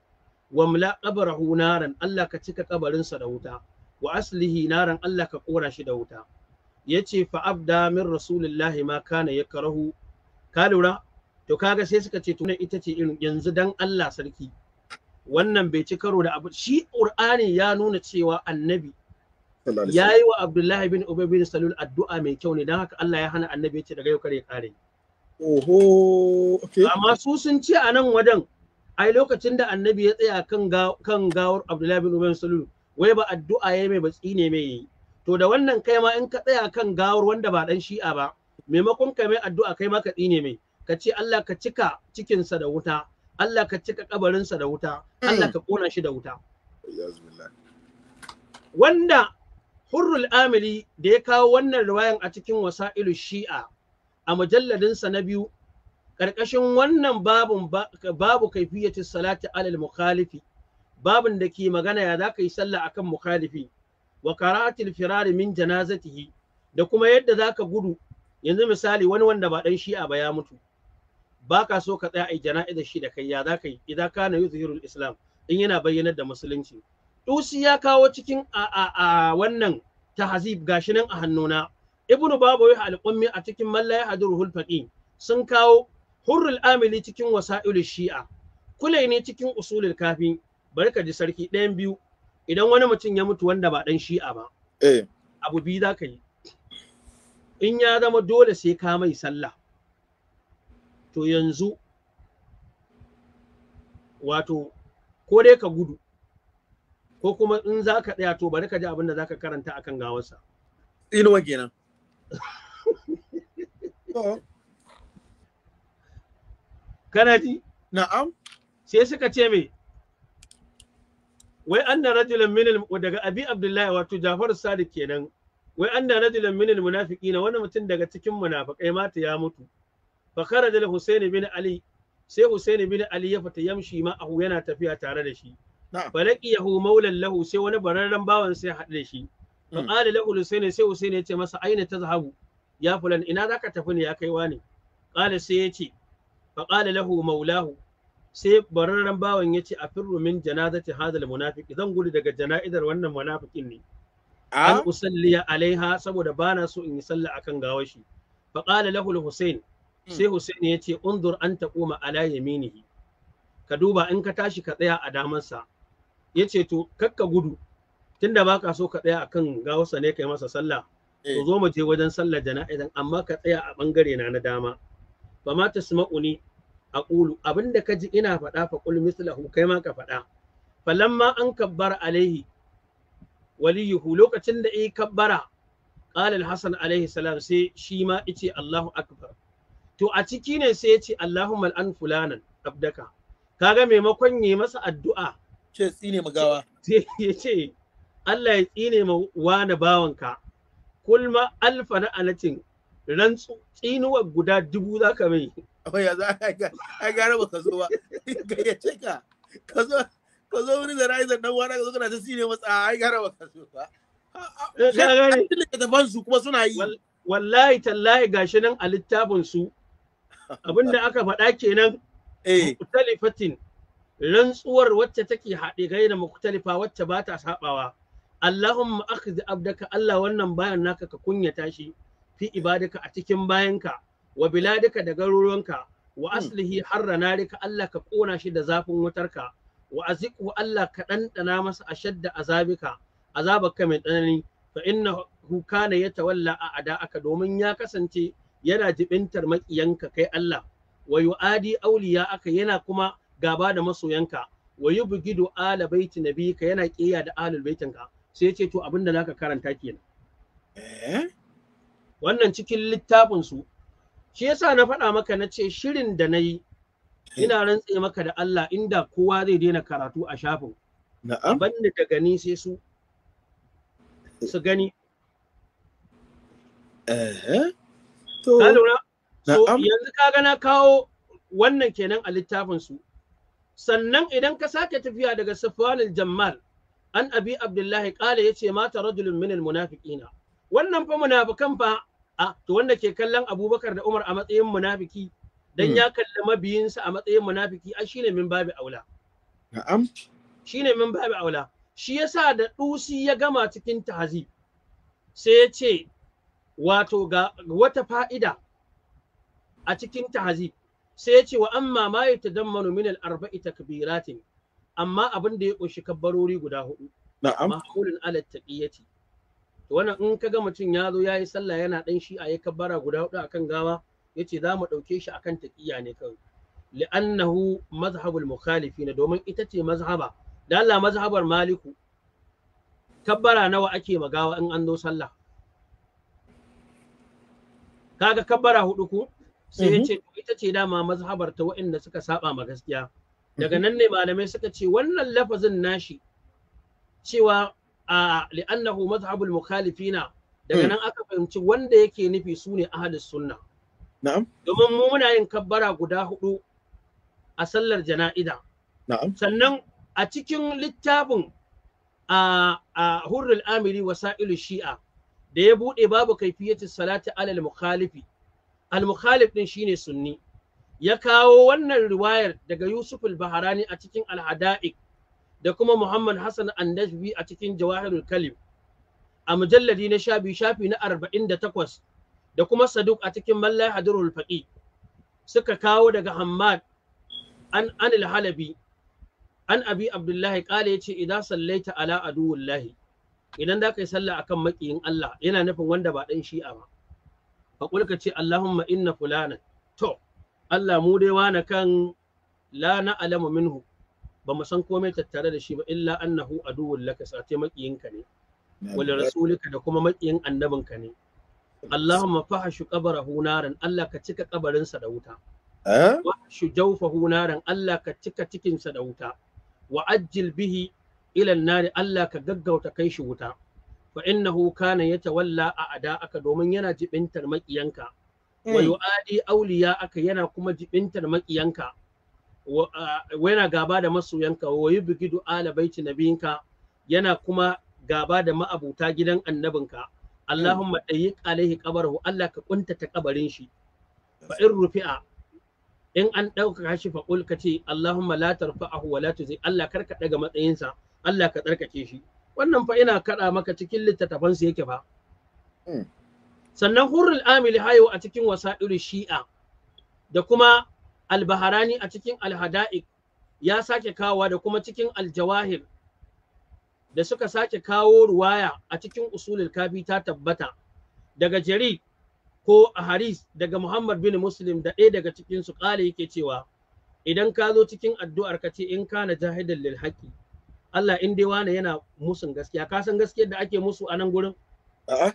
wa mla qabrahu naran Allah ka cika kabarinsa da wuta wa aslihi naran Allah ka kora shi da wuta yace fa abda min rasulillahi ma kana yakrahu ka lura to kaga sai suka ce to ita ce irin yanzu dan Allah sarki wannan bai ci karo da abu shi qur'ani ya nuna cewa annabi ya yi wa abdullahi bin ubay bin salul addu'a mai kyau ne dan haka Allah ya hana annabi ya ce daga yau kare kare Oho, okay. Amma su sun ce a nan wajen, ai lokacin da annabi ya tsaya kan gawar Abdullahi bin Ubay Salul, wai ba addu'a ya mai batsi ne mai yi. To da wannan kai ma in ka tsaya kan gawar wanda ba dan shi'a ba, maimakon ka mai addu'a kai ma ka tsine mai, ka ce Allah ka cika cikinsa da wuta, Allah ka cika kabarinsa da wuta, Allah ka kona shi da wuta. Wanda Hurrul Amili da ya kawo wannan riwayan a cikin wasa'ilu shi'a a mujalladinsa na biyu ƙarƙashin wannan babun babu kaifiyati salati alal mukhalifi babun da ke magana ya za ka yi sallah akan mukhalifi wa karatil firari min janazatihi da kuma yadda za ka gudu yanzu misali wani wanda ba ɗan shi'a ba ya mutu ba ka so ka tsaya a yi jana'iza shi da kai ya za ka yi idan kana yuzhirul islam in yana bayyanar da musulunci tusi ya kawo cikin a wannan tahazib gashi nan a hannuna ibnu babu ya alƙummi a cikin malla ya hadiru sun kawo hurrul amili cikin wasa'ul shi'a kule ne cikin usulul kafi bari ka ji sarki ɗayan biyu idan wani mutum ya mutu wanda ba dan shi'a ba eh. abu bi za ka yi in ya zama dole sai ka mai sallah to yanzu wato ko dai ka gudu ko kuma in za ka ɗaya to bari ka ji abin da za ka karanta akan gawarsa. Inuwa kenan. Kana ji? Na'am. Sai suka ce me? Wai anna rajulan minal daga Abi Abdullahi wato Jafar Sadiq kenan. Wai anna rajulan munafiki na wani mutum daga cikin munafikai mata ya mutu. Fa kharaja Hussein bin Ali sai Hussein bin Ali ya fita yamshi ma ahu yana tafiya tare da shi. Fa laqiyahu maulan lahu sai wani bararren bawan sai haɗu da shi. fa mm. qala lahu sai husayn ya ce masa aina tazhabu ya fulan ina zaka tafi ne ya kai ne? qala sai ya ce fa qala lahu maulahu sai bararren bawan ya ce a firru min janazati hadal zan gudu daga jana'izar wannan munafikin ne an ya alaiha saboda bana so in yi sallah akan gawar shi fa qala lahu husayn mm. sai husayn ya ce unzur an taquma ala yaminihi ka duba in ka tashi ka tsaya a damansa ya ce to kakka gudu tunda ba ka so ka tsaya a kan gawarsa ne kai masa sallah to eh. zo mu je wajen sallar jana'izan amma ka tsaya a bangare na na dama ba ma tasma'uni aqulu abinda ka ji ina faɗa fa qul mislahu kai ma ka faɗa ma an kabbar alaihi waliyuhu lokacin da yi kabbara qala al-hasan alaihi salam sai shi ma yace Allahu akbar to a ciki ne sai ce Allahumma an fulanan abdaka kaga maimakon yi masa addu'a ce tsine magawa ya ce Allah ya tsine ma wani bawanka kulma alfa na alatin rantsu tsinuwa guda dubu za ka mai ya za a gara ba ka zo ba gayyace ka ka zo ka zo wani da ra'ayi zannan wani ka zo kana ta tsine masa a gara ba ka zo ba eh, Ka littattafan su kuma suna yi wallahi tallahi gashi nan a littafin su abinda aka faɗa kenan eh. Mukutalifatin. rantsuwar wacce take haɗe gai da mukutalifa wacce ba ta saɓawa Allahumma akhzi abdaka Allah wannan bayan naka ka kunyata shi fi ibadaka a cikin bayanka wa biladika da garuruwanka wa hmm. aslihi harrana rika Allah ka kona shi da zafin wutarka wa aziku Allah ka ɗanɗana masa a shadda azabika azabaka mai tsanani fa inna hu kana yatawalla a ada'aka domin ya kasance yana jibintar maƙiyanka kai Allah wa yu'adi auliya aka yana kuma gaba da masoyanka wa yubgidu ala baiti nabika yana ƙiya da ahlul baitinka sai ce to abinda da zaka karanta kenan eh wannan cikin littafin su shi yasa na faɗa maka na ce shirin da nayi eh. ina rantse maka da Allah inda kowa zai daina karatu a shafin na'am banda da gani sai su eh. su gani eh to so yanzu kaga na kawo wannan kenan a littafin su sannan idan ka sake tafiya daga Safwanul Jamal. an abi abdullahi kala ce mata rajulun minal munafiqina wannan fa munafikan fa a to wanda ke kallon abubakar da umar a matsayin munafiki dan hmm. ya kalli mabiyinsa a matsayin munafiki a shine min babu aula na'am shine min babu aula shi yasa da dusi ya gama cikin tahzi sai ya ce wato ga wata fa'ida a cikin tahzi sai ya ce wa amma ma yatadammanu min al-arba'i takbiratin amma abin da ya ƙunshi kabbarori guda hudu na'am mahulun ala taqiyati to wannan in kaga mutum ya zo yayi sallah yana dan shi a yi kabbara guda hudu akan gawa yace za mu dauke shi akan taqiya ne kawai li'annahu mazhabul mukhalifina domin ita ce mazhaba da Allah mazhabar maliku kabbara nawa ake magawa in an zo sallah kaga kabbara hudu ku sai ya mhm. ce ita ce dama mazhabar ta waɗanda suka saba ma gaskiya daga mhm. nan ne malamai suka ce wannan lafazin nashi cewa a li'annahu mazhabul mukhalifina daga hmm. nan aka fahimci wanda yake nufi su ne ahlus sunna na'am domin mu muna yin kabbara guda hudu a sallar jana'ida na'am sannan a cikin littafin a hurrul amiri wasailu shi'a da ya bude babu kaifiyatis salati alal mukhalifi al mukhalif din shine sunni ya kawo wannan riwayar daga Yusuf al-Baharani a cikin al-Hada'iq da kuma Muhammad Hassan An-Najmi a cikin Jawahirul Kalim a mujalladi na shafi shafi na 48 da kuma Saduq a cikin Mallai Hadrul Faqi suka kawo daga Hammad an Anil Halabi an Abi Abdullahi kale yace idan sallaita ala aduwullahi idan da kai sallah akan makiyin Allah yana nufin wanda ba dan shi'a ba fa ce Allahumma inna fulanan Allah mu dai wani kan la na alama minhu ba mu san komai tattare da shi ba illa annahu aduwwul laka sate makiyinka ne wal rasulika da kuma makiyin annabinka ne Allahumma fahashu qabarahu naran Allah ka cika kabarinsa da wuta eh? fahashu jawfahu naran Allah ka cika cikinsa da wuta wa ajjil bihi ila nari Allah ka gaggauta kai shi wuta fa innahu kana yatawalla a aka domin yana jibintar makiyanka wa yu'adi awliya aka yana kuma jibintar makiyanka wa yana gaba da masoyanka wa yubgi du'ala baiti nabinka yana kuma gaba da ma'abuta gidan annabinka Allahumma dayyik alaihi qabarahu Allah ka kuntata kabarin shi fa in rufi'a in an ɗauka shi fa qul ka ce Allahumma la tarfa'ahu wa la tuzi Allah kar ka daga matsayinsa Allah ka tsarkake shi wannan fa ina kaɗa maka cikin littattafansu su yake fa hmm. sannan hurrul amili hayo a cikin wasa'ilu shi'a da kuma albaharani a cikin alhada'ik ya sake kawowa da kuma cikin aljawahir da suka sake kawo ruwaya a cikin usulul kafi ta tabbata daga jarid ko a haris daga muhammad bin muslim da ɗaya daga cikin su ƙala yake cewa idan ka zo cikin addu'ar ka ce in kana jahidan lil haqqi Allah in dai wani yana musun gaskiya ka san gaskiyar da ake musu a nan gurin a'a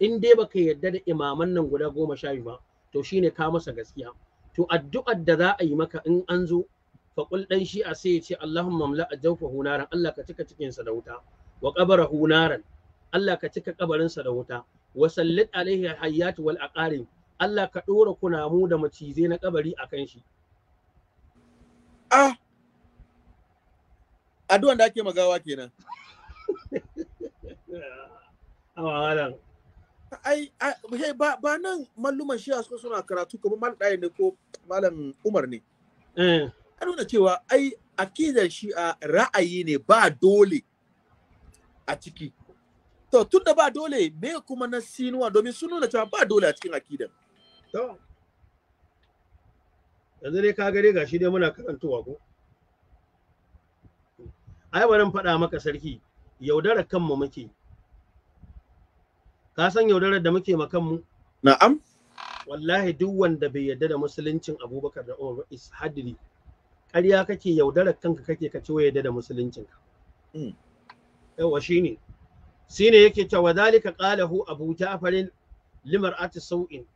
in dai baka yarda da imaman nan guda goma sha biyu ba to shine ka masa gaskiya to addu'ar da za a yi maka in an zo fa kul dan shi a sai ya ce Allahumma mla ajawfa hunaran Allah ka cika cikin sa da wuta wa qabara hunaran Allah ka cika kabarin sa da wuta wa sallit alaihi hayyat wal aqarib Allah ka dora kunamu da macizai na kabari akan shi ah addu'an da ake magawa kenan. Awa ah, ai ba ba nan malluman shi suka suna karatu kamar malam ɗaya ne ko malam umar ne eh. Ai nuna cewa ai akidar shi a ra'ayi ne ba dole a ciki to tun da ba dole me kuma na sinuwa domin sun nuna cewa ba dole a cikin akidar to yanzu dai ka gare gashi dai muna karantowa ko ai bari faɗa maka sarki yaudarar kanmu muke ka san yaudarar da muke ma kanmu na'am wallahi duk wanda bai yarda da musuluncin abubakar da umar is hadiri ƙarya kake yaudarar kanka kake ka ci yarda da musuluncin ka hmm. yawa shine shine yake cewa dalika qalahu abu ja'farin limar'ati sau'in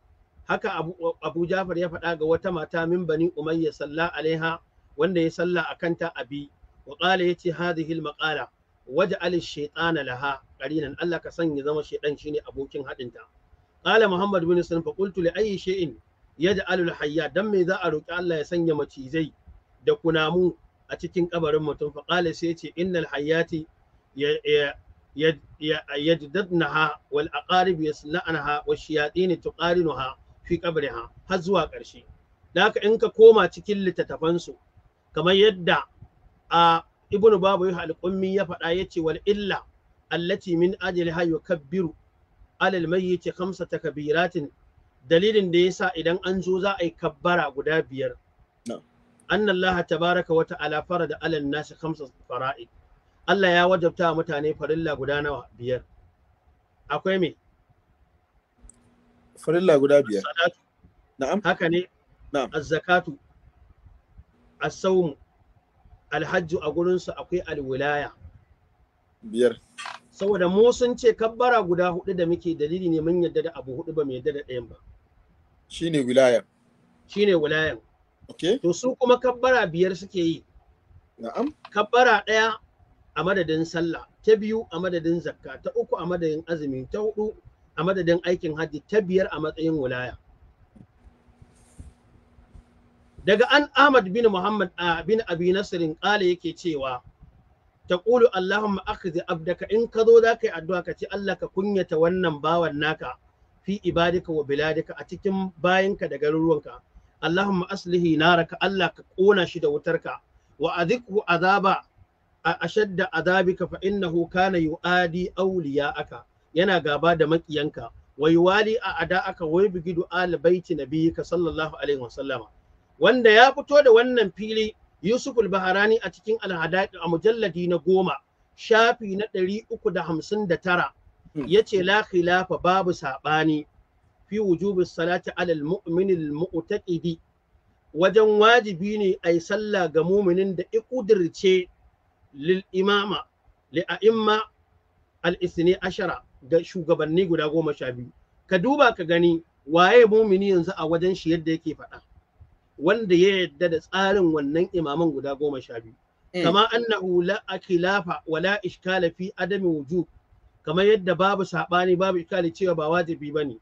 haka abu, abu ja'far ya faɗa ga wata mata min bani umayya salla alaiha wanda ya salla akanta abi wa qala yace hadhihi al maqala waj'al ash-shaytana laha qarinan Allah ka sanya zama shedan shine abokin hadin ta qala muhammad bin sun fa qultu li ayi shay'in yaj'alu al-hayya dan me za a roki Allah ya sanya macizai da kunamu a cikin kabarin mutum fa qala sai ce innal hayati yajdadnaha wal aqarib yasla'anha wa shayatin tuqarinuha fi qabriha har zuwa ƙarshe haka in ka koma cikin littattafansu kamar yadda a ibnu babu ya faɗa yace ce wal illa allati min ajliha yukabbiru alal mayyit khamsa takbiratin dalilin da sa idan an zo za a yi kabbara guda biyar anna Allah tabaraka wa ta'ala farada alal nas khamsa fara'id Allah ya wajabta mutane farilla guda nawa biyar akwai me farilla guda biyar na'am haka ne zakatu a gurinsu akwai al saboda mu sun ce kabbara guda hudu da muke dalili ne mun yarda da abu hudu ba mu yadda da ɗayan ba shine wilayan shine wilayan okay to su kuma kabbara biyar suke yi na'am kabbara ɗaya a madadin sallah ta biyu a madadin zakka ta uku a madadin azumi ta hudu a madadin aikin haji ta biyar a matsayin wilaya daga an Ahmad bin Muhammad bin Abi Nasirin ƙala yake cewa taqulu allahumma akhzi abdaka in ka zo zaka yi addu'a ka ce Allah ka kunyata wannan bawan naka fi ibadika wa biladika a cikin bayinka da garuruwanka Allahumma aslihi raka Allah ka kona shi da wutarka wa adhikhu azaba ashadda azabika fa innahu kana yuadi aka. yana gaba da makiyanka wa yuwali a ada'aka wa yubghidu al baiti nabiyika sallallahu alaihi wasallam wanda ya fito da wannan fili Yusuf al-Baharani a cikin al a mujalladi na goma shafi na ɗari uku da hamsin da tara hmm. ya ce la khilafa babu saɓani fi wujubi salati alal mu'minil mu'taqidi wajen wajibi ne a sallah ga muminin da iƙudirce lil imama li a'imma al isni ashara ga shugabanni guda goma sha biyu ka duba ka gani waye mumini yanzu a wajen shi yadda yake faɗa wanda ya yadda da tsarin wannan imaman guda goma sha biyu eh. kama annahu la akilafa wala iskala fi adami wujub kamar yadda babu saɓani babu iskali cewa ba wajibi ne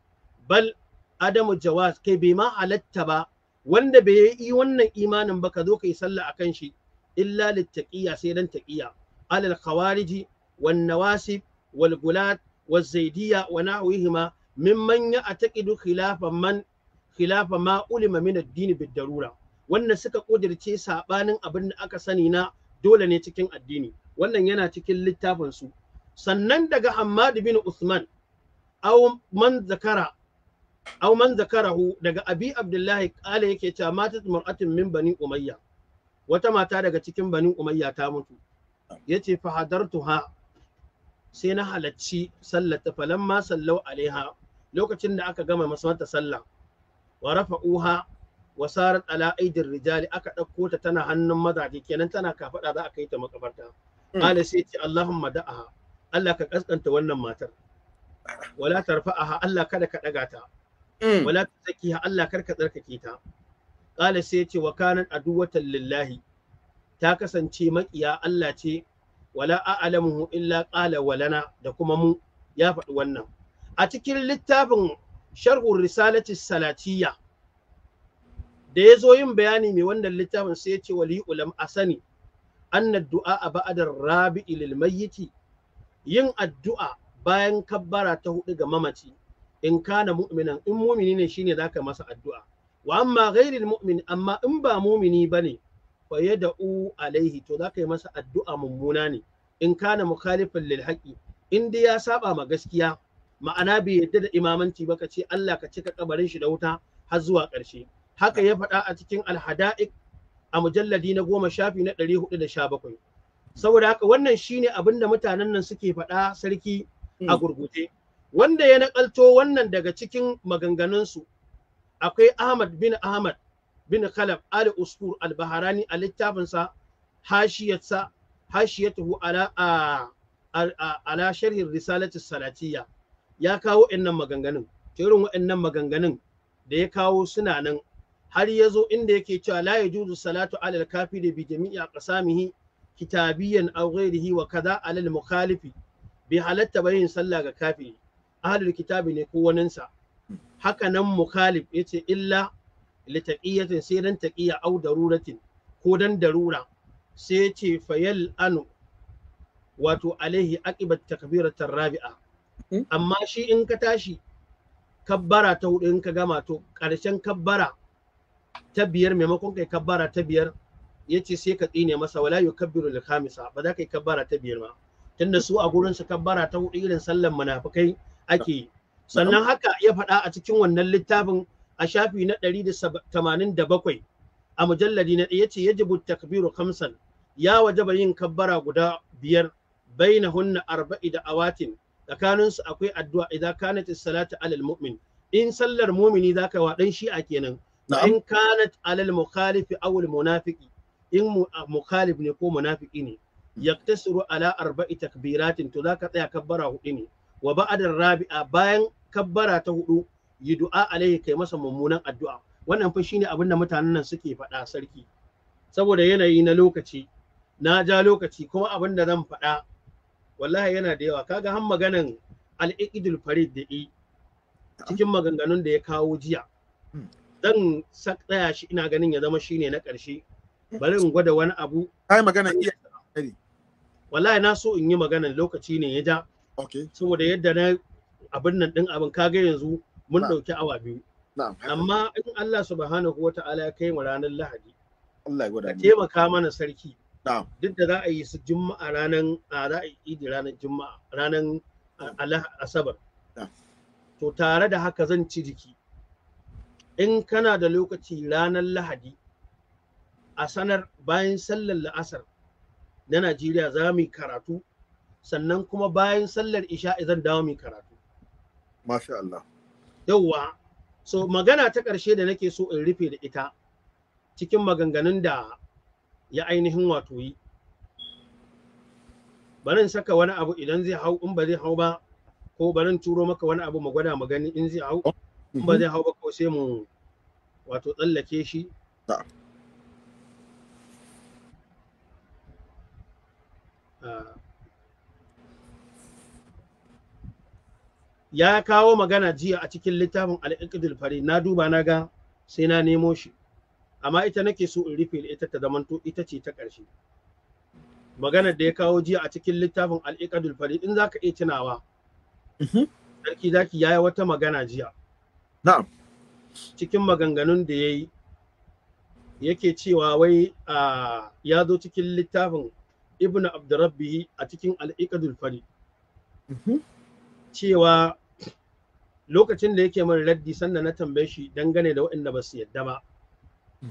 bal adamu jawaz kai bai ma halatta ba wanda bai yi wannan imanin ba ka zo kai sallah akan shi illa littaqiya sai dan taƙiya alal khawariji wan nawasib wal gulat wal zaidiya wa nahwihima mimman ya ataqidu khilafan man khilafa ma ulima min addini bid darura wannan suka kudirce sabanin abin da aka sani na dole ne cikin addini wannan yana cikin littafin su sannan daga Hammad bin Usman aw man zakara aw man zakarahu daga Abi Abdullahi ƙala yake cewa matat mar'atin min bani Umayya wata mata daga cikin bani Umayya ta mutu yace fa hadartuha sai na halacci sallata falamma sallau alaiha lokacin da aka gama masa sallah Warafa rafa'uha wa sarat ala aidir rijali aka ɗauko ta tana hannun mazaje kenan tana kafaɗa za a kai ta makabarta hmm. qala sai allahumma da'aha Allah ka kaskanta wannan matar wala tarfa'aha Allah kada ka daga ta hmm. wala tazkiha Allah kar ka tsarkake ta qala sai ce wa kanat aduwatan lillahi ta kasance maƙiya Allah ce wala a'lamuhu illa qala walana da kuma mu ya faɗi wannan a cikin littafin sharhun risalati salatiya da ya zo yin bayani mai wannan littafin sai ya ce wali ulam asani anna du'a a ba'adar rabi'i lil mayyiti yin addu'a bayan kabbara ta hudu ga mamaci in kana mu'minan in mumini ne shine zaka masa addu'a wa amma ghairil mu'min amma in ba mumini bane fa yad'u alaihi to zaka yi masa addu'a mummuna ne in kana mukhalifan lil haqqi in dai ya saba ma gaskiya ma'ana bai yarda da imamanci ba ka ce Allah ka cika kabarin shi da wuta har zuwa ƙarshe haka ya faɗa a cikin alhada'ik a mujalladi na goma shafi na ɗari hudu da sha bakwai saboda haka wannan shine abin da mutanen nan suke faɗa sarki a hmm. gurguje wanda ya naƙalto wannan daga cikin maganganunsu akwai Ahmad bin Ahmad bin Khalaf Ali Uskur al-Baharani a littafinsa hashiyatsa hashiyatuhu ala ala sharhin risalati salatiyya ya kawo innan maganganun irin waɗannan maganganun da ya kawo suna nan har ya zo inda yake cewa la yajuzu salatu alal kafiri bi jami'i aqsamihi kitabiyan aw ghairihi wa kaza alal mukhalifi bi halatta bayin sallah ga kafiri ahlul kitabi ne ko waninsa haka nan mukhalif yace illa litaqiyatin sai dan taqiya aw daruratin ko dan darura sai yace fayal anu wato alaihi aqibat takbiratar rabi'a Hmm? amma shi in ka tashi kabbara ta hudu in ka gama to ƙarshen kabbara ta biyar maimakon kai kabbara ta biyar ya ce sai ka tsine masa wala yukabbiru lil khamisa ba za ka yi kabbara ta biyar ba tunda su a gurin su kabbara ta hudu irin sallan munafikai ake sannan haka ya faɗa a cikin wannan littafin a shafi na 187 a mujalladi na ɗaya ce yajibu takbiru khamsan ya wajaba yin kabbara guda biyar bainahunna arba'i da awatin tsakanin su akwai addu'a idan kanat salatu alal mu'min in sallar mu'mini zaka wa dan shi'a kenan in kanat alal mukhalifi aw al munafiqi in mukhalif ne ko munafiki ne yaktasiru ala arba'i takbiratin to zaka tsaya kabbara hudu ne wa ba'adar rabi'a bayan kabbara ta hudu yi du'a alaihi kai masa mummunan addu'a wannan fa shine abin da mutanen nan suke faɗa sarki saboda yanayi na lokaci na ja lokaci kuma abin da zan faɗa wallahi yana da yawa kaga han maganan al-iqdul farid da i cikin maganganun da ya kawo jiya hmm. zan tsaya shi ina ganin ya zama shine na ƙarshe bari in gwada wani abu kai magana iya wallahi na so in yi maganan lokaci ne ya ja saboda yadda na abin nan din abin kaga yanzu mun dauki awa biyu amma in Allah subhanahu wata'ala ya kai mu ranar Lahadi Allah ya taimaka mana sarki duk da za a yi su juma'a ranar za a yi idi ranar juma'a ranar asabar to tare da haka zan ci jiki in kana da lokaci ranar lahadi a sanar bayan sallar la'asar na najeriya za mu karatu sannan kuma bayan sallar isha zan dawo mu karatu yauwa so magana ta ƙarshe da nake so in rufe da ita cikin maganganun da ya ainihin wato yi barin saka wani abu idan zai hau in ba zai hau ba ko barin turo maka wani abu mu gwada mu gani in zai hau in ba mhm. zai hau ba ko sai mu wato tsallake shi ah. ya kawo magana jiya a cikin littafin al'iqdul fari na duba na ga sai na nemo shi amma ita nake so in rufe ita ta zamanto ita ce ta ƙarshe maganar da ya kawo jiya a cikin littafin al'iqadul fari in zaka iya tunawa mhm. sarki zaki yayi wata magana jiya na'am cikin maganganun da yayi yake cewa wai ya zo cikin littafin ibnu abdurrabbi a cikin al'iqadul farid mhm. cewa lokacin da yake min raddi sannan na tambaye shi dangane da waɗanda ba su yadda ba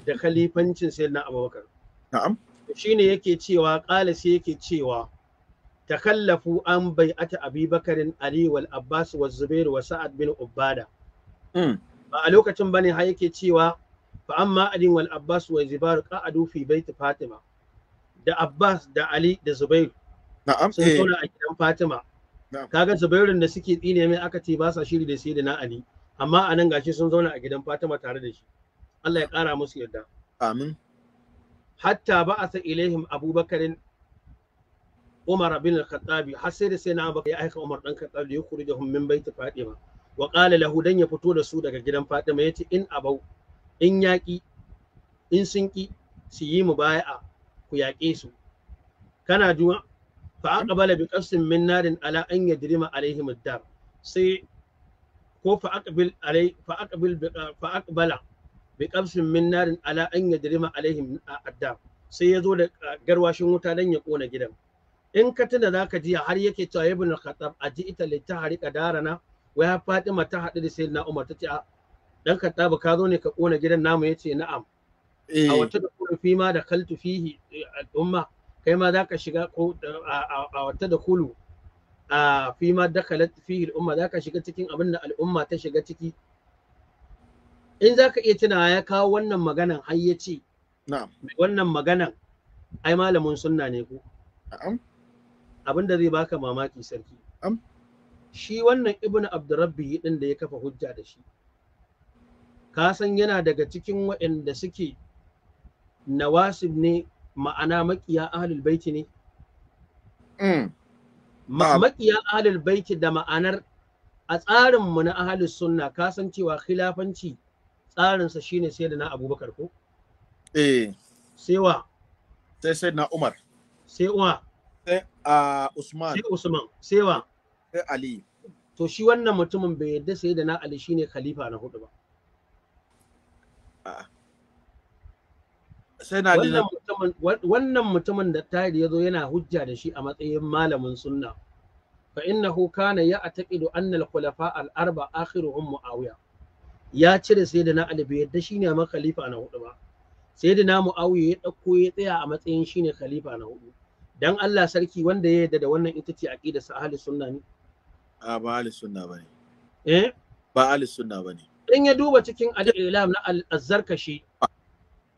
da khalifancin na abubakar na'am shine yake cewa qala sai yake cewa takallafu an ata abubakarin ali wal abbas wa zubair wa sa'ad bin ubada hmm. ba a lokacin bane ha yake cewa fa amma ali wal abbas wa zubair qa'adu fi bait fatima da abbas da ali da Zubairu na'am sun eh. zauna a gidan fatima kaga zubairun da suke tsine mai aka ce ba sa shiri da na ali amma anan gashi sun zauna a gidan fatima tare da shi Allah ya ƙara musu yarda amin hatta ba a sa ilaihim abubakarin umar bin al-khattabi har sai da sai na baka ya aika umar dan khattab da ya kuri da min baiti fatima wa qala lahu dan ya fito da su daga gidan fatima yace in abau in yaƙi in sun ƙi su yi mubaya'a ku yaƙe su kana juwa fa aqbala bi qasmin min narin ala an yadrima alaihim ad-dar sai ko fa aqbil alai fa aqbil fa aqbala bi qamsin min ala an yajrima alaihim adda sai ya zo da garwashin wuta dan ya kona gidan in ka tuna zaka ji har yake cewa ibn al-khattab ita li tahrika darana wa ya fatima ta hadu da sayyidina umar tace a dan khattab ka zo ne ka kona gidan namu yace na'am a wata da fi ma da kaltu fihi al'umma kai ma zaka shiga ko a wata da kulu a fi ma da kaltu fihi al'umma ka shiga cikin abin da al'umma ta shiga ciki in za ka iya tunawa ya kawo wannan maganan har ya ce wannan maganan ai malamin sunna ne ko abin da zai baka mamaki sarki shi wannan ibnu abdurrabbi din da ya kafa hujja da shi ka san yana daga cikin waɗanda suke nawasib ne ma'ana makiya ahlul baiti ne mm. makiya ahlul baiti da ma'anar a tsarinmu na ahlus sunna ka san cewa khilafanci tsarinsa shine sai da na abubakar ko? Eh. Sai wa? Sai sai na Umar. Sai wa? Sai a Usman. Sai Usman. Sai wa? Sai Ali. To shi wannan mutumin bai yadda sai da na Ali shine khalifa na hudu ba. Sai na Ali Wannan mutumin da tari ya zo yana hujja da shi a matsayin malamin sunna. فإنه كان يعتقد أن الخلفاء الأربع آخرهم معاوية ya cire sai Ali bai yadda shine ma khalifa na hudu ba sai da na Muawiya ya dauko ya tsaya a matsayin shine khalifa na hudu dan Allah sarki wanda ya yadda da wannan ita ce aqida sa ahli sunna ne a ba ahli sunna bane eh ba ahli sunna bane in ya duba cikin al-ilam na al-zarkashi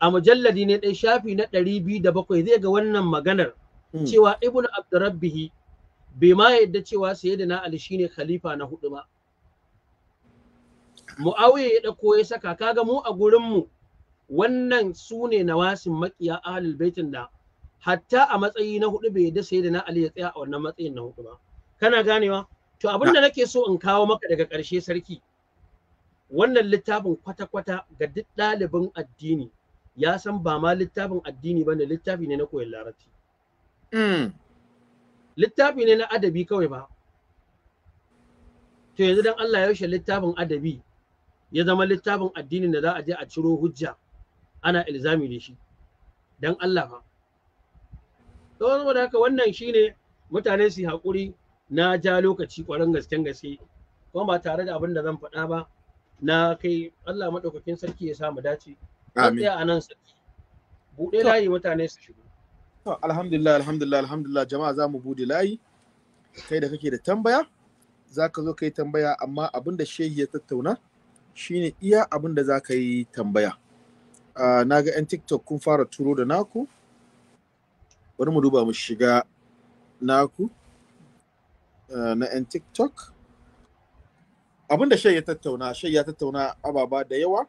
a mujalladi ne dai shafi na 207 zai ga wannan maganar hmm. cewa ibnu abdurabbihi bai ma yadda cewa sayyidina ali shine khalifa na hudu ba mu'awiya ya ɗauko ya saka kaga mu a gurinmu wannan su ne nawasin makiya ahlul baitin da hatta a matsayi na hudu bai da sai da na ali ya tsaya a wannan matsayin na hudu ba kana ganewa to abin da nake so in kawo maka daga ƙarshe sarki wannan littafin kwata-kwata ga duk ɗalibin addini ya san ba ma littafin addini ba ne littafi ne na koyon larabci hmm. littafi ne na adabi kawai ba to yanzu dan Allah ya yaushe littafin adabi ya zama littafin addinin da za a je a ciro hujja ana ilzami da shi don Allah fa. saboda haka wannan shi ne, mutane su haƙuri na ja lokaci ƙwarin gasken gaske kuma ba tare da abin da zan faɗa ba na kai Allah maɗaukakin sarki ya samu dace. Amin. a nan sarki. Buɗe layi mutane su shigo. Alhamdulillah, alhamdulillah, alhamdulillah jama'a za mu buɗe layi. Kai da kake da tambaya, za ka zo kai tambaya amma abin da shehi ya tattauna shine iya abin da za ka yi tambaya ah, na ga 'yan tiktok kun fara turo da naku bari mu duba mu shiga naku ah, na 'yan tiktok abin da shai ya tattauna shai ya tattauna ababa da yawa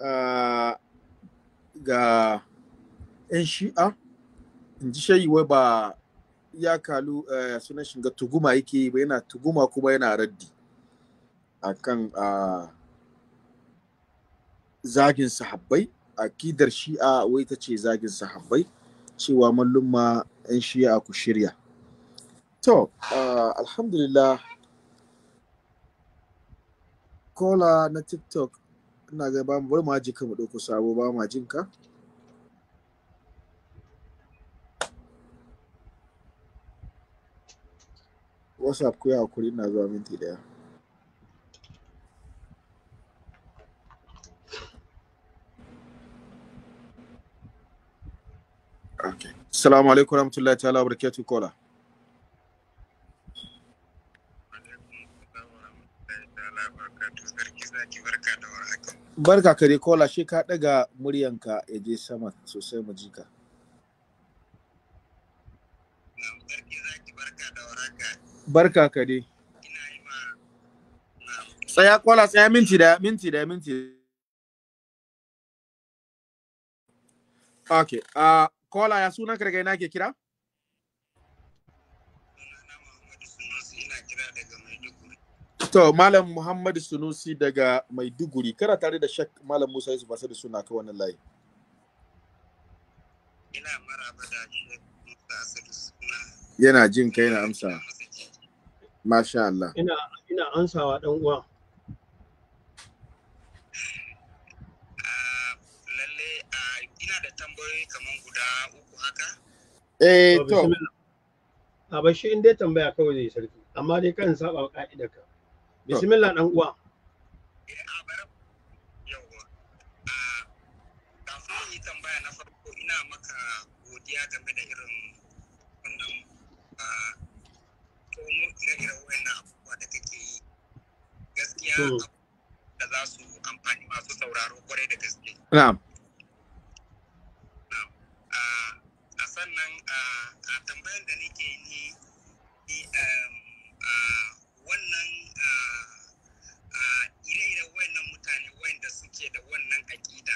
ah, ga 'yan shi'a in ji shayi wai ba ya kalu eh, sunan shiga tuguma yake ba yana tuguma kuma yana raddi akan a zagin sahabbai akidar shi'a wai ta ce zagin sahabbai cewa mallumma 'yan shi'a ku shirya to alhamdulillah kola na tiktok ina ga ba mu bari ma jinka mu ɗauko sabo ba ma jinka whatsapp ku ya hakuri ina zuwa minti ɗaya okay assalamu alaikum warahmatullahi ta'ala barakatuh kola barka kare kola shi ka daga muryanka ya je sama sosai mu ji ka barka kare tsaya kola tsaya minti da minti da minti okay uh, kola ya suna ka ina ke kira to malam muhammadu sunusi daga maiduguri kana tare da shek malam musa yusuf basa da suna ka wannan layi ina maraba da yana jin kai na amsa masha Allah ina ina ansawa dan uwa tambayoyi kamar guda uku haka? Eh, to. A bashi in dai tambaya kawai zai sarki, amma dai kan saba ka'idar ka. Bismillah dan uwa. Eh Kafin yi tambaya na farko ina maka godiya game da irin wannan tono ire irin wannan abubuwa da kake yi. Gaskiya da za su amfani masu sauraro kwarai da gaske. Na'am. tambayan da nake ni ni um, wannan ire-iren wayannan mutane wayanda suke da wannan aƙida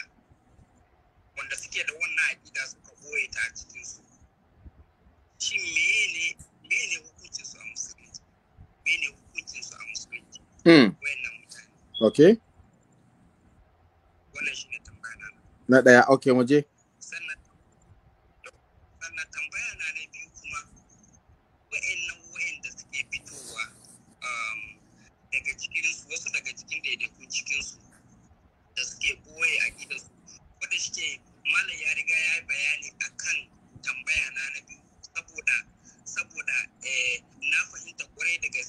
wanda suke da wannan aƙida suka goye ta a cikinsu shi mene mene hukuncin su a musulunci mene hukuncin su a musulunci hmm. wayannan mutane okay wannan shine tambayana na daya okay mu Okay.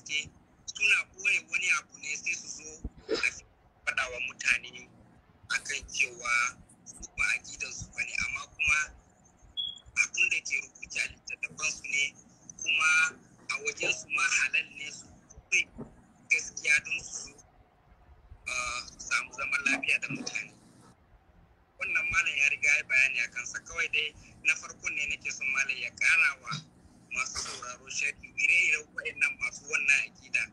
gaske suna kore wani abu ne sai su zo da faɗawa mutane akan cewa su ba a su bane amma kuma abin da ke rubuta littattafan su ne kuma a wajen su ma halal ne su kai gaskiya don su samu zaman lafiya da mutane wannan malam ya riga ya bayani a kansa kawai dai na farko ne nake son malam ya karawa masu sauraro shafi ire-iren waɗannan masu wannan akida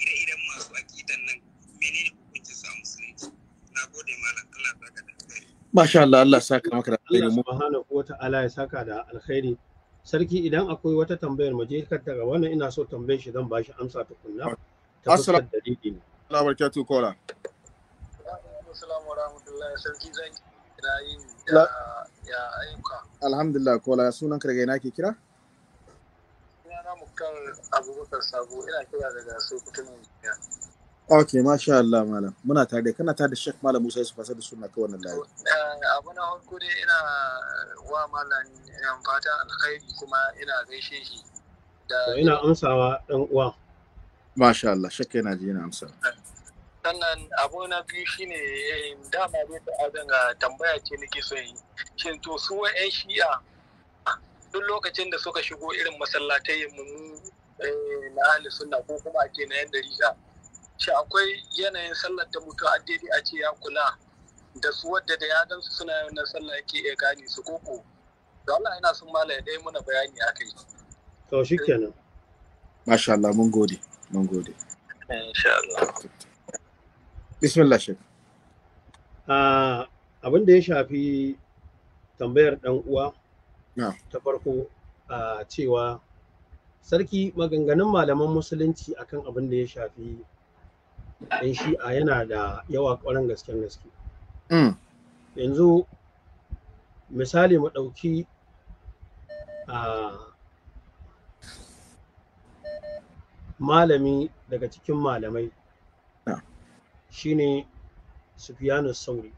ire-iren masu akidan nan menene hukuncin su a musulunci na gode malam Allah saka da alkhairi masha Allah Allah saka maka da alheri mu ko ta Allah ya saka da alheri sarki idan akwai wata tambayar mu je ka daga wannan ina so tambayar shi zan ba shi amsa ta kunna dalili ne Allah barkatu kola ya Alhamdulillah kola sunan ka daga ke kira kan abubakar sabo ina kira daga sokoto ok masha Allah malam muna tare kana tare da shek Malam Musa Yusuf Asad suna ta wannan layi eh, abu na farko dai ina wa malam yan fata alkhairi kuma ina gaishe shi da ina amsawa dan uwa masha Allah shek yana ji yana amsa sannan abu na biyu shine eh, dama dai ta azanga tambaya ce nake so yi shin to su wa'en shi'a duk lokacin da suka shigo irin masallatai mu eh, na ahli sunna ko kuma ake na yadda riga, shi akwai yanayin sallar da mutu addini a ce ya kula da su wadda da ya gansu suna yawan sallah yake iya gane su koko da Allah ina son mala ya ɗaya muna bayani a kai to shi kenan masha Allah mun gode mun gode insha Allah bismillah shek ah, abin da ya shafi tambayar dan uwa ta farko a cewa sarki maganganun malaman musulunci akan abin da ya shafi ɗan shi'a yana da yawa ƙwarin gasken gaske mm. yanzu misali mu ɗauki malami daga cikin malamai shine Sufyanus Sauri.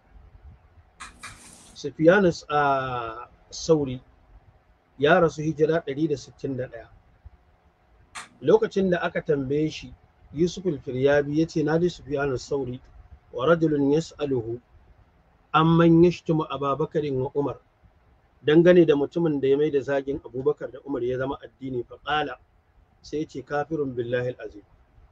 Sufyanus a Sauri ya rasu hijira 161 lokacin da aka tambaye shi yusuf firyabi ya ce na ji sufiyanu sauri wa rajulun yas'aluhu amman yashtumu ababakarin wa umar dangane da mutumin da ya mai da zagin abubakar da umar ya zama addini faƙala sai ce kafirun billahi azim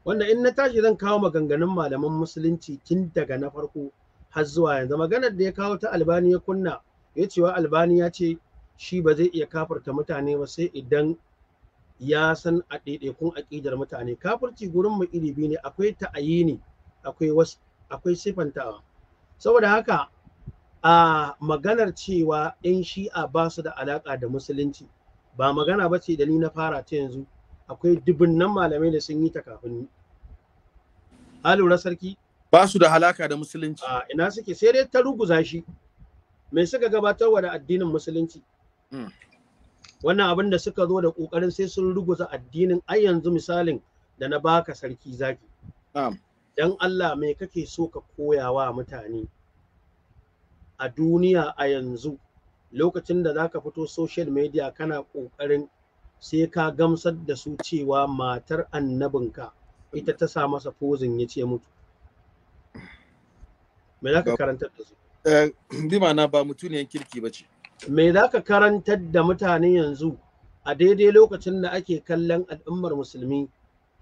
wanda in na tashi zan kawo maganganun malaman musulunci tun daga na farko har zuwa yanzu maganar da ya kawo ta albani ya kunna ya ce wa albani ya ce shi ba zai iya kafirta mutane ba sai idan ya san a ɗaiɗaikun aƙidar mutane kafirci gurin mu iri biyu ne akwai ta'ayini akwai wasu akwai sifantawa saboda haka a maganar cewa in shi'a ba su da alaƙa da musulunci ba magana ba ce da ni na fara ta yanzu akwai dubunnan malamai da sun yi ta kafin ni a lura sarki ba su da alaƙa da musulunci a ina suke sai dai ta ruguza shi me suka gabatarwa da addinin musulunci Mm. wannan abin da suka zo da ƙoƙarin sai sun ruguza addinin ai yanzu misalin da na baka sarki zaki dan Allah me kake so ka koya wa mutane a duniya a yanzu lokacin da zaka fito social media kana ƙoƙarin sai ka gamsar da su cewa matar annabinka ita ta sa masa pozin ya ce mutu me za ka karantar da su eh, bi ba mutuniyar kirki ba ce me za ka karantar da mutane yanzu a daidai lokacin da ake kallon al'ummar musulmi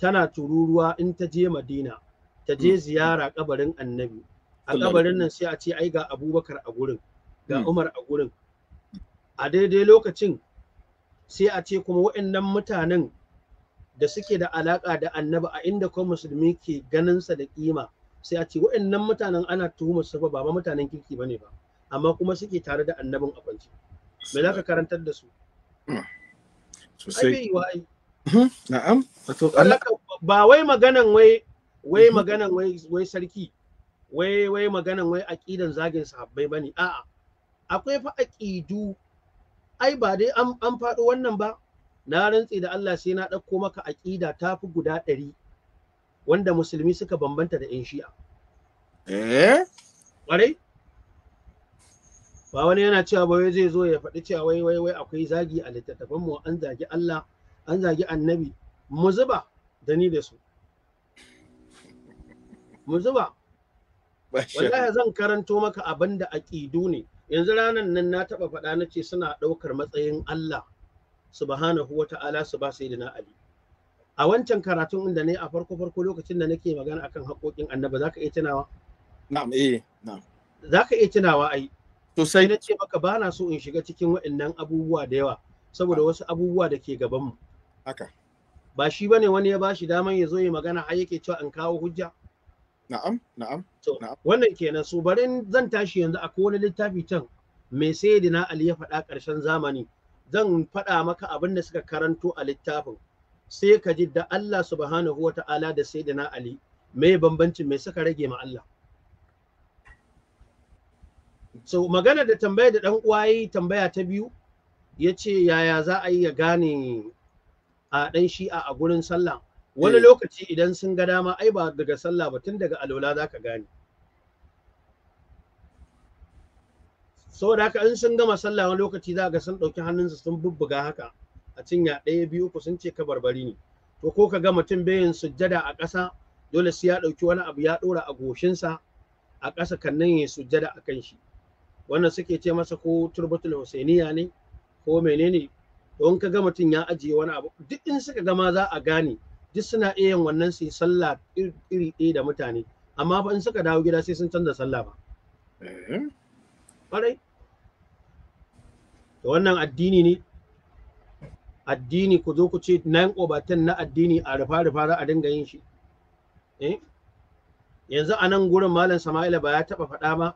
tana tururuwa in ta je madina ta je mm. ziyara kabarin annabi a kabarin nan sai a ce ai ga abubakar a gurin ga mm. umar a gurin a daidai lokacin sai a ce kuma nan mutanen da suke da alaƙa da annabi a inda kuma musulmi ke ganinsa da kima sai a ce nan mutanen ana tuhumar su ba ba mutanen kirki bane ba amma kuma suke tare da annabin a kwance me za ka karantar da su sosai hmm, na'am ba wai maganan wai wai hmm. maganan wai wai sarki wai wai maganan wai aqidan zagin sahabbai bane a'a akwai fa aqidu ai ba dai an an faɗo wannan ba na rantse da Allah sai na ɗauko maka aƙida ta fi guda ɗari wanda musulmi suka bambanta da 'yan shi'a. Eh? Ƙwarai? ba wani yana cewa ba wai zai zo ya faɗi cewa wai wai wai akwai zagi a littattafan mu an zagi Allah an zagi annabi mu zuba da ni da su mu zuba wallahi zan karanto maka abin da aqidu ne yanzu ranan nan na taba faɗa na ce suna ɗaukar matsayin Allah subhanahu wata'ala su ba sayyidina Ali a wancan karatun inda ne a farko farko lokacin da nake magana akan haƙoƙin annabi zaka iya tunawa na'am eh na'am zaka iya tunawa ai to sai na ce maka ba na so in shiga cikin waɗannan abubuwa da yawa saboda wasu abubuwa da ke gaban mu haka ba shi bane wani ya bashi daman ya zo ya magana har yake cewa in kawo hujja na'am na'am wannan kenan so bari zan tashi yanzu a wani littafi can me na ali ya faɗa ƙarshen zamani zan faɗa maka abin da suka karanto a littafin sai ka ji da Allah subhanahu wa ta'ala da sayyidina ali me bambancin me suka rage ma Allah so magana da tambaya da ɗan uwa yi tambaya ta biyu ya ce yaya za a yi ya gane a ɗan shi'a a gurin sallah wani eh. lokaci idan sun ga dama ai ba daga sallah ba tun daga alola za ka gane da haka in sun gama sallah wani lokaci za ga sun ɗauki hannunsa sun bubbuga haka a cinya ɗaya biyu ku sun ce ka barbari ne to ko ka ga mutum bayin sujjada a ƙasa dole sai ya ɗauki wani abu ya ɗora a goshinsa a ƙasa kan nan ya sujjada a kan shi wannan suke ce masa ko turbatul husainiya ne ko menene don ka ga mutum ya ajiye wani abu duk in suka gama za a gane duk suna iya yin wannan su yi sallah iri ɗaya da mutane amma fa in suka dawo gida sai sun canza sallah ba eh. ƙwarai da wannan addini ne addini ku zo ku ce nan ƙobatan na addini a rufa-rufa za a dinga yin shi eh? yanzu a nan gurin malam sama'ila ba ya taɓa faɗa ba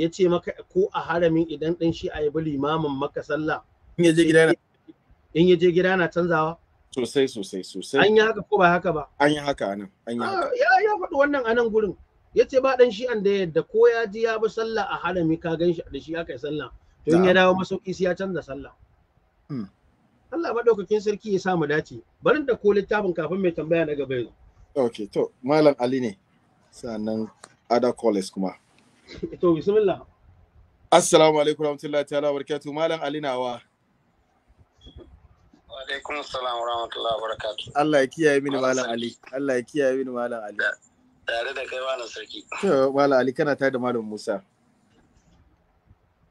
ya ce maka ko a haramin idan ɗan shi a bi limamin maka sallah in ya je gida na in ya je gida na canzawa sosai sosai sosai an yi haka ko ba haka ba an yi haka anan an yi ah, haka ya ya faɗi wannan anan gurin ya ce ba ɗan shi an da yadda ko ya ji ya bi sallah a harami ka gan shi da shi aka yi sallah to in ya dawo masauki sai ya canza sallah hmm. Allah maɗaukakin sarki ya sa mu dace barin da ko littafin kafin mai tambaya na gaba yanzu okay to malam ali ne sannan ada college kuma to bismillah assalamu alaikum warahmatullahi ta'ala barakatuh malam alinawa alaikum assalam warahmatullahi wabarakatuh Allah ya kiyaye mini malam ali Allah ya kiyaye mini malam ali tare da kai malam sarki to malam ali kana tare da malam musa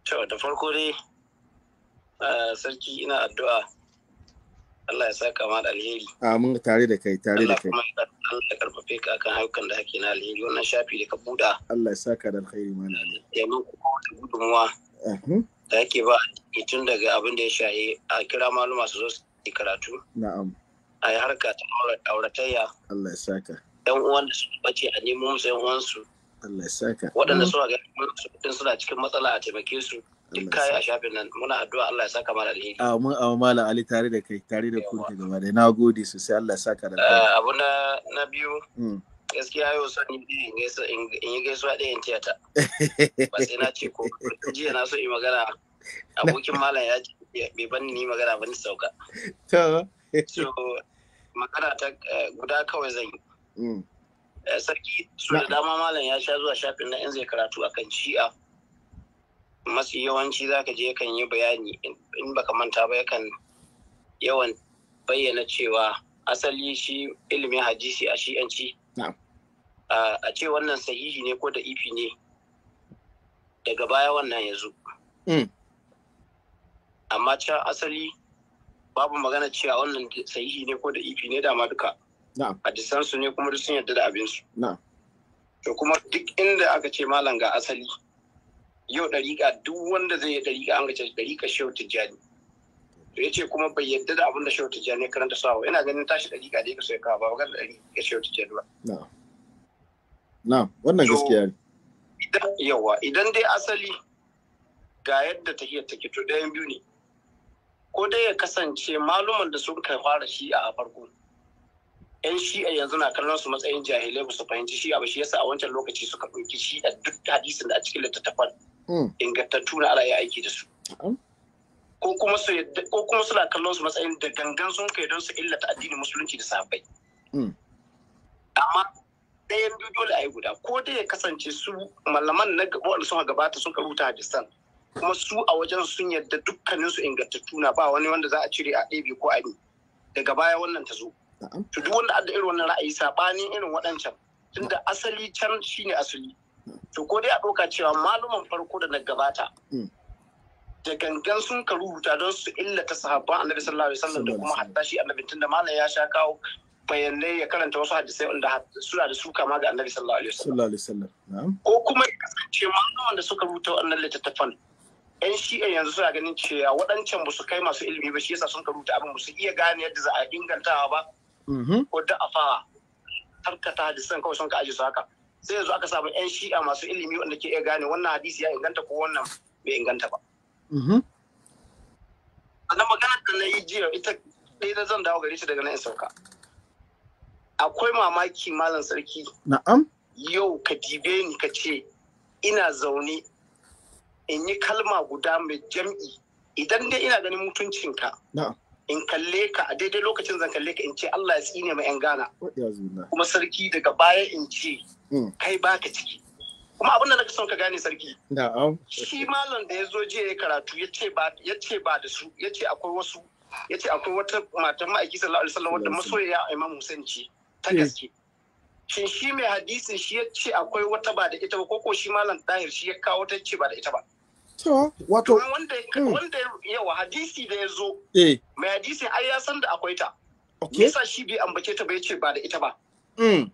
to da farko dai eh, sarki ina addu'a Allah ya saka ma da alheri amin tare da kai tare da kai Allah ya karfafe ka kan ayyukan da ake na alheri wannan shafi da ka buɗa Allah ya saka da alheri ma na ya min kuma da gudunmuwa da yake ba tun daga abin da ya shaye a kira maluma su zo su yi karatu na'am a yi harka ta auratayya Allah ya saka yan uwan da su bace a nemo musu yan uwansu Allah ya saka waɗanda suna ga suna cikin matsala a taimake su duk kayi a shafin nan muna addu'a Allah ya saka mana alheri mun amin malam ali tare da kai tare da ku gaba da na gode sosai Allah ya saka da kai eh, abu na na biyu hmm. gaskiya yau son yi in yi gaisuwa ɗaya in tiyata ba sai na ce ko jiya na so yi magana abokin malam ya ce bai ban ni magana ba ni sauka to so magana ta eh, guda kawai zan yi hmm. eh, sarki su da dama malam ya sha zuwa shafin na in zai karatu akan shi'a masu yawanci za ka je kan yi bayani in baka manta ba yakan yawan bayyana cewa asali shi ilimin hadisi a shi'anci a ce wannan sahihi ne ko da ifi ne daga baya wannan ya zo mm. amma can asali babu magana cewa wannan sahihi ne ko da ifi ne da duka hadisansu ne kuma duk sun yarda da abinsu to kuma duk inda aka ce malam ga asali yau ɗariƙa duk wanda zai yi ɗariƙa an gace ɗariƙa shehu tijjani to ya ce kuma bai yadda da abin da shehu tijjani ya karanta sawa yana ganin tashi ɗariƙa da ya kaso ya kawo ba ba ga ɗariƙa shehu tijjani ba. na wannan gaskiya ne. yawa idan dai asali ga yadda tahiyar take to ɗayan biyu ne ko dai ya kasance maluman da sun kai fara shi a farko yan shi'a yanzu na kallon su matsayin jahilai ba su fahimci shi abu shi yasa a wancan lokaci suka ɗauki a duk hadisin da a cikin littattafan hmm. ingantattu na ala aiki da su hmm. ko kuma su ko suna kallon su matsayin da gangan sun kai don su illata addinin musulunci da sahabbai hmm. amma ɗayan biyu dole a yi guda ko dai ya kasance su malaman na waɗanda sun gabata sun karuta hadisan kuma su a wajen sun yadda dukkaninsu ingantattu na ba wani wanda za a cire a ɗebe ko a daga baya wannan ta zo to duk wanda adda irin wannan ra'ayi sabanin irin waɗancan tunda asali can shine asali to ko dai a ɗauka cewa maluman farko da na gabata mm. da gangan sun ka rubuta don su ta sahabban annabi sallallahu alaihi wasallam da kuma hatta shi annabi tunda malam ya sha kawo bayanai ya karanta wasu hadisai wanda suna da suka ma ga annabi sallallahu alaihi wasallam ko kuma ya kasance malaman da suka rubuta wannan littattafan yan shi'a yanzu suna ganin cewa waɗancan ba su kai masu ilimi ba shi yasa sun ka rubuta abin ba su iya gane yadda za a ingantawa ba Mm-hmm. ko da afawa tarka ta hadisan kawai sun ka aji su haka sai yanzu aka samu yan shi'a masu ilimi wanda ke iya gane wannan hadisi ya inganta ko wannan bai inganta ba mm-hmm. sannan maganar da na yi jiya ita ɗaya na zan dawo gare shi daga nan in sauka akwai mamaki malam sarki na'am yau ka dibe ni ka ce ina zaune in yi kalma guda mai jam'i idan dai ina ganin mutuncinka na'am in kalle ka a daidai lokacin zan kalle ka in ce Allah ya tsine ma 'yan Ghana kuma sarki daga baya in ce hmm. kai baka ciki kuma abin da na son ka gane sarki shi malam da ya zo jiya ya karatu ya ce ba da su ya ce akwai wasu ya ce akwai wata mata ma'aiki sallallahu alaihi wasallam wadda masoyiya Imam Hussein ce ta hmm. gaske shin shi mai hadisin shi ya ce akwai wata ba da ita ba ko ko shi malam dahir shi ya kawo ta ce ba da ita ba To, Wanda mm. wanda yawa hadisi da ya zo. Eh. Mai hadisi ai ya san da akwai ta. Okay. Yasa shi bai ambace ta bai ce ba da ita ba. Mm.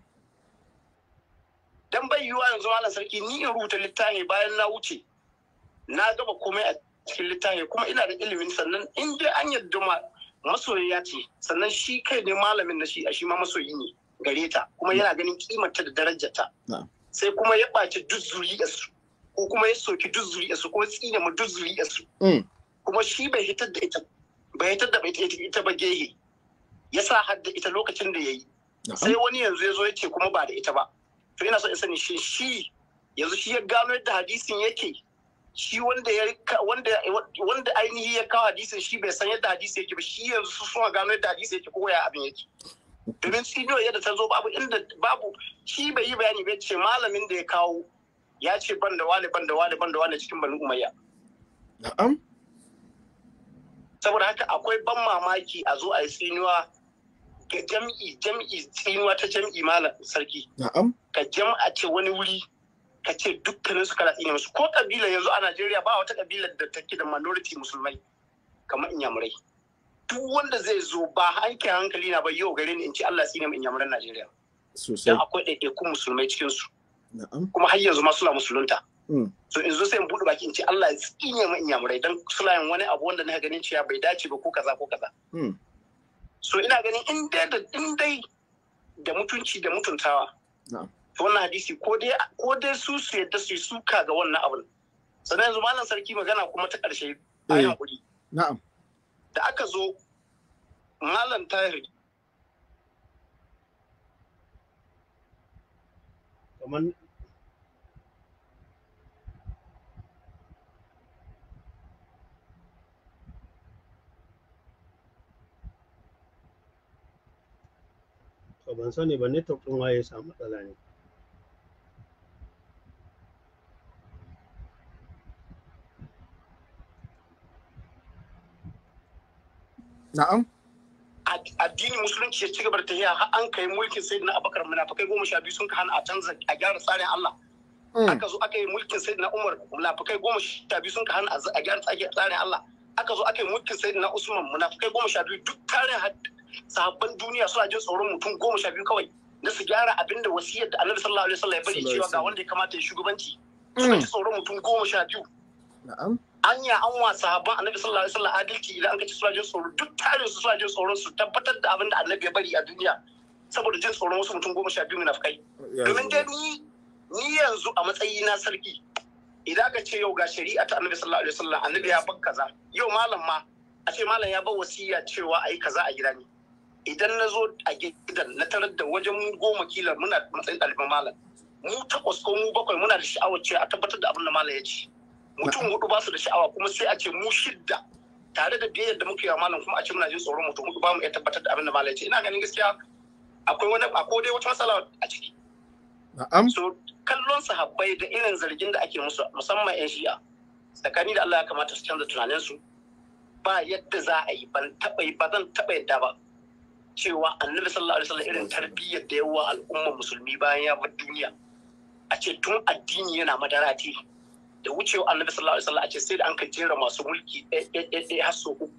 Dan yanzu malam sarki ni in rubuta littafi bayan na wuce. Na gaba komai a cikin littafi kuma ina da ilimin sannan in dai an yarda ma ce sannan shi kai ne malamin na shi a shi ma masoyi ne gareta, kuma mm. yana ganin kimar da darajarta, Sai kuma ya ɓaci duk zuriyarsu. ko kuma ya soki duk zuriyarsu ko tsine mu duk zuriyarsu mm. kuma shi bai hitar da ita bai hitar da ita ba gehe ya sa har da ita lokacin da ya yi sai wani yanzu ya zo ya ce kuma ba da ita ba to ina so in sani shi shi yanzu shi ya gano yadda hadisin yake shi wanda ya wanda wanda ainihi ya kawo hadisin shi bai san yadda hadisi yake ba shi yanzu su suna gano yadda hadisi yake ko ya abin yake domin tsino yadda ta zo babu inda babu shi bai yi bayani bai ce malamin da ya kawo ya ce ban da wani ban da wani ban da wani cikin banu umayya na'am saboda haka akwai ban mamaki a zo a yi tsinuwa ga jam'i jam'i tsinuwa ta jam'i malam sarki na'am ka jam'a ce wani wuri ka ce dukkanin su kana tsine musu ko kabila yanzu a Najeriya ba wata kabila da take da minority musulmai kamar inyamurai duk wanda zai zo ba hankali hankali na ba yau gare ni in ci Allah tsine mu inyamuran Najeriya sosai akwai ɗaiɗaikun musulmai cikin su kuma har yanzu ma suna musulunta hmm. so in sai in buɗe baki in ce Allah ya tsine mu inyamurai dan suna yin wani abu wanda na ganin cewa bai dace ba ko kaza ko kaza hmm. so ina ganin in dai da in dai da mutunci da mutuntawa to wannan hadisi ko dai su su yadda su suka ga wannan abin. sannan yanzu malam sarki magana kuma ta ƙarshe bayan kuɗi eh. na'am da aka zo malam tahir ban sani ba ɗin ya samu na'am addinin musulunci ya ci gaba da tafiya har an kai mulkin sayyidina abakar munafikai goma sha biyu sun ka hana a canza a gyara tsarin Allah hmm. aka zo aka yi mulkin sayyidina umar munafikai goma sha biyu sun ka hana a gyara tsarin Allah aka zo aka yi mulkin sayyidina usman munafikai goma sha biyu duk tarin sahabban duniya suna jin tsoron mutum goma sha biyu kawai na su gyara abin da wasiyar da annabi sallallahu alaihi wasallam ya bari cewa ga wanda ya kamata ya shugabanci hmm. suna ji tsoron mutum goma sha biyu anya an wasa sahabban annabi sallallahu alaihi wasallam adalci idan an kace suna jin tsoro duk tarin su suna jin tsoro su tabbatar da abin da annabi ya bari a duniya saboda jin tsoron wasu mutum goma sha biyu munafikai domin dai ni ni yanzu a matsayi na sarki idan ka ce yau ga shari'a ta annabi sallallahu alaihi wasallam annabi ya bar kaza yau malam ma a ce malam ya bar wasiya cewa ayi kaza a gida ne idan na zo a gidan na tarar da wajen goma kila muna matsayin ɗaliban malam mu takwas ko mu bakwai muna da sha'awar cewa a tabbatar da abin da malam ya ce mutum hudu ba su da sha'awa kuma sai a ce mu shidda tare da biyayyar da muke wa malam kuma a ce muna jin tsoron mutum hudu ba mu iya tabbatar da abin da malam ya ce ina ganin gaskiya akwai wani akwai dai wata matsala a ciki so kallon sahabbai da irin zargin da ake musu musamman yan shi'a tsakani da Allah ya kamata su canza tunanin su ba yadda za a yi ban taba yi ba zan taba yadda ba cewa annabi sallallahu alaihi wasallam irin tarbiyyar da yawa al'umma musulmi bayan ya bar duniya a ce tun addini yana madara madarati da wucewa annabi sallallahu alaihi wasallam a ce sai da an ka jera masu mulki ɗaya har so uku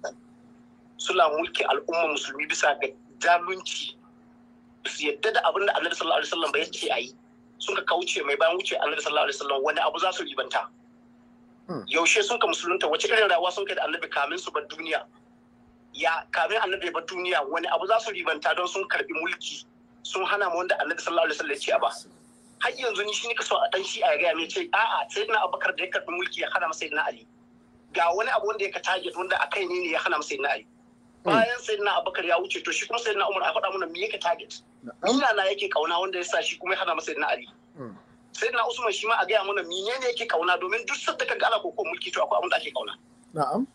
suna mulki al'umma musulmi bisa ga zalunci su yadda da abin da annabi sallallahu alaihi wasallam ba ce a yi sun ka kauce mai bayan wuce annabi sallallahu alaihi wasallam wani abu za su ribanta hmm. yaushe sun ka musulunta wace irin rayuwa sun kai da annabi kamin su bar duniya ya kamin annabi ya bar duniya wani abu za su ribanta don sun karbi mulki sun hana mu wanda annabi sallallahu alaihi wasallam ya ce a ba har yanzu ni shi ne kaso a dan shi a gaya mai ce a'a sai na abakar da ya karbi mulki ya hana masa na ali ga wani abu wanda ya ka target wanda a kai ne ne ya hana masa na ali bayan sai na abakar ya wuce to shi kuma sai na umar a faɗa mana me yake target ina na yake kauna wanda ya sa shi kuma ya hana masa na ali hmm. sai na usman shi ma a gaya mana ne yake kauna domin duk sadda ka gala ko mulki to akwai abin da ake kauna na'am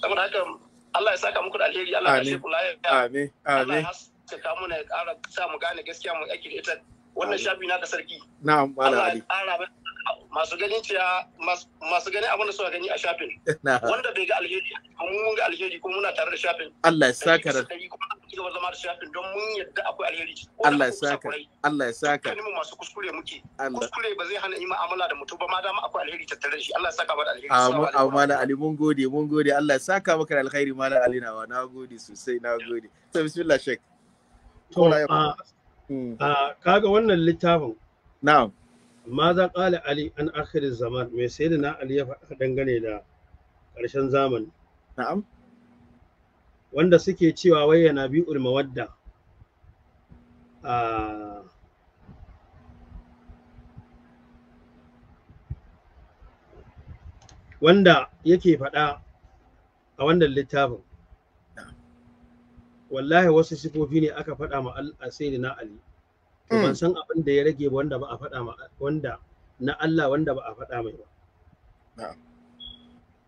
saboda haka Allah ya saka muku da alheri Allah ya shi kula ya amin amin Allah ya saka mu ne ƙara sa mu gane gaskiya mu ake da ita wannan shafi na da sarki na'am mala ali masu gani cewa masu gani abin da suka gani a shafin wanda bai ga alheri mun ga alheri ko muna tare da shafin Allah ya saka da kuma zama da shafin don mun yadda akwai alheri Allah ya saka Allah ya saka mu masu kuskure muke kuskure ba zai hana ima amala da mutum ba ma dama akwai alheri tattare da shi Allah ya saka ba da alheri amma mala ali mun gode mun gode Allah ya saka maka alkhairi alheri mala ali nawa na gode sosai na gode to bismillah shek to Hmm. a ah, kaga wannan littafin na'am ماذا an علي عن mai sai da na Ali ya faɗa dangane da ƙarshen zamani na'am wanda suke cewa wai yana bi'ul mawadda a ah. wanda yake faɗa a wannan littafin wallahi wasu sifofi ne aka faɗa ma na ali to ban mm. san abin da ya rage wanda ba a faɗa ma wanda na Allah wanda ba a faɗa mai ba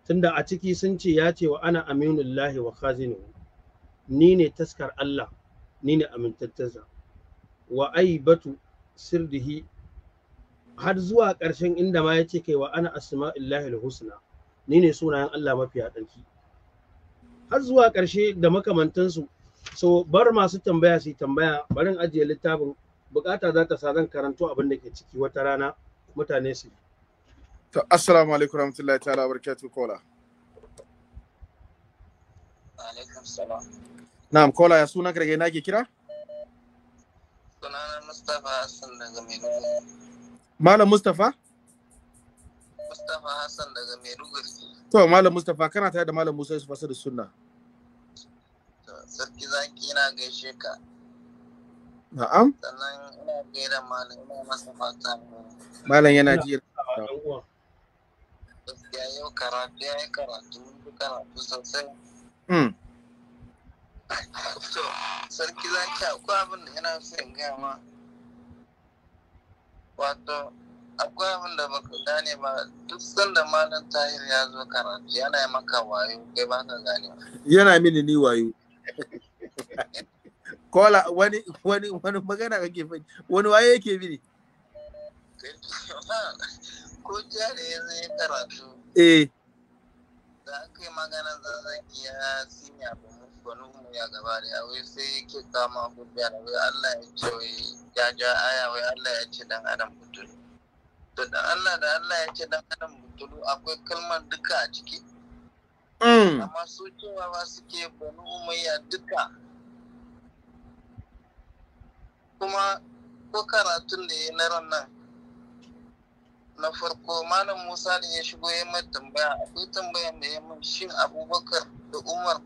tunda a ciki sun ce ya ce wa ana aminullahi wa khazinu ni ne taskar Allah ni ne amintattarsa wa aibatu sirdihi har zuwa ƙarshen inda ma ya ce kai wa ana asma'illahi husna ni ne sunayen Allah mafi tsarki har zuwa ƙarshe da makamantansu so bar masu tambaya su tambaya barin ajiye littafin bukata za ta sa zan karanto abin da ke ciki wata rana mutane su to assalamu alaikum warahmatullahi ta'ala barakatuh kola alaikum salam na'am kola ya suna kirge na ke kira sunana Mustapha hassan daga maiduguri malam mustafa mustafa hassan daga maiduguri to malam mustafa kana tare da malam musa yusuf da sunna sarki zaki na gaishe ka na'am sannan ina gaira malam ina masa fata malam yana ji gaskiya yau karatu ya yi karatu wani karatu sosai mm. to sarki zaki akwai abin da yana so in gaya ma wato akwai abin da baka gane ba duk sanda malam tahir ya zo karatu yana yi maka wayo kai baka gane yana mini ni wayo kola wani wani wani magana kake faɗi wani waye yake bi ne ko jari yanzu ya karatu eh da aka yi magana zaki ya sinya ba mu gwanin mu ya gaba da ya wai sai yake kama abubuwa da wai Allah ya ce wai ya ja aya wai Allah ya ce dan adam mutulu. to da Allah da Allah ya ce dan adam mutulu akwai kalmar duka a ciki Mm. amma su cewa ba suke banu umayya duka kuma ko karatun da ya na ran nan na farko malam musa da ya shigo ya mai tambaya akwai tambaya da ya mai shin abubakar da umar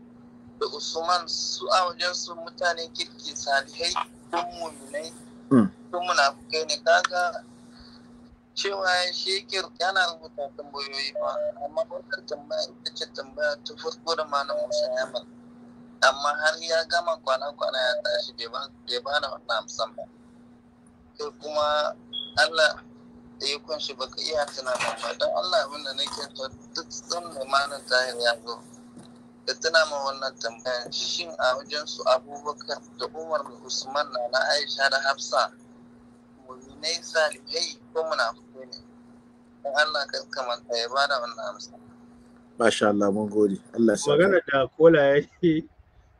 da usman su a wajen su mutane kirki salihai ko muminai mm. kun munafukai ne kaga cewa shekir yana rubuta tambayoyi ba amma wannan tambaya ita ce tambaya ta farko da malam musa yamal amma har ya gama kwana-kwana ya tashi bai ba na wannan amsan ba kai kuma allah da ya kunshi baka iya tunanin ba don allah abin da nake so duk san da malam tahir ya zo da tuna ma wannan tambayan shin a wajen su abubakar da umar da usman na na aisha da hafsa na yi salihai ko muna munafukai ne in Allah kan kamanta ya bada wannan amsa Masha Allah mun gode Allah ya magana da kola ya yi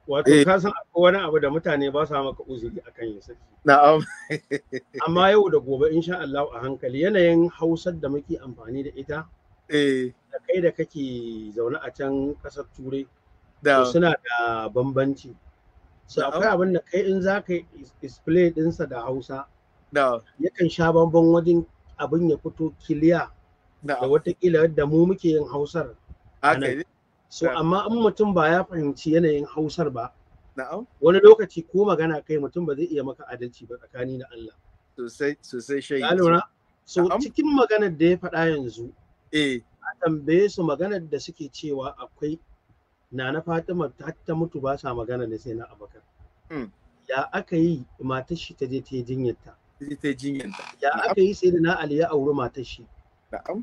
wato eh. ka san wani abu da mutane ba sa maka uzuri akan yin sarki na'am amma yau da gobe insha Allah a hankali yanayin Hausar da muke amfani da ita eh da kai da kake zaune a can kasar Turai da suna da bambanci so akwai abin da kai in za ka explain ɗinsa da Hausa yakan sha bambam wajen abin ya fito kiliya da watakila da mu muke yin hausar so amma in mutum ba ya fahimci yanayin hausar ba wani lokaci ko magana kai mutum ba zai iya maka adalci ba tsakani da Allah sosai so cikin maganar da ya faɗa yanzu eh. a tambaye su maganar da suke cewa akwai na na Fatima ta mutu ba sa magana da sai na Abakar. Hmm. Ya aka yi mata shi ta je ta yi jinyarta. ta jinyanta ya aka yi sai da na ali ya auri matar shi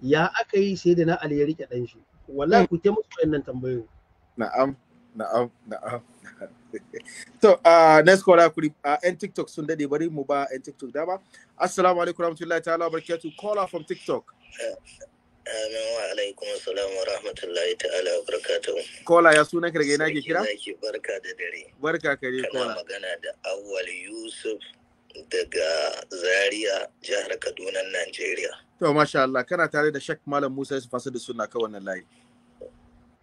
ya aka yi sai da na ali ya rike dan shi wallahi hmm. ku ta musu wayannan tambayoyi na'am na'am na'am to uh, next caller ku uh, ah, en tiktok sun dade bari mu ba en tiktok dama assalamu alaikum warahmatullahi ta'ala barakatuh caller from tiktok Amin wa alaikum salam wa rahmatullahi ta'ala wa barakatuhu. Kola ya sunan kirge na ke kira? Sarki barka da dare. Barka kare kola. Kana magana da Awwal Yusuf daga Zaria jihar Kaduna Najeriya. To masha Allah kana tare da shek Malam Musa fasa da suna kawai na layi.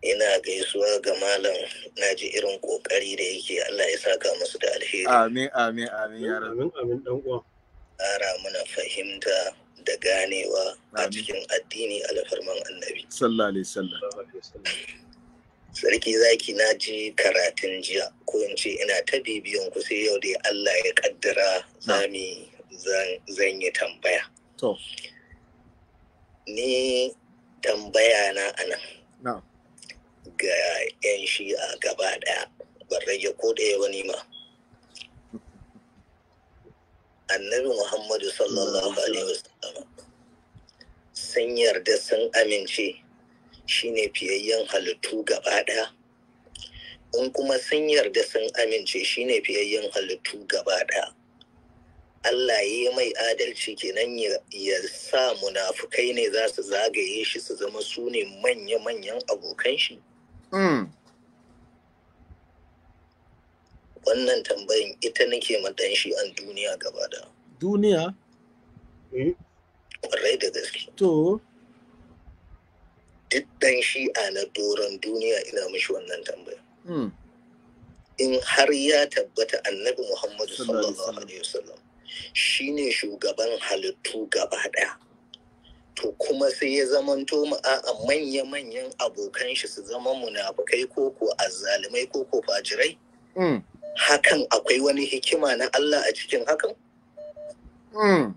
Ina gaisuwa ga malam Na ji irin kokari da yake Allah ya saka musu da alheri. Amin amin amin ya Amin amin dan Ƙara mana fahimta da ganewa a cikin addini alfarman annabi. Sallallahu alaihi wasallam. sarki zaki na ji karatun jiya ko in ce ina ta bibiyan ku sai yau dai Allah ya kaddara zami zan yi tambaya. To. Ni tambaya na anan. Na. Ga 'yan shi a gaba ɗaya ban rage ko ɗaya wani ma. Annabi Muhammadu sallallahu Alaihi wasallam sun yarda sun amince shine fiyayyen halittu gaba ɗaya in kuma sun yarda sun amince shine fiyayyen halittu gaba ɗaya Allah ya mai adalci kenan ya sa munafukai ne za su zagaye shi su zama su ne manya-manyan abokan shi? Hmm. Wannan tambayin ita nake matan shi an duniya gaba da. Duniya? Eh. Kwarai da gaske. To. duk dan shi'a na doron duniya ina mashi wannan tambaya hmm. in har ya tabbata annabi muhammadu sallallahu alaihi wasallam ne shugaban halittu gaba daya to kuma sai ya zamanto mu a manya-manyan abokan shi su zama munafukai ko ko azzalumai ko ko fajirai hmm. hakan akwai wani hikima na Allah a cikin hakan hmm.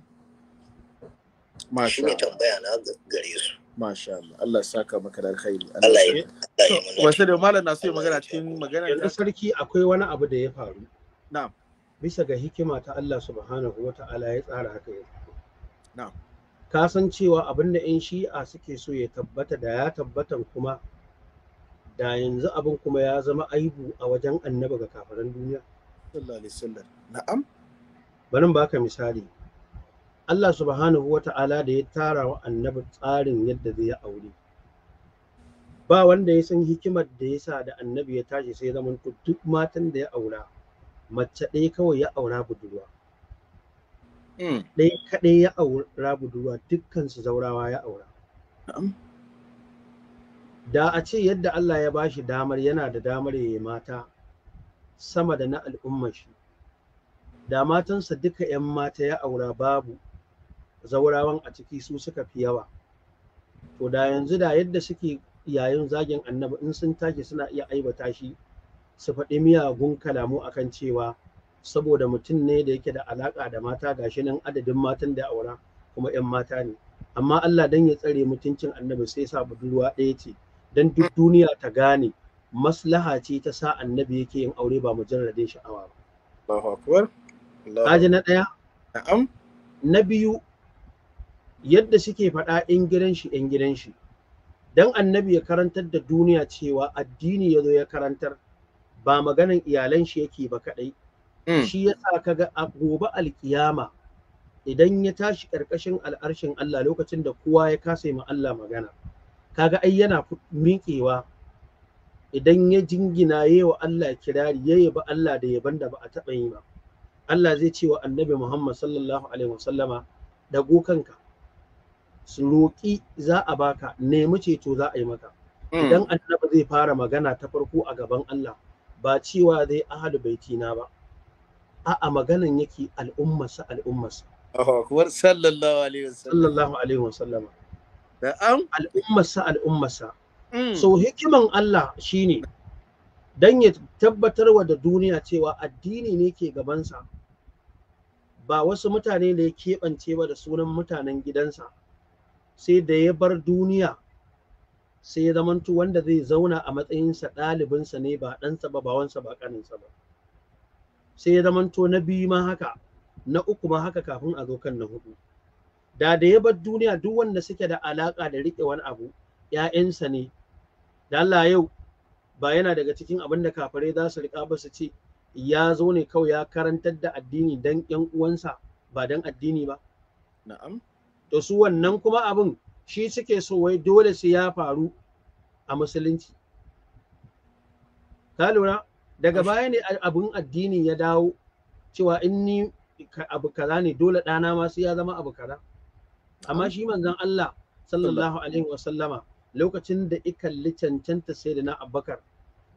shi ne tambaya na gare su Masha Allah, Allah saka maka da alkhairi. Allah ya Wasu da malam na yi magana cikin magana. Yanzu sarki akwai wani abu da ya faru. Na'am. Bisa ga hikima ta Allah subhanahu wa ta'ala ya tsara haka ya Na'am. Ka san cewa abin da 'yan shi'a suke so ya tabbata da ya tabbatan kuma da yanzu abin kuma ya zama aibu a wajen annaba ga kafaran duniya. Sallallahu alaihi wasallam. Na'am. Barin baka misali. Allah subhanahu wa ta'ala da ya tara wa annabi tsarin yadda zai yi aure ba wanda ya san hikimar da yasa da annabi ya tashi sai zaman duk matan da ya aura mace ɗaya kawai ya aura budurwa hmm. ɗaya kaɗai ya aura budurwa dukkan su zaurawa ya aura da a ce yadda Allah ya bashi damar yana da damar ya yi mata sama da na al'umma shi da matansa duka 'yan mata ya aura babu zaurawan a ciki su suka fi yawa to da yanzu da yadda suke yayin zagin annabi in sun tashi suna iya aiwata shi su faɗi miyagun kalamu akan cewa saboda mutum ne da yake da alaƙa da mata shi nan adadin matan da aura kuma 'yan mata ne amma Allah dan ya tsare mutuncin annabi sai sa budurwa ɗaya ce dan duk duniya ta gane maslaha ce ta sa annabi yake yin aure ba mujarradin sha'awa ba Allahu akbar Kaji na ɗaya na'am na biyu yadda suke faɗa in gidan shi in gidan shi dan annabi ya karantar da duniya cewa addini ya zo ya karantar ba maganan iyalan shi yake ba kadai hmm. shi yasa kaga a gobe alkiyama idan ya tashi ƙarƙashin al'arshin Allah lokacin da kowa ya kasa ma Allah magana kaga ai yana miƙewa idan ya jingina yawa Allah kirari ya ba Allah da yaban da ba a taɓa yi ba Allah zai ce wa annabi Muhammad sallallahu alaihi wasallama dago kanka su roƙi za a baka nemi ceto za a yi maka hmm. idan annabi zai fara magana ta farko a gaban Allah ba cewa zai ahadu baiti na ba a'a maganan yake al'ummarsa al'ummarsa Akbar sallallahu alaihi wasallam sallallahu alaihi wasallam na'am al'ummarsa al'ummarsa hmm. so hikiman Allah shine dan ya tabbatar wa da duniya cewa addini ne ke gabansa ba wasu mutane da ya keɓance ba da sunan mutanen gidansa sai da ya bar duniya sai ya zamanto wanda zai zauna a matsayinsa ɗalibinsa ne ba ɗansa ba bawansa ba ƙaninsa ba sai ya zamanto na biyu ma haka na uku ma haka kafin a zo kan na hudu da da ya bar duniya duk wanda suke da alaƙa da riƙe wani abu ‘ya'yansa ne da Allah yau ba yana daga cikin abin da kafare za su riƙa ba su ce ya zo ne kawai ya karantar da addini dan ‘yan uwansa ba dan addini ba na'am to su wannan kuma abin shi suke so wai dole su ya faru a musulunci ka lura daga baya ne abin addini ya dawo cewa in ni abu kaza ne dole ɗana ma sai ya zama abu kaza amma shi manzon Allah sallallahu alaihi wasallama lokacin da ikalli cancanta sai da na abbakar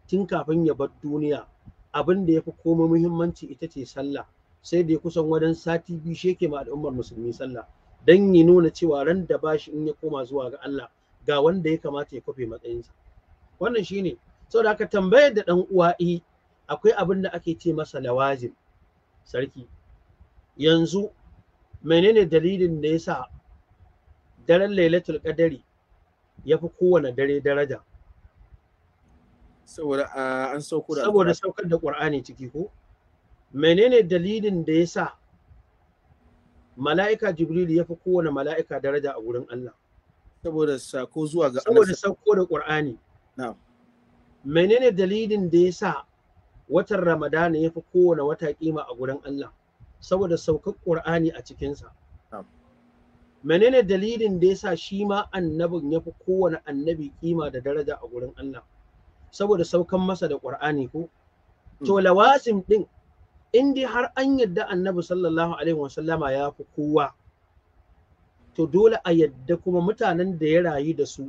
tun kafin ya bar duniya abin da ya fi koma muhimmanci ita ce sallah sai da ya kusan wadan sati biyu sheke ma al'ummar musulmi sallah dan ya nuna cewa ran da bashi in ya koma zuwa ga Allah ga wanda ya kamata ya kwafe matsayinsa wannan shine saboda aka tambayar da dan uwa yi eh, akwai abin da ake ce masa lawajin. sarki yanzu menene dalilin da yasa daren lailatul qadari yafi kowane dare daraja saboda ah, an sauko da saboda saukar da qur'ani ciki ko menene dalilin da yasa mala'ika jibrilu ya fi kowane mala'ika daraja a wurin Allah saboda sako zuwa ga saboda sako da qur'ani na'am menene dalilin da yasa watan ramadana ya fi kowane wata kima a wurin Allah saboda saukar qur'ani a cikinsa menene dalilin da yasa shi ma annabin ya fi kowane annabi kima da daraja a wurin Allah saboda saukan masa da qur'ani ko to hmm. lawazim din in dai har an yadda annabi sallallahu alaihi wasallama ya fi kowa to dole a yadda kuma mutanen da ya rayu da su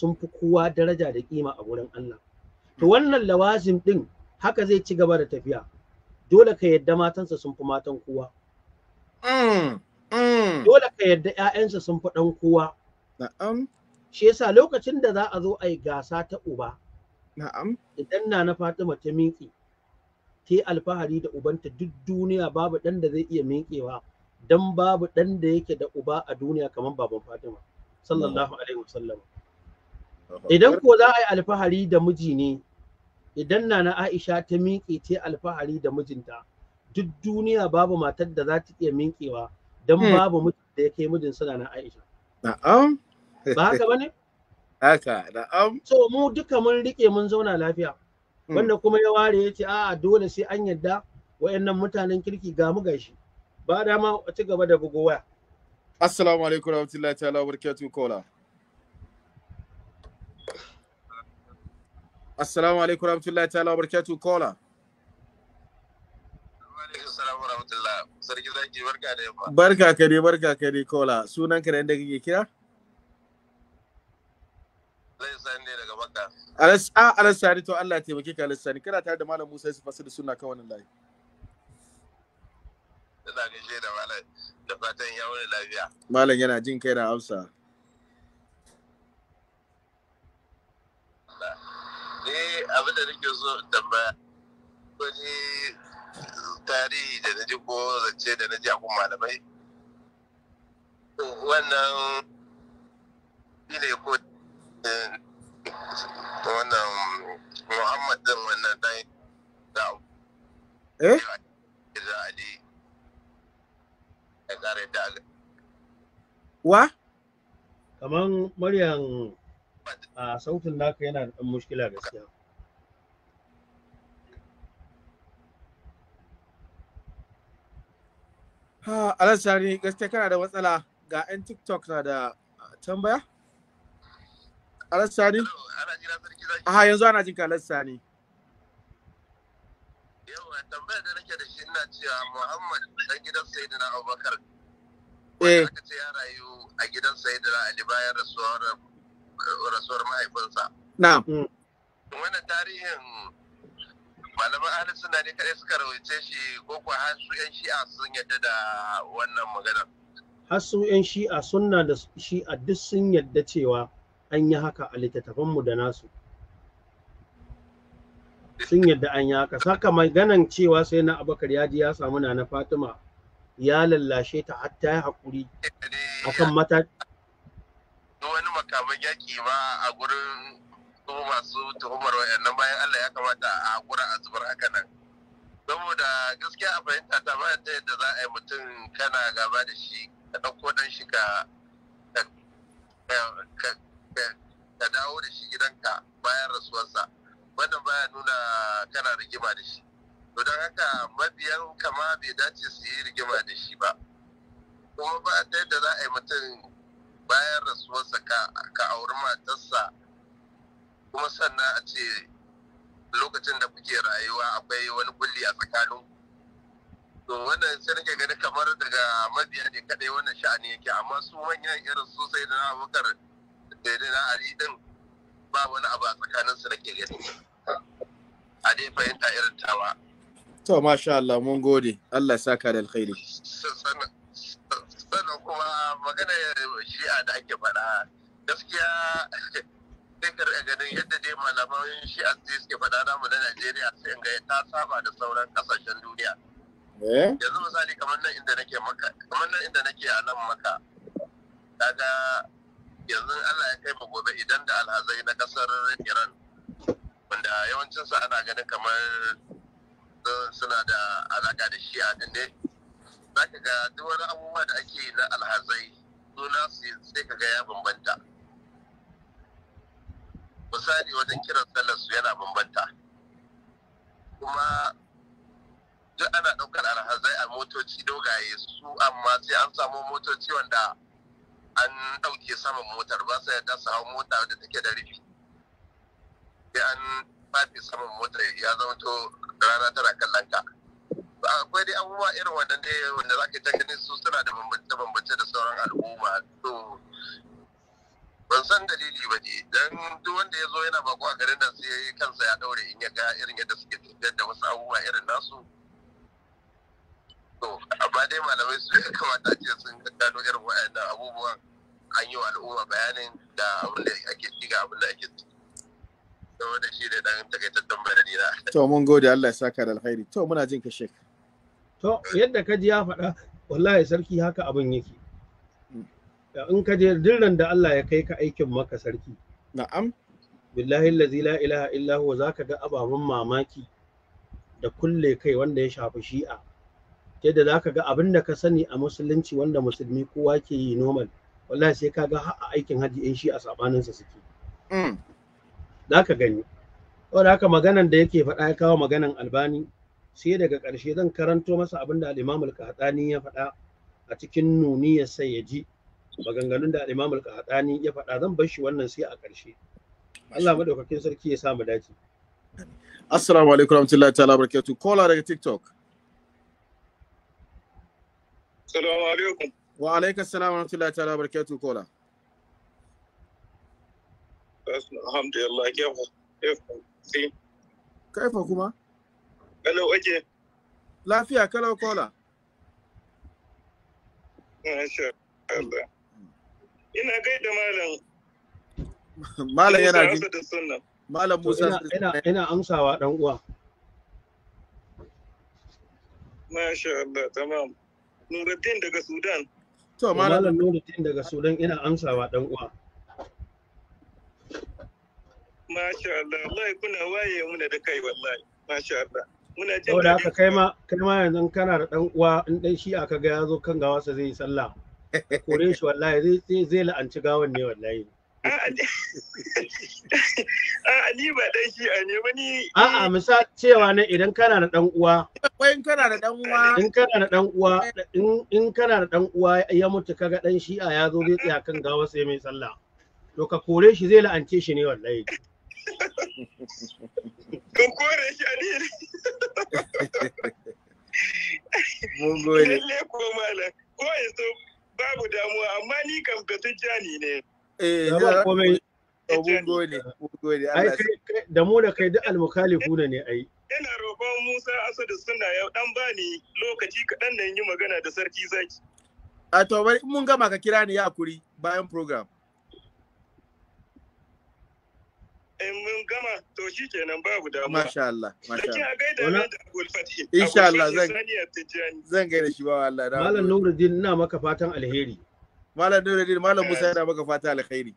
sun fi kowa daraja da kima a gurin Allah to wannan lawazim din haka zai ci gaba da tafiya dole ka yadda matansa sun fi matan kowa mm, mm. dole ka yadda ƴaƴansa sun fi ɗan kowa na'am shi yasa lokacin da za a zo a yi gasa ta uba na'am idan na na Fatima ta miƙe ta alfahari da ubanta duk duniya babu ɗan da zai iya miƙewa Don babu ɗan da yake da uba a duniya kamar baban Fatima sallallahu alaihi wasallam idan ko za a yi alfahari da miji ne idan na Aisha ta miƙe ta alfahari da mijinta duk duniya babu matar da za ta iya miƙewa don hmm. babu da ya kai mijin suna na Aisha na'am ba haka bane haka na'am so mu duka mun rike mun zauna lafiya Mm. wanda kuma ya ware ya ce a'a dole sai an yadda wayannan mutanen kirki ga mu gashi ba dama a ci gaba da bugo waya assalamu alaikum warahmatullahi ta'ala wabarakatuh kola assalamu alaikum warahmatullahi ta'ala wabarakatuh kola Barka ka dai, barka ka dai, Kola. Sunan ka da inda kake kira? Alas a alas sani to Allah ya baki ka alas sani kana tare da malam Musa Yusuf Asir suna kan wannan layi. Ina gaishe da malam da fatan ya wani lafiya. Malam yana jin kai da Hausa. Ni abin da nake so tambaya wani tarihi da na ji ko zance da na ji a kun malamai. Wannan shi ne ko eh, wannan muhammad din wannan dan da eh da ali ya kare da wa kaman Maryam, a sautin naka yana da ɗan mushkila gaskiya Ha, Alasari gaskiya kana da matsala ga 'yan TikTok na da tambaya? Alas Sani? ha, yanzu ana jin ka Alas Sani. Yawa tambayar da nake da shi ina cewa Muhammad dan gidan Sayyidina Abubakar. Eh. Aka ce ya rayu a gidan Sayyidina Ali bayan rasuwar rasuwar mahaifinsa. Na'am. Mm. Wannan tarihin malaman ahli suna ne kare suka rawaice shi ko kuwa har su yan shi'a sun yadda da wannan maganar. Har su yan shi'a sunna da shi'a duk sun yadda cewa an yi haka a littattafanmu da nasu sun yadda an yi haka saka maganan cewa sai na abakar ya ji ya samu na na fatima ya lallashe ta hatta ya haƙuri akan mata wani makaman yaƙi ba a gurin masu tuhumar wayannan bayan Allah ya kamata a haƙura a zubar haka nan saboda gaskiya a fahimta ta ba ta yadda za a yi mutum kana gaba da shi ka ɗauko ɗan shi ka ka dawo da shi gidanka bayan rasuwarsa wannan baya nuna kana rigima da shi to don haka mabiyan kama bai dace su yi rigima da shi ba kuma ba ta yadda za a yi mutum bayan rasuwarsa ka auri matarsa kuma sannan a ce lokacin da kuke rayuwa akwai wani kulli a tsakanin to wannan sai nake gani kamar daga mabiya ne kadai wannan sha'ani yake amma su manyan irin su sai da abubakar da na ali din ba wani abu a tsakanin su ke gani a dai fahimta irin tawa to masha Allah mun gode Allah ya saka da alkhairi sannan kuma magana shi'a da ake faɗa gaskiya sai ka ganin yadda dai malaman shi'a suke faɗa namu na Najeriya sai ga ta saba da sauran kasashen duniya eh? yanzu misali kamar nan inda nake maka kamar nan inda nake a nan maka kaga yanzu Allah ya kai mu gobe idan da alhazai na kasar Iran wanda su ana ganin kamar suna da alaka da shi a ne za ka ga duk wani abubuwa da ake na alhazai suna su sai ka ga ya bambanta misali wajen kiran sallar su yana bambanta kuma duk ana ɗaukar alhazai a motoci dogaye su amma sai an samu motoci wanda an ɗauke saman motar ba sai ta hau mota da take da rufi sai an fafi saman motar ya zama to rana tana kallon ka akwai dai abubuwa irin wannan dai wanda za ka ta gani su suna da bambance-bambance da sauran al'umma to ban san dalili ba ne don duk wanda ya zo yana bako a garin nan sai kansa ya ɗaure in ya ga irin yadda suke tafiyar da wasu abubuwa irin nasu to amma dai malamai su ya kamata ce sun gano irin wa'annan abubuwan an yi wa al'umma bayanin da abin da ake ci ga abin da ake ci da shi da dan takaitaccen bayani na to mun gode Allah ya saka da alkhairi to muna jin ka shek to yadda ka ji ya faɗa wallahi sarki haka abin yake in ka je dirran da Allah ya kai ka aikin maka sarki na'am billahi allazi la ilaha illa huwa zaka ga ababen mamaki da kulle kai wanda ya shafi shi'a yadda za ka ga abin da ka sani a musulunci wanda musulmi kowa ke yi normal wallahi sai kaga har a aikin hajji in shi a sabanin sa suke mm. za ka gani saboda haka maganan da yake faɗa ya kawo maganan albani sai daga ƙarshe zan karanto masa abin da al-imam al-qahtani ya faɗa a cikin nuniyar sai ya ji maganganun da al-imam al-qahtani ya faɗa zan bar shi wannan sai a ƙarshe Allah madaukakin sarki ya sa mu dace assalamu alaikum warahmatullahi ta'ala barakatuh kola daga tiktok assalamu alaikum wa alaikar salam wa rahmatullahi ta'ala barakatun kola kaifa kuma kalau ake lafiya kalau kola ina gaida malam malam yana ji malam musa ina amsawa dan uwa masha Allah tamam Nuruddin daga Sudan To malam Nuruddin daga Sudan ina amsawa dan uwa. Masha Allah, wallahi kuna waye muna da kai wallahi. Masha Allah. Muna jin da haka kai ma kai ma yanzu kana da dan uwa in dan shi aka ga zo kan gawa sa zai yi sallah. Kore shi wallahi zai zai la'anci gawan ne wallahi. A'a ni ba dan shi'a ne wani A'a misal cewa ne idan kana da dan uwa in kana da dan uwa in kana da dan uwa in kana da dan uwa ya mutu kaga dan shi'a ya zo zai tsaya kan gawa sai mai sallah to ka kore shi zai la'ance shi ne wallahi Ka kore shi a ne Mun gode. Lalle ko malam ko yanzu babu damuwa amma ni kam ka tujjani ne. Eh, da mu da kai duk almukalifu ne ai. Ina roƙon Musa Asadu suna ya dan bani lokaci kaɗan nan yi magana da sarki zaki. A to bari mun gama ka kira ni ya kuri bayan program. In mun gama to shi kenan babu damuwa. Masha Allah, masha Allah. Da gaida da Abul Fatih. Insha Allah zan gaida shi ba Allah. Malam Nuruddin ina maka fatan alheri. Malam Nuruddin, Malam Musa eh. yana maka fata alkhairi.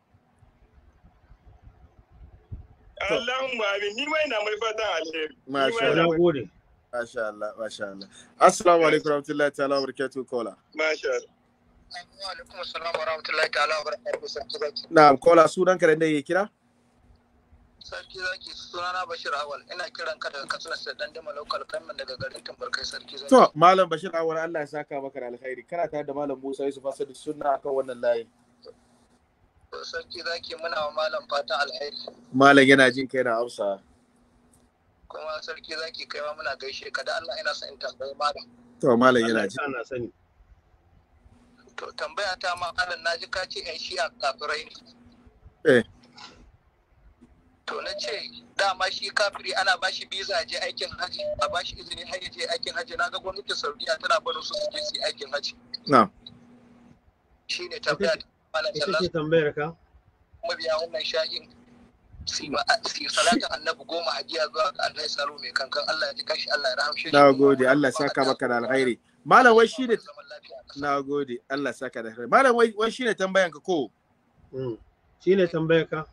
Allahumma amin, ni ma na mai fata alkhairi. Masha Allah. Gode. Masha Allah, masha Allah. Assalamu alaikum warahmatullahi ta'ala barakatuh kola. Masha Allah. Wa alaikum assalam warahmatullahi ta'ala barakatuh. Na'am kola sunan ka da yake kira? sarki zaki sunana Bashir Awal ina kiran ka daga Katsina sai dan Dima Local Government daga garin Tumbarkai sarki zaki. To Malam Bashir Awal Allah ya saka maka da alkhairi kana tare da Malam Musa Yusuf Asadu sunna akan wannan layin. Sarki zaki muna wa Malam fatan alkhairi. Malam yana jin kai na amsa Kuma sarki zaki kai ma muna gaishe ka da Allah ina son in tambayi Malam. To Malam yana jin. Ana sani. To tambaya ta ma Malam naji ka ce ƴan shi'a kafirai ne. Eh. to na ce dama shi kafiri ana ba shi biza je aikin haji a ba shi izini har je aikin haji na ga gwamnatin saudiya tana barin su su je su aikin haji na shi ne tambaya ta tambayar ka mabiya wannan sha'in si salatin annabi goma hajiya zuwa ga Allah salo mai kankan Allah ya ji kashi Allah ya rahamshe na gode Allah ya saka maka da alkhairi malam wai shine na gode Allah ya saka da alkhairi malam wai shine tambayanka ka ko hmm. shine tambayanka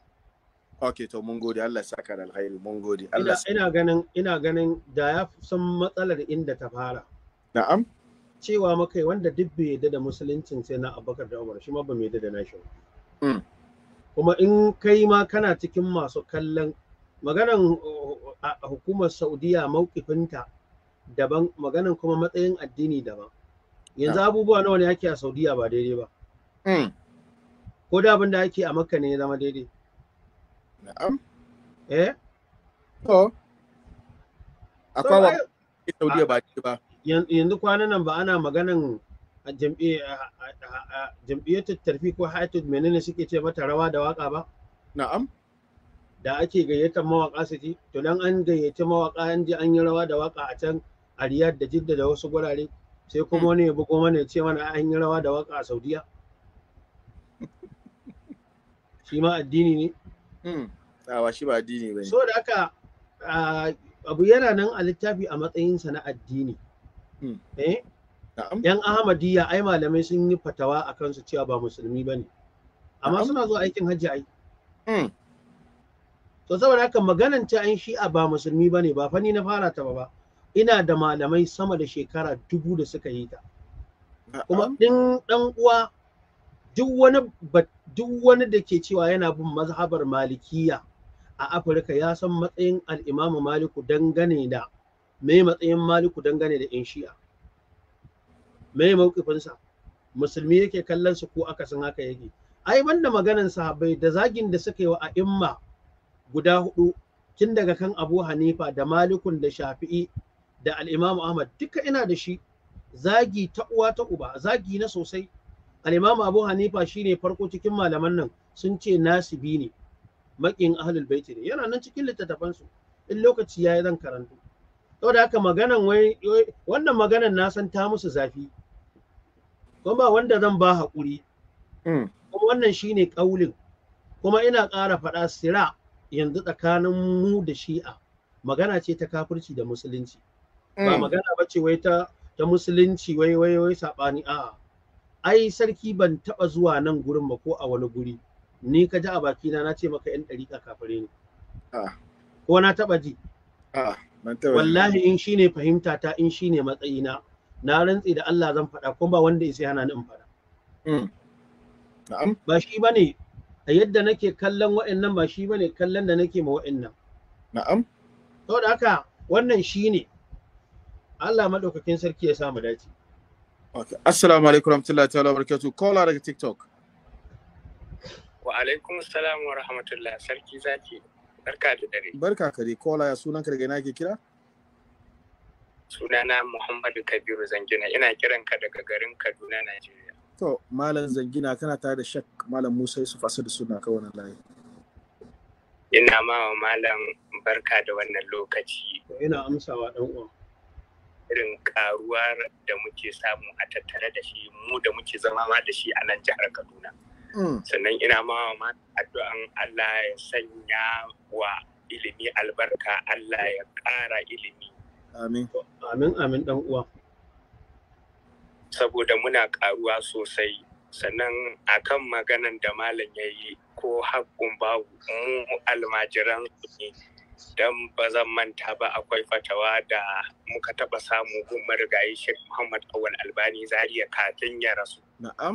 Ok, to mun gode Allah sa da alkhairi mun gode. Allah ina ganin ina ganin da ya san matsalar inda ta fara. Na'am. Cewa makai wanda dubbe ya yadda da musuluncin sai na Abubakar da Umar shi ma ba mai yadda da nashi. Mm. Kuma in kai ma kana cikin masu kallon maganan uh, uh, hukumar Saudiya maukifinta daban maganan kuma matsayin addini daban. Yanzu abubuwa nawa ne ake a Saudiya ba daidai ba. Mm. Ko da abin da ake a Makka ne ya zama daidai. Na'am. Eh? To. Akwai ba ba. Yanzu kwanan nan ba ana maganan jam'iyyar tarfi ko hayatul menene suke ce mata rawa da waka ba? Na'am. Da ake gayyatar mawaka su ji, to dan an gayyaci mawaka an ji an yi rawa da waka a can a Riyadh da Jidda da wasu gurare sai kuma hmm. wani ya bugo mana ya ce mana an yi rawa da waka a Saudiya. Shi ma addini ne? Hmm. Awa ah, shi ba addini ba ne. So da haka ah, abu yana nan a littafi a matsayinsa na addini. Hmm. Eh? Yan Ahmadiyya ai malamai sun yi fatawa a kansu cewa ba musulmi ba ne. Amma suna zuwa aikin hajji ai. Hmm. To saboda haka maganan ta an shi'a ba musulmi ba ne ba fani na fara ta ba. Ina da malamai sama da shekara dubu da suka yi ta. Kuma ɗin ɗan uwa duk wani duk wani da ke cewa yana bin mazhabar malikiya a Afirka ya san matsayin al'imamu maliku dangane da mai matsayin maliku dangane da yan shi'a Mai mawkifinsa musulmi yake kallon su ko akasin haka yake ai banda maganan sahabbai da zagin da suka yi wa a'imma guda hudu tun daga kan Abu Hanifa da Malikun da Shafi'i da al Ahmad duka ina da shi zagi ta uwa ta uba zagi na sosai Alimamu abu hanifa shine farko cikin malaman nan sun ce nasibi ne makin ahlul baiti ne yana nan cikin littattafan su in lokaci ya yayi zan karanto saboda haka maganan wai wannan maganan na san ta musu zafi kuma wanda zan ba hakuri hmm. kuma wannan shine kaulin kuma ina ƙara faɗa sira yanzu tsakanin mu da shi'a magana ce ta kafirci da musulunci ba hmm. magana bace ce wai ta musulunci wai wai wai saɓani a'a ai sarki ban taɓa zuwa nan gurin ba ko a wani guri ni ka ji a bakina na ce maka yan ɗariƙa kafare ne ah. ko na taɓa ji ah, wallahi in shine fahimta ta in shine matsayina na rantse da Allah zan faɗa ko ba wanda ya sai hana ni in faɗa hmm. ba shi bane a yadda nake kallon wa'annan ba shi bane kallon da nake ma wa'annan na'am da haka wannan shine Allah madaukakin sarki ya samu dace Okay. Assalamu alaikum warahmatullahi ta'ala barakatuh. Kola daga TikTok. Wa alaikum salam wa rahmatullah. Sarki zaki. Barka da dare. Barka ka dai. Kola ya sunan ka daga ina ke kira? Sunana Muhammadu Kabiru Zangina. Ina kiran ka daga garin Kaduna, Najeriya. To, Malam Zangina kana tare da Shek Malam Musa Yusuf da suna ka nan layi. Ina ma wa Malam barka da wannan lokaci. Ina amsawa dan uwa. irin karuwar da muke samu a tattare da shi mu da muke zama ma da shi a nan jihar kaduna mm. sannan ina ma ma addu'an allah ya sanya wa ilimi albarka allah ya ƙara ilimi amin amin amin dan uwa saboda muna karuwa sosai sannan kan maganan da malam ya yi ko haƙƙun babu mu almajiran ne don ba zan manta ba akwai fatawa da muka taba samu gun marigayi Sheikh Muhammad Awal Albani Zariya kafin ya rasu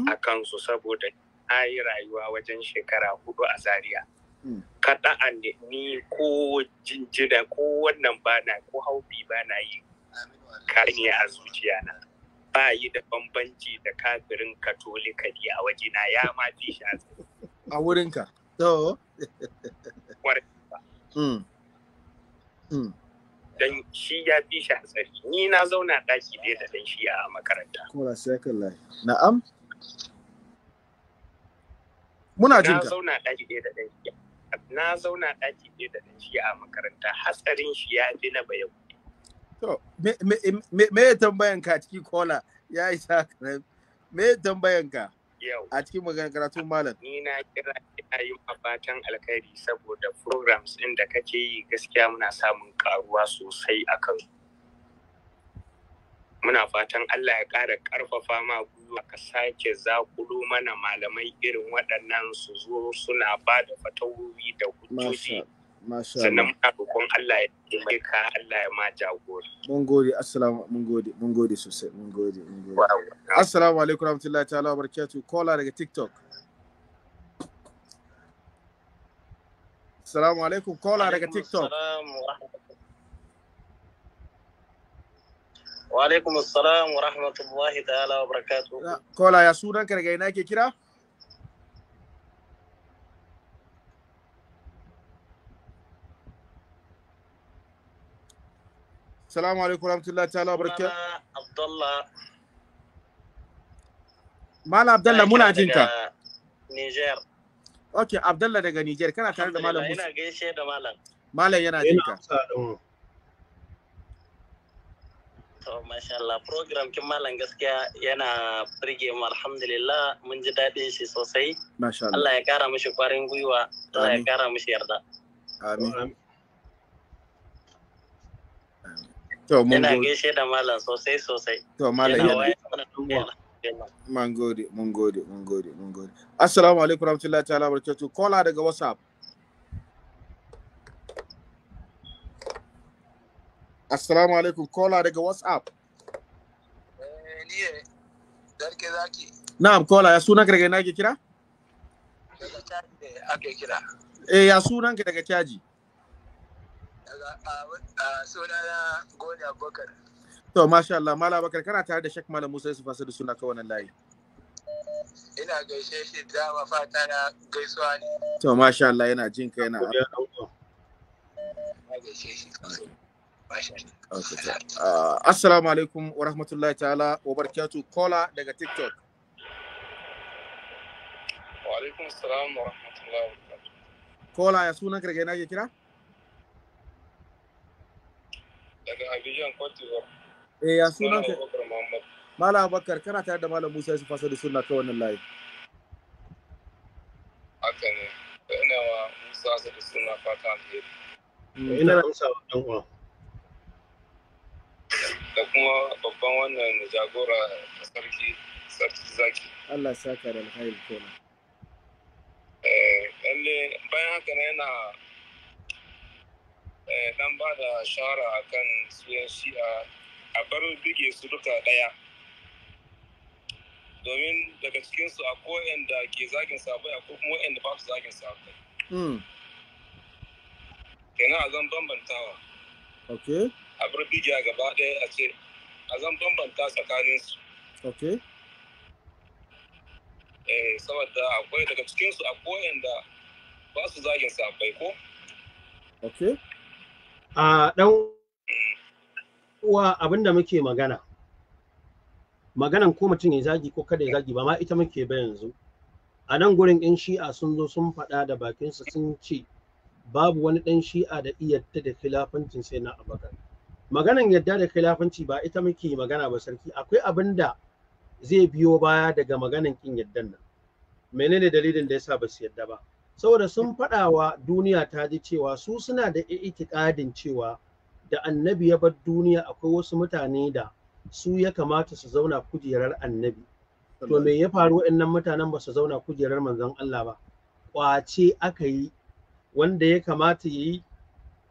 a kansu saboda na yi rayuwa wajen shekara hudu a Zariya. Hmm. Kaɗa ni ko jinjina ko wannan bana ko haufi bana yi kanye a zuciya na. Ba yi da bambanci da kafirin katolika a wajena ya ma shi a wurinka. To. Mm. don shi ya fi shi hatsari ni na zauna ɗaki ɗaya da dan shi a makaranta kuma sai lai na'am muna jin ka na zauna ɗaki ɗaya da dan shi na zauna daki ɗaya da dan shi a makaranta hatsarin shi ya fi na bayan to me me me tambayan ka ciki kola ya isa me tambayan ka a cikin magana karatu malam ni na kira ina yi fatan alkhairi saboda programs ɗin da kake yi gaskiya muna samun karuwa sosai a kan muna fatan Allah ya ƙara ƙarfafa ma gwiwa ka sake zakulo mana malamai irin waɗannan su zo suna ba da fatawowi da hujjoji sannan muna roƙon Allah ya taimake ka Allah ya ma jagora mun gode assalamu mun gode mun gode sosai mun gode mun gode assalamu alaikum warahmatullahi ta'ala barakatuh kola daga tiktok assalamu alaikum kola daga tiktok wa alaikum assalam wa rahmatullahi ta'ala wa barakatuh kola ya sunanka daga ina ke kira Assalamu alaikum warahmatullahi ta'ala barka. Abdullah. Mala Abdullah muna jin ka. Niger. kana tare da Malam Musa. Ina yana jin masha Allah program Malam gaskiya yana burge mu alhamdulillah mun ji daɗin shi sosai. Masha Allah. ya kara mishi kwarin gwiwa, Allah ya kara mishi yarda. Amin. To mun gode. Ina gaishe da malam sosai sosai. To malam yana. Mun gode, mun gode, mun gode, mun gode. Assalamu alaikum warahmatullahi ta'ala barakatuh. Kola daga WhatsApp. Assalamu alaikum kola daga WhatsApp. Eh darke zaki. Na'am kola ya sunan daga ina ke kira? Daga ake kira. Eh ya sunan daga caji. suna na Goni Abubakar. To, masha Allah, Malam Abubakar, kana tare da Sheikh Malam Musa Yusuf Asadu suna ka nan layi. Ina gaishe shi dama fata na gaisuwa ne. To, masha Allah, yana jin ka yana. Ah, assalamu alaikum wa rahmatullahi ta'ala wa barakatuh kola daga TikTok. Wa alaikum salam wa rahmatullahi wa barakatuh. Kola ya sunan kirge na ke kira? Daga Abidjan, Cote d'Ivoire. Eh, ya sunan ka? Malam Abubakar, kana tare da Malam Musa Yusuf Asadu Sunna ta wannan layi. Haka ne. Ina wa Musa Asadu suna fata alheri. Mm. Ina da musa wa ɗan uwa. Da kuma babban wannan jagora sarki sarki zaki. Allah ya saka da alkhairi kenan. Eh, lalle bayan haka ne yana dan eh, ba da shawara a kan siyasi a bar bige su duka ɗaya domin daga cikinsu a koyan da ke zagin sabai a kuma wayan da ba su zagin sabai hmm. kenan a zan bambantawa a bar bige a gaba ɗaya a ce a zan bambanta tsakaninsu eh, saboda akwai daga cikinsu a koyan da ba su zagin sabai ko Okay. a ɗan uwa da muke magana maganan ko mutum ya zagi ko kada ya zagi ba ma ita muke ba yanzu a nan gurin ɗin shi'a sun zo sun faɗa da bakinsu sun ce babu wani ɗan shi'a da iyadda da khilafancin sai na abakar maganan yadda da khilafanci ba ita muke magana ba sarki akwai abin da zai biyo baya daga maganan kin yaddan nan menene dalilin da yasa ba su yadda ba saboda sun faɗa wa duniya ta ji cewa su suna da itikadin cewa da annabi ya bar duniya akwai wasu mutane da su ya kamata su zauna kujerar annabi to me ya faru waɗannan mutanen ba su zauna kujerar manzon Allah ba kwace aka yi wanda ya kamata ya yi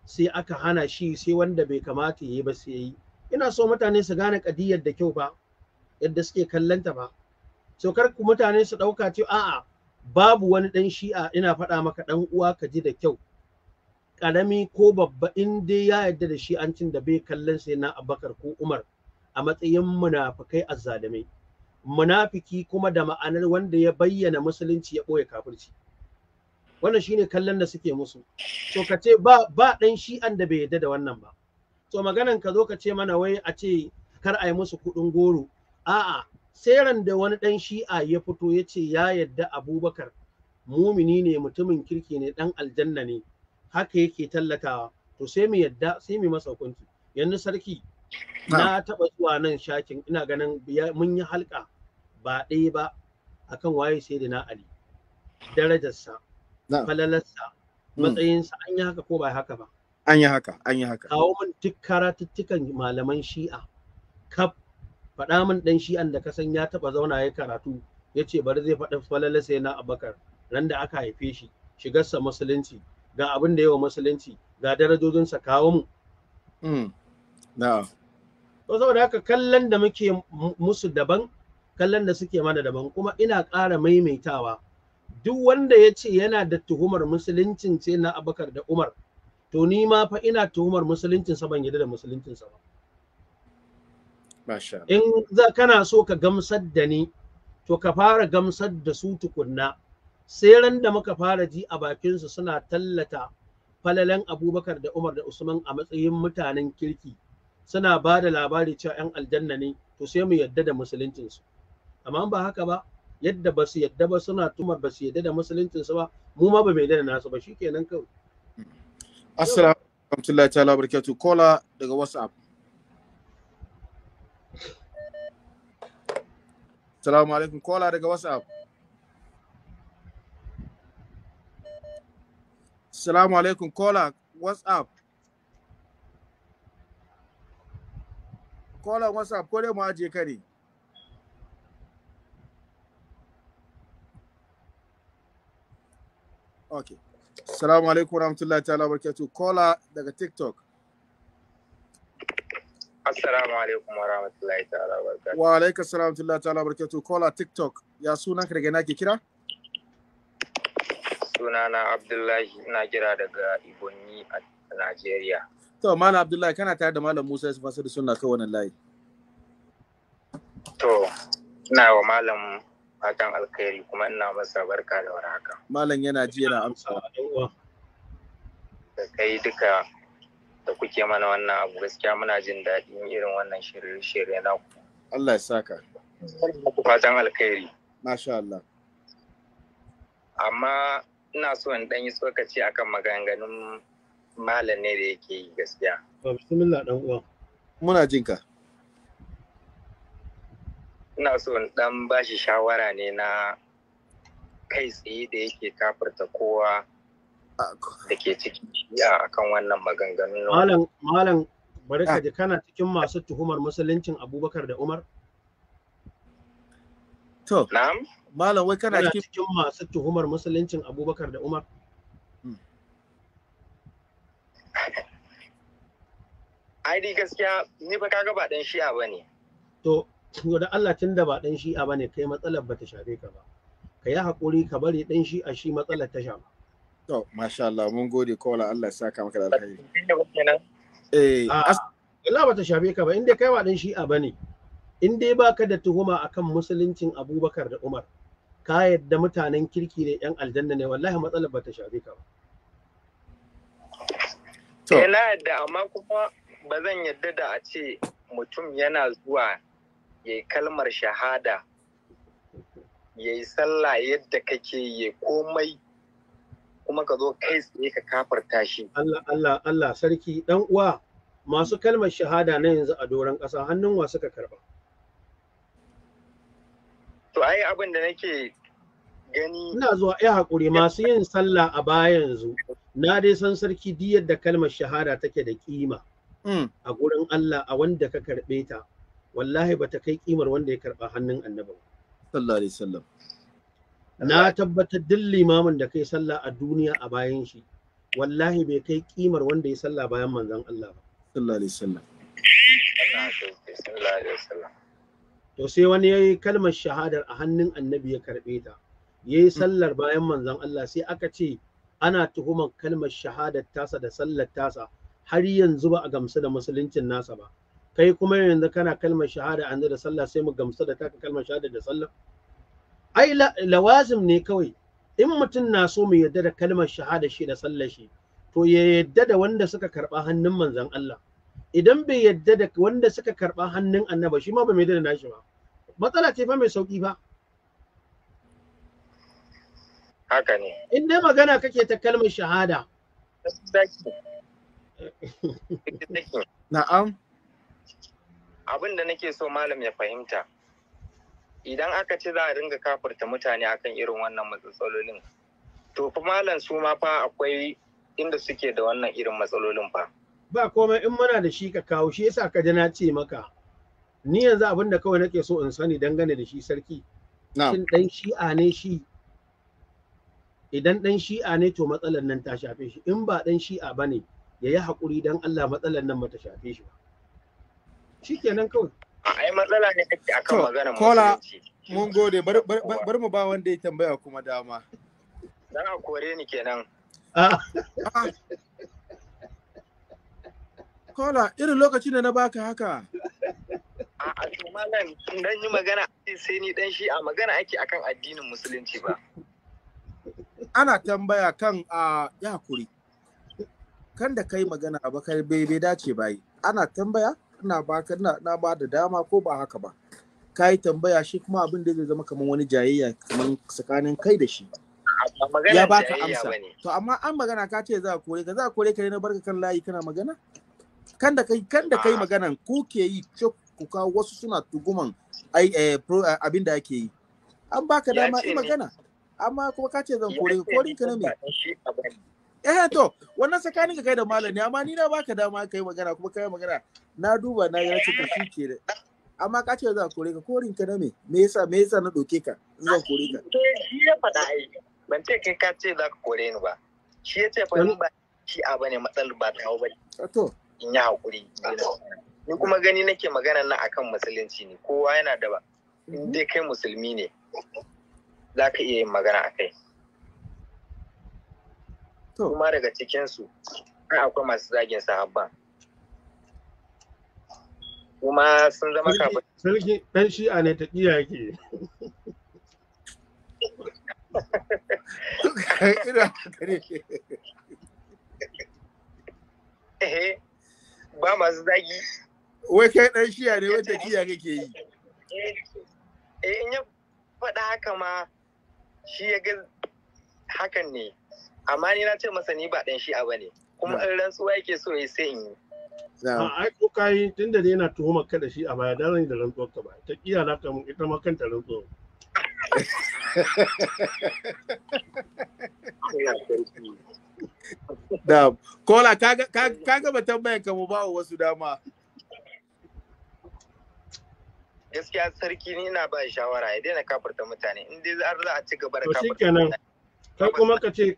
sai aka hana shi sai wanda bai kamata ya yi ba sai ya yi ina so mutane su gane kadiyar da kyau ba yadda suke kallanta ba so kar ku mutane su ɗauka ce a'a babu wani ɗan shi'a ina faɗa maka ɗan uwa ka ji da kyau ƙarami ko babba in dai ya yarda da shi'ancin da bai kallon sai na abakar ko umar a matsayin munafikai azzalumai munafiki kuma da ma'anar wanda ya bayyana musulunci ya ɓoye kafirci wannan shine kallon da suke musu to ka ce ba ba ɗan shi'an da bai yarda da wannan ba to maganan ka zo ka ce mana wai a ce kar a yi musu kuɗin goro a'a sai da wani ɗan shi'a ya fito ya ce ya yadda abubakar mumini ne mutumin kirki ne ɗan aljanna ne haka yake tallatawa to sai mu yadda sai mu masa hukunci yanzu sarki na taɓa zuwa nan shakin ina ganin mun yi halka ba ɗaya ba akan waye sai da na ali darajarsa falalarsa hmm. matsayinsa an yi haka ko ba haka ba an yi haka an yi haka kawo min tikkara malaman shi'a kaf faɗa min ɗan shi'an da ka san ya taɓa zauna ya karatu ya ce bari zai faɗa falala sai na abakar ran da aka haife shi shigarsa musulunci ga abin da yawa musulunci ga darajojinsa kawo mu. Hmm. To saboda haka kallon da muke musu daban kallon da suke mana daban kuma ina ƙara maimaitawa duk wanda ya ce yana da tuhumar musuluncin sai na abakar da umar to ni ma fa ina tuhumar musuluncinsa ban yadda da musuluncinsa ba. in za kana so ka gamsar da ni to ka fara gamsar da su tukunna sai ran da muka fara ji a bakinsu suna tallata falalan abubakar da umar da usman a matsayin mutanen kirki suna ba da labari cewa 'yan aljanna ne to sai mu yadda da musuluncinsu amma ba haka ba yadda ba su yadda ba suna tumar ba su yadda da musuluncinsu ba mu ma ba mai da nasu ba shikenan kawai assalamu alaikum warahmatullahi ta'ala kola daga whatsapp Salamu alaikum. Kola daga WhatsApp. Salamu alaikum. Kola WhatsApp. Kola WhatsApp ko dai mu ajiye ka ne. Okay. Salamu alaikum warahmatullahi ta'ala barakatuh. Kola daga TikTok. Assalamu alaikum warahmatullahi ta'ala barakatuh. Wa alaikum assalam warahmatullahi ta'ala barakatuh. Kola TikTok ya suna ka daga ina ke kira? Sunana Abdullahi ina kira daga Ibonyi a Najeriya. To Malam Abdullahi kana tare da Malam Musa Yusuf da suna kai wannan layi. To ina wa Malam fatan alkhairi kuma ina masa barka da warhaka. Malam yana ji yana amsa. Da kai duka da kuke mana wannan abu gaskiya muna jin daɗin irin wannan shirye-shirye na ku. Allah ya saka. fatan alkhairi. Masha Allah. Amma ina so in ɗan yi tsokaci kan maganganun malam ne da yake yi gaskiya. Bismillah ɗan uwa. Muna jin ka. Ina so in ɗan ba shi shawara ne na kai tsaye da yake kafarta kowa da ke ciki a kan wannan maganganun malam malam bari ah. ji kana cikin masu tuhumar musuluncin abubakar da umar to na'am malam wai kana cikin masu tuhumar musuluncin abubakar da umar hmm. ai dai gaskiya ni ba kaga ba dan shi'a bane to da Allah tun ba dan shi'a bane kai matsalar bata shafe ka ba ka yi haƙuri ka bari dan shi'a shi matsalar ta shafa To, masha Allah, mun gode kola Allah ya saka maka da alheri. Eh, ah, Allah ba ta shafe ka ba, inda kai wa ɗin shi'a ba ne, in dai ba ka da tuhuma akan musuluncin Abubakar da Umar, ka yadda mutanen kirki ne ‘yan aljanna ne, wallahi matsalar ba ta shafe ka ba. To. Yana eh, yadda amma kuma ba zan yadda da a ce mutum yana zuwa yayi kalmar shahada, yayi sallah yadda kake yi komai kuma ka zo kai tsaye ka kafarta shi Allah Allah Allah sarki dan uwa masu kalmar shahada na yanzu a doron ƙasa hannun wa suka karba to ai abin da nake gani ina zuwa ai hakuri masu yin sallah a baya yanzu na dai san sarki di da kalmar shahada take da kima hmm. a gurin Allah a wanda ka karbe ta wallahi bata kai kimar wanda ya karba hannun annabi sallallahu alaihi wasallam na tabbatar duk limamin da kai sallah a duniya a bayan shi wallahi bai kai kimar wanda ya sallah bayan manzon Allah ba sallallahu alaihi wasallam to sai wani yayi kalmar shahadar a hannun annabi ya karbe ta yayi sallar bayan manzon Allah sai aka ce ana tuhumar kalmar shahadar tasa da sallar tasa har yanzu ba a gamsu da musuluncin nasa ba kai kuma yanzu kana kalmar shahada an da sallah sai mu gamsu da taka kalmar shahada da sallah ai lawazim ne kawai in mutum na so mu yadda da kalmar shahada shi da sallar shi to ya yadda da wanda suka karba hannun manzon Allah idan bai yadda da wanda suka karba hannun annaba shi ma ba mai da nashi ba matsala ce fa mai sauki fa haka ne in dai magana kake ta kalmar shahada na'am abin da nake so malam ya fahimta idan aka ce za a ringa kafurta mutane akan irin wannan matsalolin to fa malam su ma fa akwai inda suke da wannan irin matsalolin fa ba komai in muna da shi ka kawo shi yasa ka ji na ce maka ni yanzu abin da kawai nake so in sani dangane da shi sarki shin dan shi'a ne shi idan dan shi'a ne to matsalar nan ta shafe shi in ba dan shi'a bane ya yi dan Allah matsalar nan ba ta shafe shi ba shikenan kawai ai matsala ne kake akan magana kola mun gode bar mu ba wanda ya tambaya kuma dama dan a kore ni kenan ah. Ah. kola irin lokacin da na baka haka a to malam dan yi magana sai ni dan shi a magana ake akan addinin musulunci ba ana tambaya kan a Yakuri. kan da kai magana ba kai bai dace bai ana tambaya ina baka ina na ba da dama ko ba haka ba ka yi tambaya shi kuma abin da zai zama kamar wani jayayya kamar tsakanin kai da shi ya baka amsa to amma an magana ka ce za a kore ka za a kore ka ne na barka kan layi kana magana kan da kai kan da kai ah. magana ku ke yi ku kawo wasu suna tuguman ai eh, eh abin da ake yi an baka dama in magana amma kuma ka ce zan kore ka korin ka na me eh to wannan tsakanin ka kai da malami amma ni na baka dama kai magana kuma kai magana na duba na ga cika shi ke da amma ka ce za kore ka korin ka na me me yasa me yasa na doke ka zan kore ka to eh, shi ya faɗa ai ban ce kai ka ce za ka kore ni ba shi ya ce fa ba shi a bane matsalar ba ta ba to in yi hakuri ni kuma gani nake magana na akan musulunci ne kowa yana da ba in dai kai musulmi ne za ka iya yin magana a kai kuma daga cikinsu har akwai masu zagin sahabban kuma sun zama kafin sarki ɗan a ne ta iya ke ba masu zagi wai kai ɗan shi ne wata kiya kake yi eh in ya faɗa haka ma shi ya ga hakan ne amma ni na ce masa ni ba ɗan shi a bane kuma in rantsuwa yake so ya sai in yi. ai ko kai ne da yana tuhumar ka da shi a baya da ran da rantsuwar ka ba ta kiya na kan ita ma kanta rantsuwa da kola ka ga tambayar ka mu ba wasu dama gaskiya sarki ni ina ba shawara ya daina kafarta mutane in dai za a ci gaba da kafarta mutane kai kuma ka ce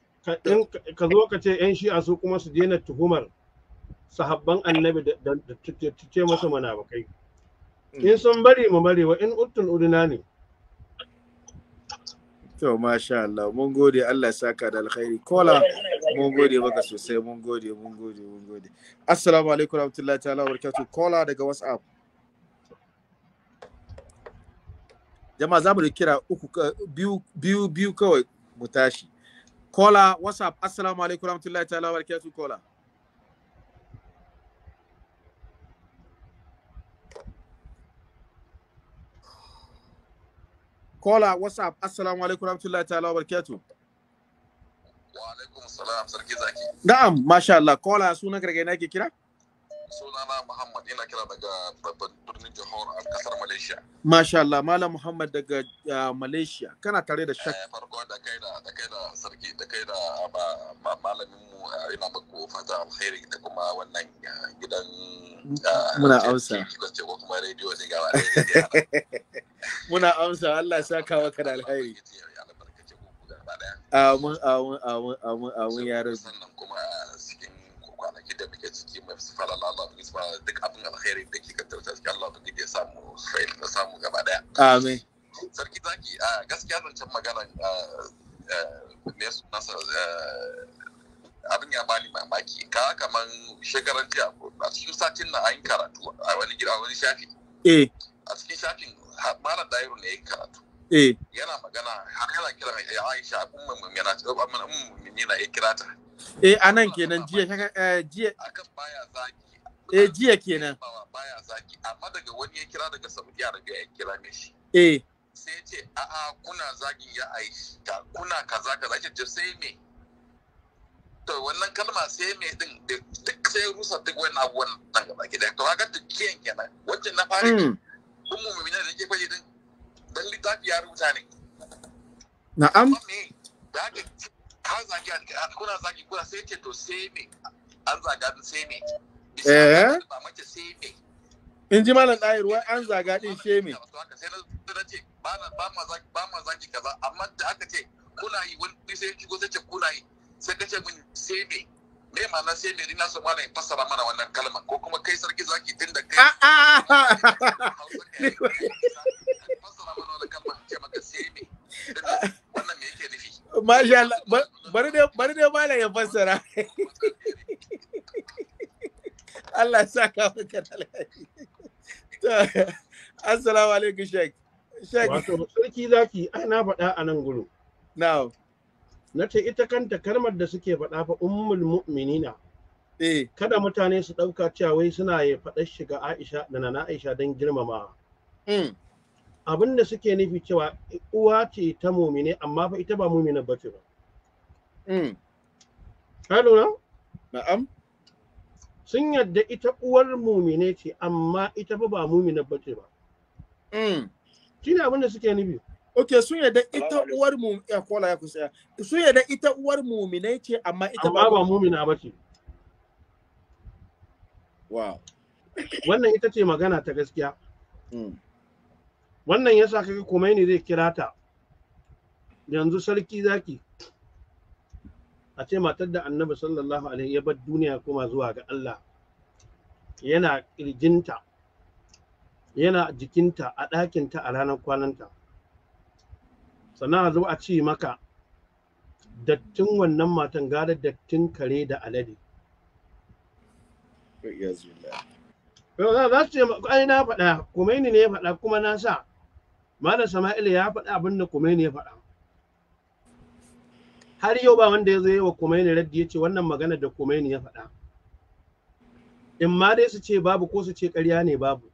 ka zo ka ce yan shi'a su kuma su daina tuhumar sahabban annabi da ce masa manabakai in sun bari mu bari wa in uttun uduna ne to masha Allah mun gode Allah saka da alkhairi kola mun gode maka sosai mun gode mun gode mun gode assalamu alaikum warahmatullahi ta'ala wabarakatuh kola daga whatsapp jama'a za mu da kira uku biyu biyu kawai mu tashi Kola, up? Assalamu alaikum warahmatullahi ta'ala barakatuh Kola. Kola, up? Assalamu alaikum warahmatullahi ta'ala barakatuh. Wa alaikum salam sarki zaki. Na'am, masha Allah. Kola suna gargaɗi na ke kira? Sunana Muhammad ina kira daga babban Johor a kasar Malaysia. Masha Allah, Malam Muhammad daga uh, Malaysia, kana tare da shak. Eh, farko da kai da da kai da sarki da kai da malamin mu eh, ina muku fata alheri da kuma wannan eh, gidan muna amsa. Ko kuma ne gaba Muna amsa, Allah ya saka maka da alkhairi. Amin, amin, amin, amin, amin kwanaki da muke ciki mai sifar Allah bin isma duk abin alkhairi da ke kan ta cikin Allah bin ya samu sai na samu gaba daya. Amin. Sarki zaki a gaskiya zancen magana me sunansa abin ya bani mamaki ka kaman shekaran jiya a cikin satin na an karatu a wani gida wani shafi. Eh. A cikin shafin mara Dairu ne ya karatu. Eh. Yana magana har yana kira mai Aisha abin mummun yana yana ya kira ta. eh anan kenan jiya eh, jiya akan baya zaki eh jiya kenan baya zaki amma daga wani ya kira daga Saudi Arabia ya kira me shi eh sai ya ce a'a kuna zagin ya ta kuna kaza kaza ya ce sai me to wannan kalma sai me din duk sai rusa duk wannan abubuwan nan gaba gida to haka tukiyan kenan wacce na fara hmm. kun mu mumina da ke kwaje din dan littafi ya rubuta ne na'am da haka ka zagi kuna zagi kuna sai ce to sai me an zaga din sai me eh ba mace sai me in ji malam an zaga din sai me sai na ce ba ma zagi ba ma zagi kaza amma da aka ce kuna yi wani sai ce kuna yi sai ka ce sai me me ma'ana sai me so malam fassara mana wannan kalmar ko kuma kai sarki zaki tun da kai ah, ah, ah, fassara mana wannan kalmar ce maka sai me wannan me yake nufi Masha Allah, bari dai mala ya fassara. Allah sa ka maka alhaji. Assalamu alaikum Sheikh. Sheikh. Wato sarki zaki ai na faɗa a nan gudu? Na'am. Na ce ita kanta kalmar da suke faɗa fa ummul mu'minina. Eh. Kada mutane su ɗauka cewa wai suna ya faɗa shiga Aisha da na Aisha don girmamawa. Mm. abin da suke nufi cewa uwa ce ta mumine amma fa ita ba mumina ba ce hmm. ba ka na? na'am sun yadda ita uwar mumine ce amma ita fa ba mumina ba ce ba hmm. shi ne abin da suke nufi Ok, sun yadda ita uwar mu ya kola ya kusa sun yadda ita uwar mumine ce amma ita ba ba mumina ba ce wow wannan ita ce magana ta gaskiya mm. wannan ya sa kaga komai ne zai kira ta yanzu sarki zaki a ce matar da annabi sallallahu alaihi ya bar duniya kuma zuwa ga Allah yana kirjinta yana jikinta a ɗakinta a ranar kwananta sannan a zo a ce maka dattin wannan matan gara dattin kare da alade za su ce ai na faɗa kuma ne ya faɗa kuma na sa Malam Sama'ila ya faɗa abin da ne ya faɗa. Har yau ba wanda ya zo yi wa Khomeini raddi ya ce wannan magana da Khomeini ya faɗa. In ma dai su ce babu ko su ce ƙarya ne babu.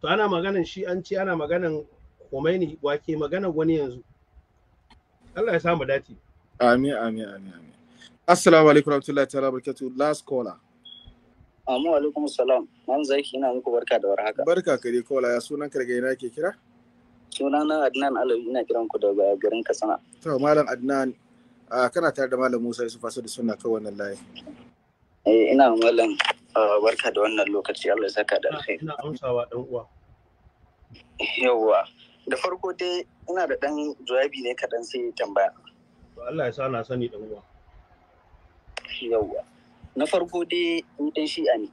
To ana maganan shi an ce ana maganan Khomeini wake maganan wani yanzu. Allah ya samu dace. Amin amin amin amin. Assalamu alaikum warahmatullahi ta'ala barakatuh. Last caller. Amma alaikum salam. Man zaki ina muku barka da warhaka. Barka kare kola ya sunan karga ina ke kira? sunana adnan alawi ina kiran ku daga garin katsina to malam adnan kana tare da malam musa yusuf asu da suna kawai wannan layi eh ina malam barka da wannan lokaci allah ya saka da alkhairi ina amsawa dan uwa Yawwa da farko dai ina da dan jawabi ne kaɗan sai tambaya to allah ya sa na sani dan uwa Yawwa na farko dai ni dan shi'a ne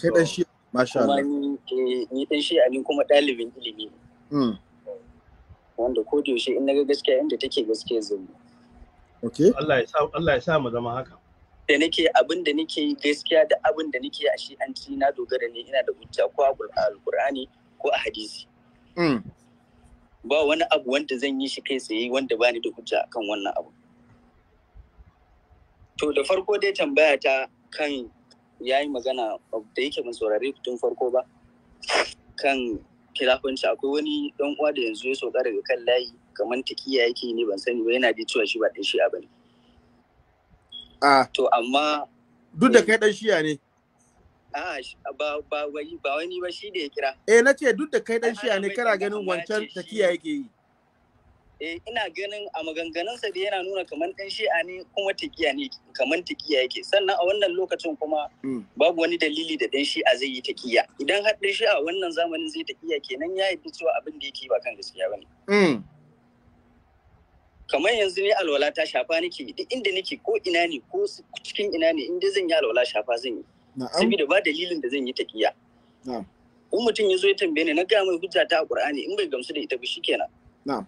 kai dan shi'a masha Allah ni dan eh, shi'a ne kuma ɗalibin ilimi ne Hmm. wanda ko da yaushe in naga gaskiya inda take gaskiya zai okay Allah ya sa Allah ya sa mu zama haka da nake abin da nake gaskiya da abin da nake a shi an ci na dogara ne ina da hujja ko a alqur'ani ko a hadisi hmm. ba wani abu wanda zan yi shi kai tsaye wanda bani da hujja akan wannan abu to da farko dai tambaya ta kan yayi magana da yake mun saurare tun farko ba kan kilafanci akwai wani dan uwa da yanzu ya sauka daga kan layi kamar takiya yake ne ban sani ba yana da cewa shi ba dan shi'a bane a to amma duk da eh. kai dan shiya ne a ba ba wani ba wani ba shi da ya kira eh nace duk da kai dan shiya ne kana ganin wancan takiya yake yi eh ina ganin a maganganunsa da yana nuna kamar ɗan shi'a ne kuma tikiya ne kamar tikiya yake sannan a wannan lokacin kuma hmm. babu wani dalili da ɗan shi'a zai yi tikiya idan har ɗan shi'a wannan zamanin zai tikiya kenan ya yi cewa abin da yake ba kan gaskiya ba ne. Hmm. kamar yanzu ne alwala ta shafa nake duk inda nake ko ina ne ko cikin ina ne inda zan yi alwala shafa zan yi saboda ba dalilin da zan yi tikiya. Kuma mutum ya zo ya tambaye ni na ga mai hujja ta a qur'ani in bai gamsu da ita ba shikenan na'am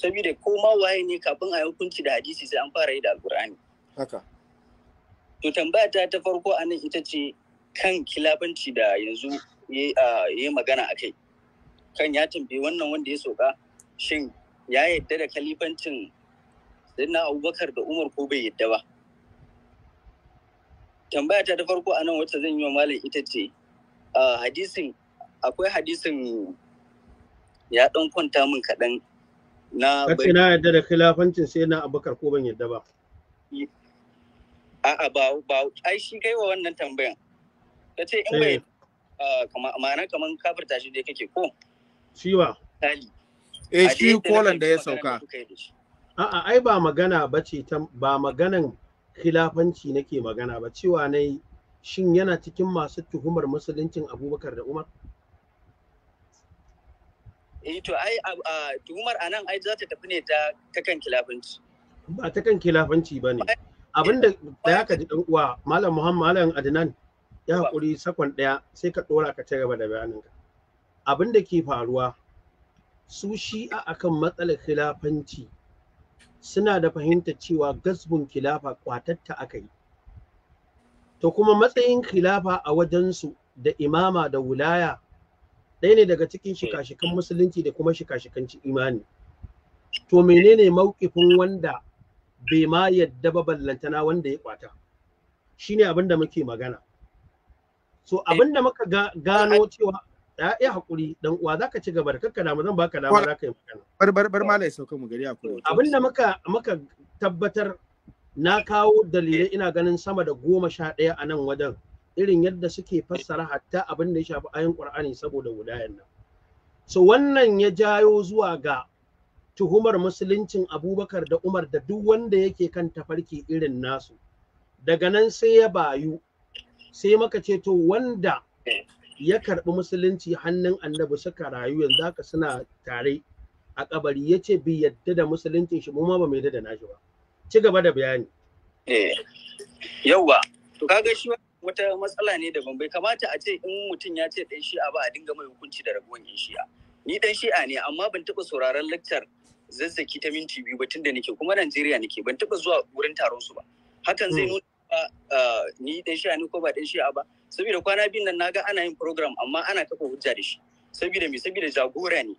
saboda ko ma waye ne kafin a yi hukunci da hadisi sai an fara yi da alkur'ani haka to tambaya ta ta farko a nan ita ce kan kilabanci da yanzu ya yi magana a kai kan ya tambayi wannan wanda ya soka shin ya yadda da kalifancin na abubakar da umar ko bai yadda ba tambaya ta ta farko a nan wacce zan yi wa malam ita ce hadisin akwai hadisin ya ɗan kwanta min kaɗan na kace na yadda da khilafancin sai na abubakar ko ban yadda ba a'a ba ba ai shi kai wa wannan tambayan kace in bai eh. kama ma'ana kaman kafirta shi dai kake ko shi ba eh shi kolan da ya sauka a'a ai ba magana ba bace ba maganan khilafanci nake magana ba cewa na shin yana cikin masu tuhumar musuluncin abubakar da umar eh to ai tuhumar anan ai za ta tafi ne ta kilafanci ba ta kan kilafanci ba ne abinda da ya kaji dan uwa malam muhammad malam adnan ya hakuri sakon daya sai ka dora ka ci da bayaninka abinda ke faruwa su a akan matsalar kilafanci suna da fahimtar cewa gasbun kilafa kwatatta aka yi to kuma matsayin kilafa a wajensu da imama da wulaya ɗaya ne daga cikin eh. shika-shikan musulunci da kuma shika-shikan imani to menene mawkifin wanda bai ma yadda ba ballantana wanda ya kwata shine abin da muke magana so eh. abin da muka gano cewa ya yi eh, hakuri dan uwa zaka ci gaba da kakka da zan baka dama zaka yi magana bar bar bar malai sauka mu gari hakuri abin da muka muka tabbatar na kawo dalilai ina ganin sama da goma sha ɗaya a nan wajen irin yadda suke fassara hatta abin da ya shafi ayin Qur'ani saboda wudayen nan so wannan ya jayo zuwa ga tuhumar musuluncin Abubakar da Umar da duk wanda yake kan tafarki irin nasu daga nan sai ya bayu sai maka ce to wanda ya karɓi musulunci hannun annabi suka rayu yanzu haka suna tare a kabari ya ce bi yadda da musuluncin shi mu ma ba mai yadda da nashi ba ci gaba da bayani eh yauwa to kaga shi wata matsala ne daban bai kamata a ce in mutum ya ce ɗan shi'a ba a dinga mai hukunci da raguwan yin shi'a ni ɗan shi'a ne amma ban taɓa sauraron lakcar zazzaki ta minti biyu ba tun da nake kuma Najeriya nake ban taɓa zuwa wurin taron su ba hakan zai hmm. nuna ah, ni ɗan shi'a ne ko ba ɗan shi'a ba saboda kwana biyun nan naga ana yin program amma ana kafa hujja da shi saboda me saboda jagora ne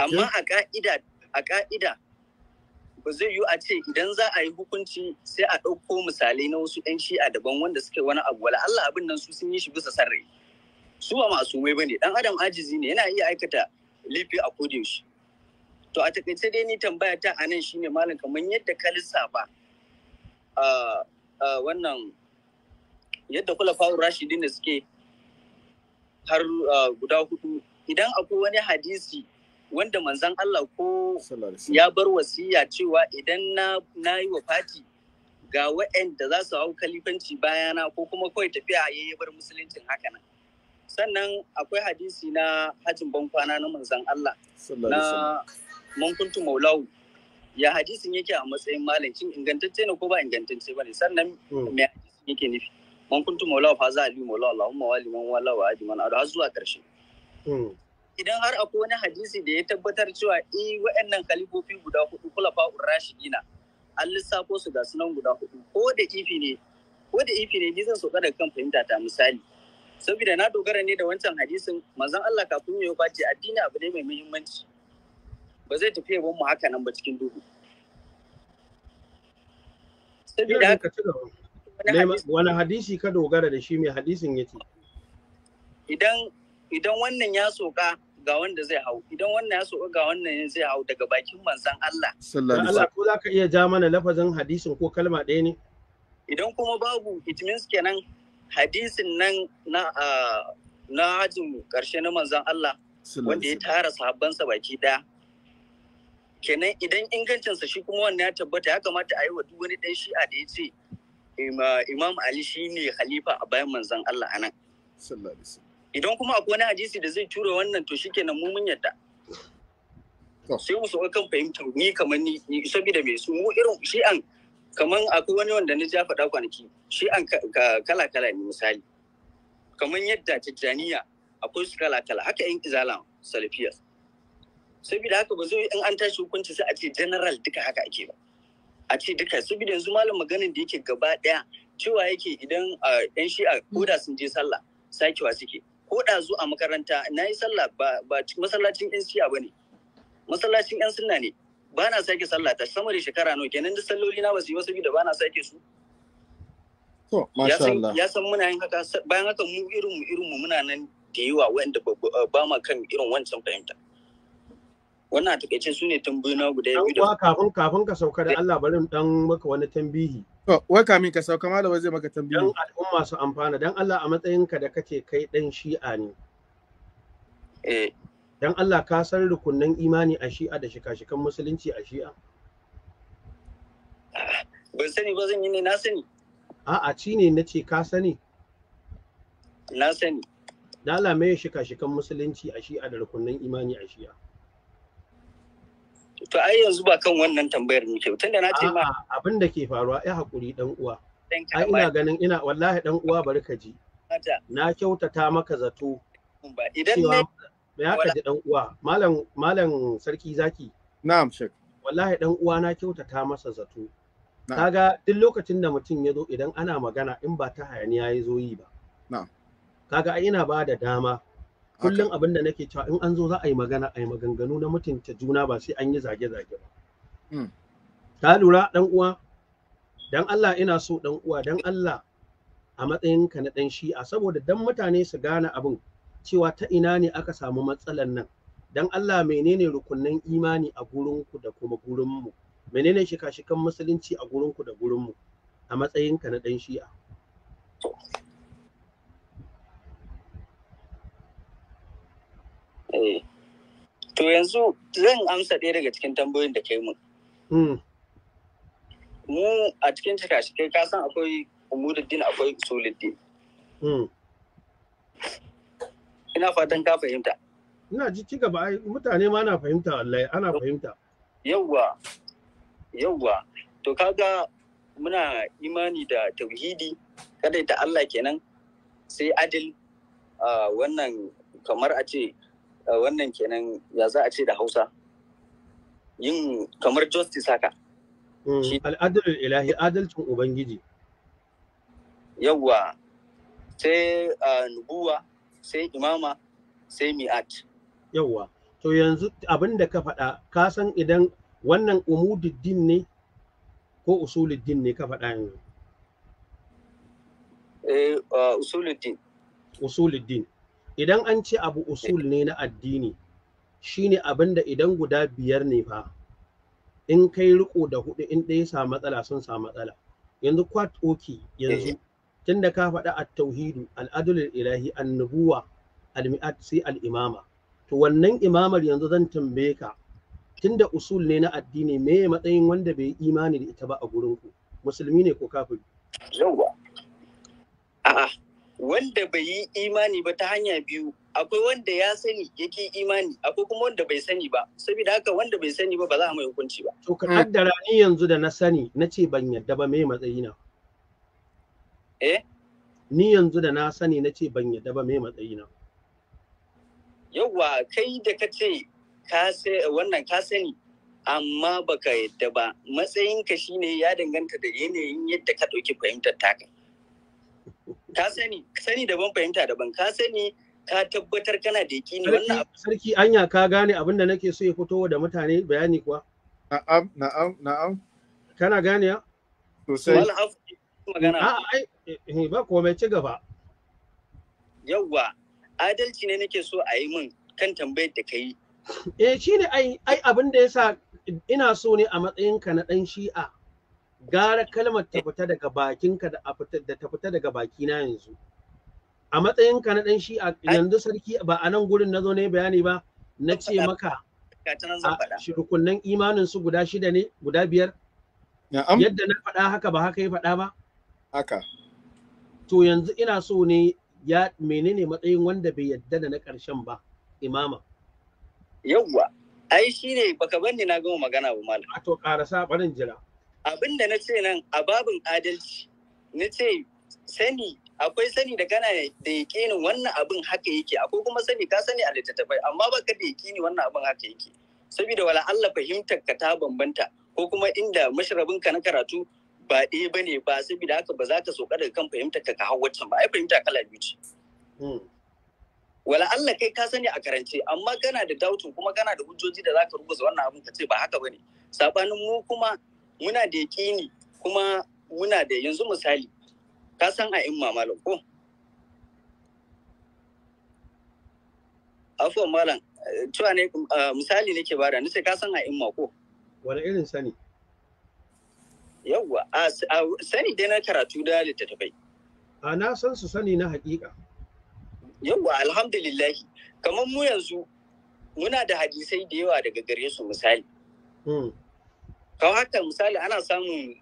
amma a ka'ida a ka'ida ba zai yiwu a ce idan za a yi hukunci sai a ɗauko misalai na wasu 'yan shi'a daban wanda suke wani abu wala Allah abin nan su sun yi shi bisa sarrai su ba ne bane dan adam ajizi ne yana iya aikata lifi a shi. to a takaice dai ni tambaya ta anan shine malam kaman yadda ka lissafa ah, ah, wannan yadda kula fa'ur rashidin da suke har ah, guda hudu idan akwai wani hadisi wanda manzan Allah ko ya bar wasiya cewa idan na yi wa fati ga waɗanda za su hau kalifanci bayana ko kuma kawai tafiya ya bar musuluncin haka nan. Sannan akwai hadisi na hajin bankwana na manzan Allah na mankuntu maulawu. Ya hadisin yake a matsayin malancin ingantacce ne ko ba ingantacce ba ne sannan hmm. me hadisin yake nufi. Mankuntu maulawu fa za a bi maulawu Allahumma wali man wala wa adi man har zuwa ƙarshe. Hmm. idan har akwai wani hadisi da ya tabbatar cewa e, waɗannan kalifofi guda hudu kulafa urashidina an lissafo su ga sunan guda hudu ko da ifi ne ko da ifi ne ni zan so kada kan fahimta ta misali saboda na dogara ne da wancan hadisin manzon Allah kafin ya bace addini abu ne mai muhimmanci ba zai tafi yabon mu haka nan ba cikin duhu saboda wani hadisi ka dogara da shi mai hadisin yace idan idan wannan ya soka ga wanda zai hau idan wannan ya soka ga wannan zai hau daga bakin manzon Allah Allah ko zaka iya ja mana lafazin hadisin ko kalma ɗaya ne idan kuma babu it means kenan hadisin nan na na hajjin karshe na manzon Allah wanda ya tara sahabbansa baki ɗaya kenan idan ingancinsa shi kuma wannan ya tabbata ya kamata a yi wa duk wani dan shi'a da ya ce imam ali shi ne khalifa a bayan manzon Allah a nan idan kuma akwai wani hadisi da zai tura wannan to kenan mu mun yadda sai mu sauka kan fahimtar ni kamar ni saboda me su mu irin shi an kamar akwai wani wanda na ja faɗa kwanaki shi an kala kala ne misali kamar yadda tijjaniya akwai su kala kala haka yin izalam salafiya saboda haka ba zai in an tashi hukunci sai a ce general duka haka ake ba a ce duka saboda yanzu malam maganin da yake gaba daya cewa yake idan ah, yan shi'a koda sun je sallah sakewa suke ko ɗazu a makaranta na yi sallah ba masallacin yan siya ba ne masallacin yan sunna ne ba na sake sallah ta sama da shekara nawa kenan duk salloli na ba su yi wasu da ba na sake su ya san muna yin haka bayan haka mu irin mu irin mu muna nan da yawa wanda ba ma kan irin wancan fahimta wannan a takaice su ne tambayoyi na guda biyu da kafin kafin ka sauka da Allah bari dan maka wani tambihi To, wai kamin ka sauka malama zai maka tambayi. Dan al'umma su amfana, dan Allah a matsayinka da kake kai dan shi'a ne. Eh. Dan Allah ka san rukunnan imani a shi'a da shika-shikan musulunci a shi'a? Ban sani ba zan yi ne na sani. A'a ci ne na ce ka sani. Na sani. Dan Allah me shika-shikan musulunci a shi'a da rukunnan imani a shi'a? to ai yanzu ba kan wannan tambayar muke tunda na ce ma abin da ke faruwa ai hakuri dan uwa ai ina ganin ina wallahi dan uwa bari ka ji na kyautata maka zato idan ne me haka ji dan uwa malam malam sarki zaki na'am shek wallahi dan uwa na kyautata masa zato kaga duk lokacin da mutum ya zo idan ana magana in ba ta hayaniya ya zo yi ba kaga ina ba da dama kullum abin da nake cewa in an zo za a yi magana a yi maganganu na mutunta juna ba sai an yi zage-zage ba hmm. ta lura dan uwa dan Allah ina so dan uwa dan Allah a matsayin ka na dan shi'a saboda dan mutane su gane abin cewa ta ina ne aka samu matsalan nan dan Allah menene rukunnan imani a gurinku da kuma gurinmu menene shika-shikan musulunci a gurinku da gurinmu a matsayinka na dan shi'a Eh. To yanzu zan amsa ɗaya daga cikin tambayoyin da kai mun. Hmm. Mu a cikin cika shi ka san akwai umuruddin akwai soliddin. Hmm. Ina fatan ka fahimta. Ina ji ci gaba mutane ma na fahimta wallahi ana fahimta. Yawwa, yawwa. To kaga muna imani da tauhidi kada ta Allah kenan sai adil ah, wannan kamar a ce Eh, wannan kenan ya za a ce da hausa yin kamar justice haka hmm, al'adalul ilahi adalcin ubangiji yawwa sai eh, nubuwa sai imama sai mi'at yawwa to yanzu abin da ka faɗa ka san idan wannan umududdin ne ko usuluddin ne ka faɗa yanzu eh, eh usuluddin usuluddin idan an ce abu usul ne na addini shine abin da idan guda biyar ne fa in kai riko da hudu in ɗaya sa matsala sun sa matsala yanzu kwat oki yanzu eh. tunda ka faɗa at-tauhidu al-adl ilahi an-nubuwa al-mi'at sai al-imama to wannan imamar yanzu zan tambaye ka tunda usul ne na addini me matsayin wanda bai imani da ita ba a gurin ku musulmi ne ko kafiri yauwa a'a wanda bai yi imani ba ta hanya biyu akwai wanda ya sani yake imani akwai kuma wanda bai sani ba saboda haka wanda bai sani ba ba za a mai hukunci ba to ka hmm. kaddara ni yanzu da na sani na ce ban yadda ba me matsayi na eh ni yanzu da na sani na ce ban yadda ba me matsayi na yawa kai da ka ce ka wannan ka sani amma baka yadda ba matsayinka shine ya danganta da yanayin yadda ka dauki fahimtar taka ka sani sani daban fahimta daban ka sani ka tabbatar kana da yakini wannan abu sarki anya ka gane abin da nake so ya fito da mutane bayani kuwa na'am na'am na'am kana gane ya sosai afu magana a ai eh, eh, ba komai ci gaba yawwa adalci ne nake so a yi min kan tambayar da ka yi eh shine ai ai abin da yasa ina so ne a matsayinka na dan shi'a gara kalmar ta fita daga bakinka da ta fita daga bakina yanzu a matsayinka na ɗan shi yanzu sarki ba a nan gurin na zo ne bayani ba na ce maka rukunnan imanin su guda shida ne guda biyar yadda na faɗa haka ba haka ya faɗa ba haka to yanzu ina so ne ya menene matsayin wanda bai yadda da na ƙarshen ba imama yawwa ai shine baka bani na gama magana ba malam to ƙarasa barin jira abin da na ce nan a babin adalci na ce sani akwai sani da kana da yakinin wannan abin haka yake akwai kuma sani ka sani a littattafai amma ba ka da yakini wannan abin haka yake saboda wala Allah fahimtar ka ta bambanta ko kuma inda mashrabin ka na karatu ba ɗaya ba ne ba saboda haka ba za ka soka daga kan fahimtar ka ka hau hawo ba ai fahimta kala biyu ce hmm. wala Allah kai ka sani a karance amma kana da da'utun, kuma kana da hujjoji da za ka rubuta wannan abin ka ce ba haka ba ne. saɓanin mu kuma muna da yaƙini kuma muna da yanzu misali ka san a in malam ko afuwan malam cewa ne misali ke bada nace ka san a in mako. wani irin sani yawwa a sani dai na karatu da littattafai a na san su sani na hakika. yawwa alhamdulillahi kamar mu yanzu muna da hadisai da yawa daga gare su misali hmm. kawai haka misali ana samun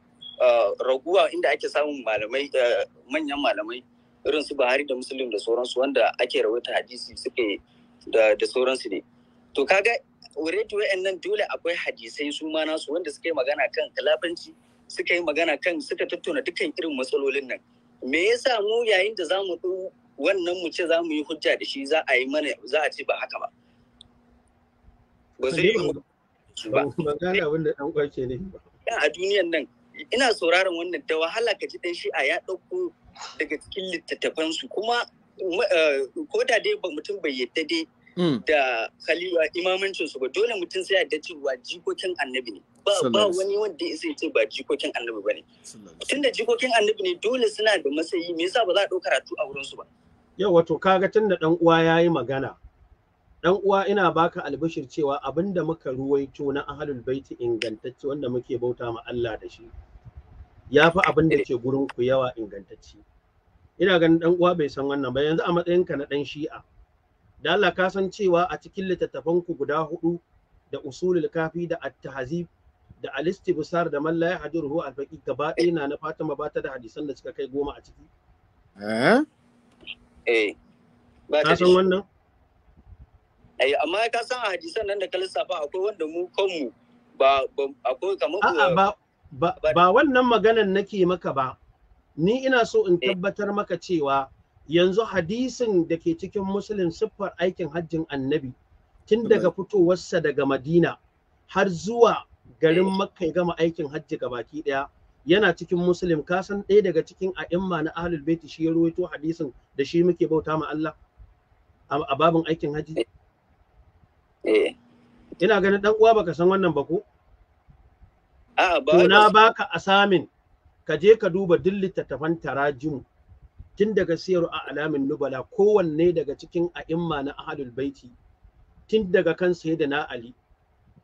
eh, raguwa inda ake samun malamai eh, manyan malamai irin su Buhari da musulun da sauransu wanda ake rawaita hadisi suke da sauransu ne to kaga already nan dole akwai hadisai su ma nasu wanda suka yi magana kan kalafanci suka yi magana kan suka tattauna dukkan irin matsalolin nan me yasa mu yayin da zamu ɗau wannan mu ce za mu yi hujja da shi za a yi mana za a ce ba haka ba ba a duniyan nan ina sauraron wannan da wahala ka ji dan a ya ɗauko daga cikin littattafansu kuma eh, ko da dai mutum bai yadda dai hmm. da khalifa imamancin su ba dole mutum sai yadda cewa jikokin annabi ne ba wani wanda ya sai ce ba jikokin annabi ba ne tunda jikokin annabi ne dole suna da masayi me yasa ba za a dauka karatu a wurin su ba yau wato kaga tunda dan uwa ya yi magana dan uwa ina baka albishir cewa abinda muka ruwaito na ahlul baiti ingantacce wanda muke bauta ma Allah da shi yafi abin da eh. ke gurin ku yawa ingantacce ina ganin dan uwa bai san wannan ba yanzu a ka na dan shi'a da Allah ka san cewa a cikin littattafan ku guda hudu da usulul kafi da at-tahzib da al-istibsar da man la yahduruhu al-faqih gaba ɗaya na na Fatima ba ta da hadisan da suka kai goma a ciki eh eh ba ta san wannan ayi eh, amma ka san a hadisan nan da ka lissafa akwai wanda mu kanmu ba akwai kamar a'a ba ba wannan maganan nake maka ba ni ina so in eh. tabbatar maka cewa yanzu hadisin da ke cikin musulun siffar aikin hajjin annabi tun daga fitowarsa daga madina har zuwa garin eh. makka ya gama aikin hajji gabaki daya yana cikin muslim ka san ɗaya daga cikin a'imma na ahlul baiti shi ya ruwaito hadisin da shi muke bauta ma Allah a babin aikin hajji Eh. ina ganin ɗan uwa baka san wannan ba ko a'a ba to na baka asamin ka je ka duba duk littattafan tarajimu tun daga siyar a alamin nubala kowanne daga cikin a'imma na ahalul baiti tun daga kan sayyidina ali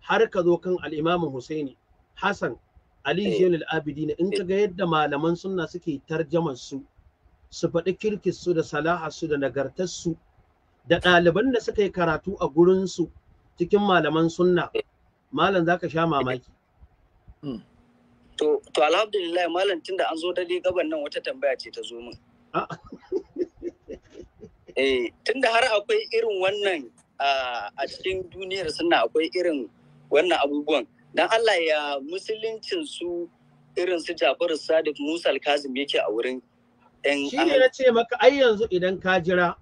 har ka zo kan al'imamu husaini hassan ali zainul eh. abidin in ka eh. ga yadda malaman sunna suke tarjaman su su faɗi kirkis su da salahar su da nagartar su da ɗaliban da suka yi karatu a gurin su cikin malaman sunna malam zaka sha mamaki hmm. to to alhamdulillah malam tunda an zo dali gaban nan wata tambaya ce ta zo min ah. eh tunda har akwai irin wannan ah, a cikin duniyar sunna akwai irin wannan abubuwan dan Allah ya musuluncin su irin su Jafaru Sadiq Musa Al-Kazim yake a wurin ɗan Shi ne na ce maka ai yanzu idan ka jira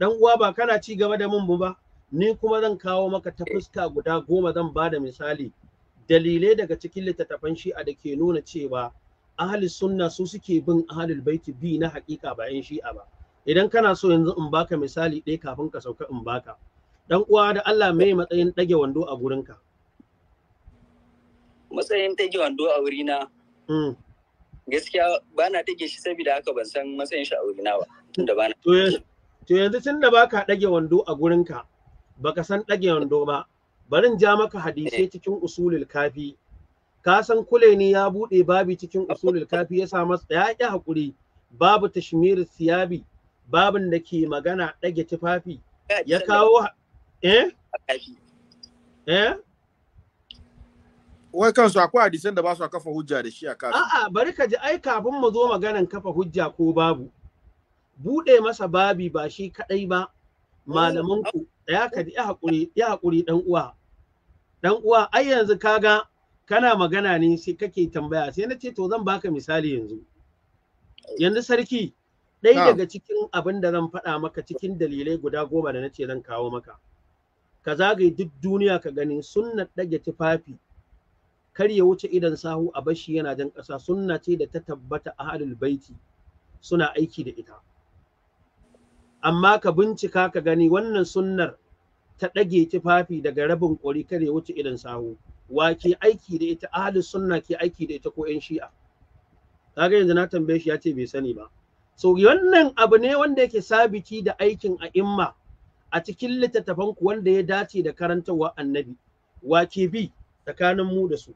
dan uwa ba kana ci gaba da mun ba ni kuma zan kawo maka ta fuska guda goma zan ba da misali dalilai daga cikin littattafan shi'a da ke nuna cewa ahli sunna su suke bin ahli baiti bi na hakika bayan shi'a ba idan kana so yanzu in baka misali ɗaya kafin ka sauka in baka dan uwa da Allah mai matsayin ɗage wando a gurin ka. matsayin ɗage wando a wurina hmm. gaskiya ba na ɗage shi saboda haka ban san matsayin shi a na ba tunda ba na to yanzu tunda baka ɗage wando a gurin ka. baka san ɗage wando ba barin ja maka hadisai eh. cikin usulul kafi ka san kuleni ya buɗe babi cikin usulul kafi ya samu ya ƙi haƙuri babu tashmir siyabi babin da ke magana ɗage tufafi ya kawo eh eh wai kansu akwai hadisan da ba su kafa hujja da shi a kafin a'a bari ka ji ai kafin mu zo maganan kafa hujja ko babu buɗe masa babi ba shi kaɗai ba mm. malamanku tsaya ka ya haƙuri ya haƙuri dan uwa dan uwa ai yanzu kaga kana magana ne sai kake tambaya sai na ce to zan baka misali yanzu yanzu sarki ɗaya daga cikin abin da zan faɗa maka cikin dalilai guda goma da na ce zan kawo maka ka zagaye duk duniya ka gani sunnar ɗage tufafi kar ya wuce idan sahu a bashi yana jan ƙasa sunna ce da ta tabbata ahlul baiti suna aiki da ita amma ka bincika ka gani wannan sunnar ta ɗage tufafi daga rabin kada kare wuce irin sahu wa ke aiki da ita ahli sunna ke aiki da ita ko yan shi'a kaga yanzu na tambaye shi ya ce bai sani ba so wannan abu ne wanda yake sabiti da aikin imma a cikin littattafan ku wanda ya dace da karantarwa annabi wa ke bi tsakanin mu da su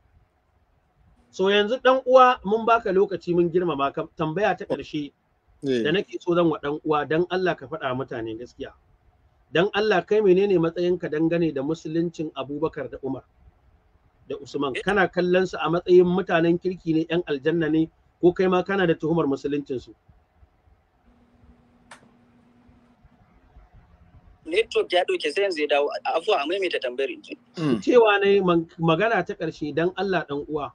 so yanzu dan uwa mun baka lokaci mun girmama ka tambaya ta ƙarshe Eh. da nake so zan wa uwa dan Allah ka faɗa mutane gaskiya dan Allah kai menene matsayinka dangane da musuluncin Abubakar da Umar da Usman eh. kana kallon su a matsayin mutanen kirki ne yan aljanna ne ko kai ma kana da tuhumar musuluncin su network ya ɗauke sai yanzu ya dawo afuwa a maimaita tambayar inji. Hmm. Cewa ne magana ta ƙarshe dan Allah ɗan uwa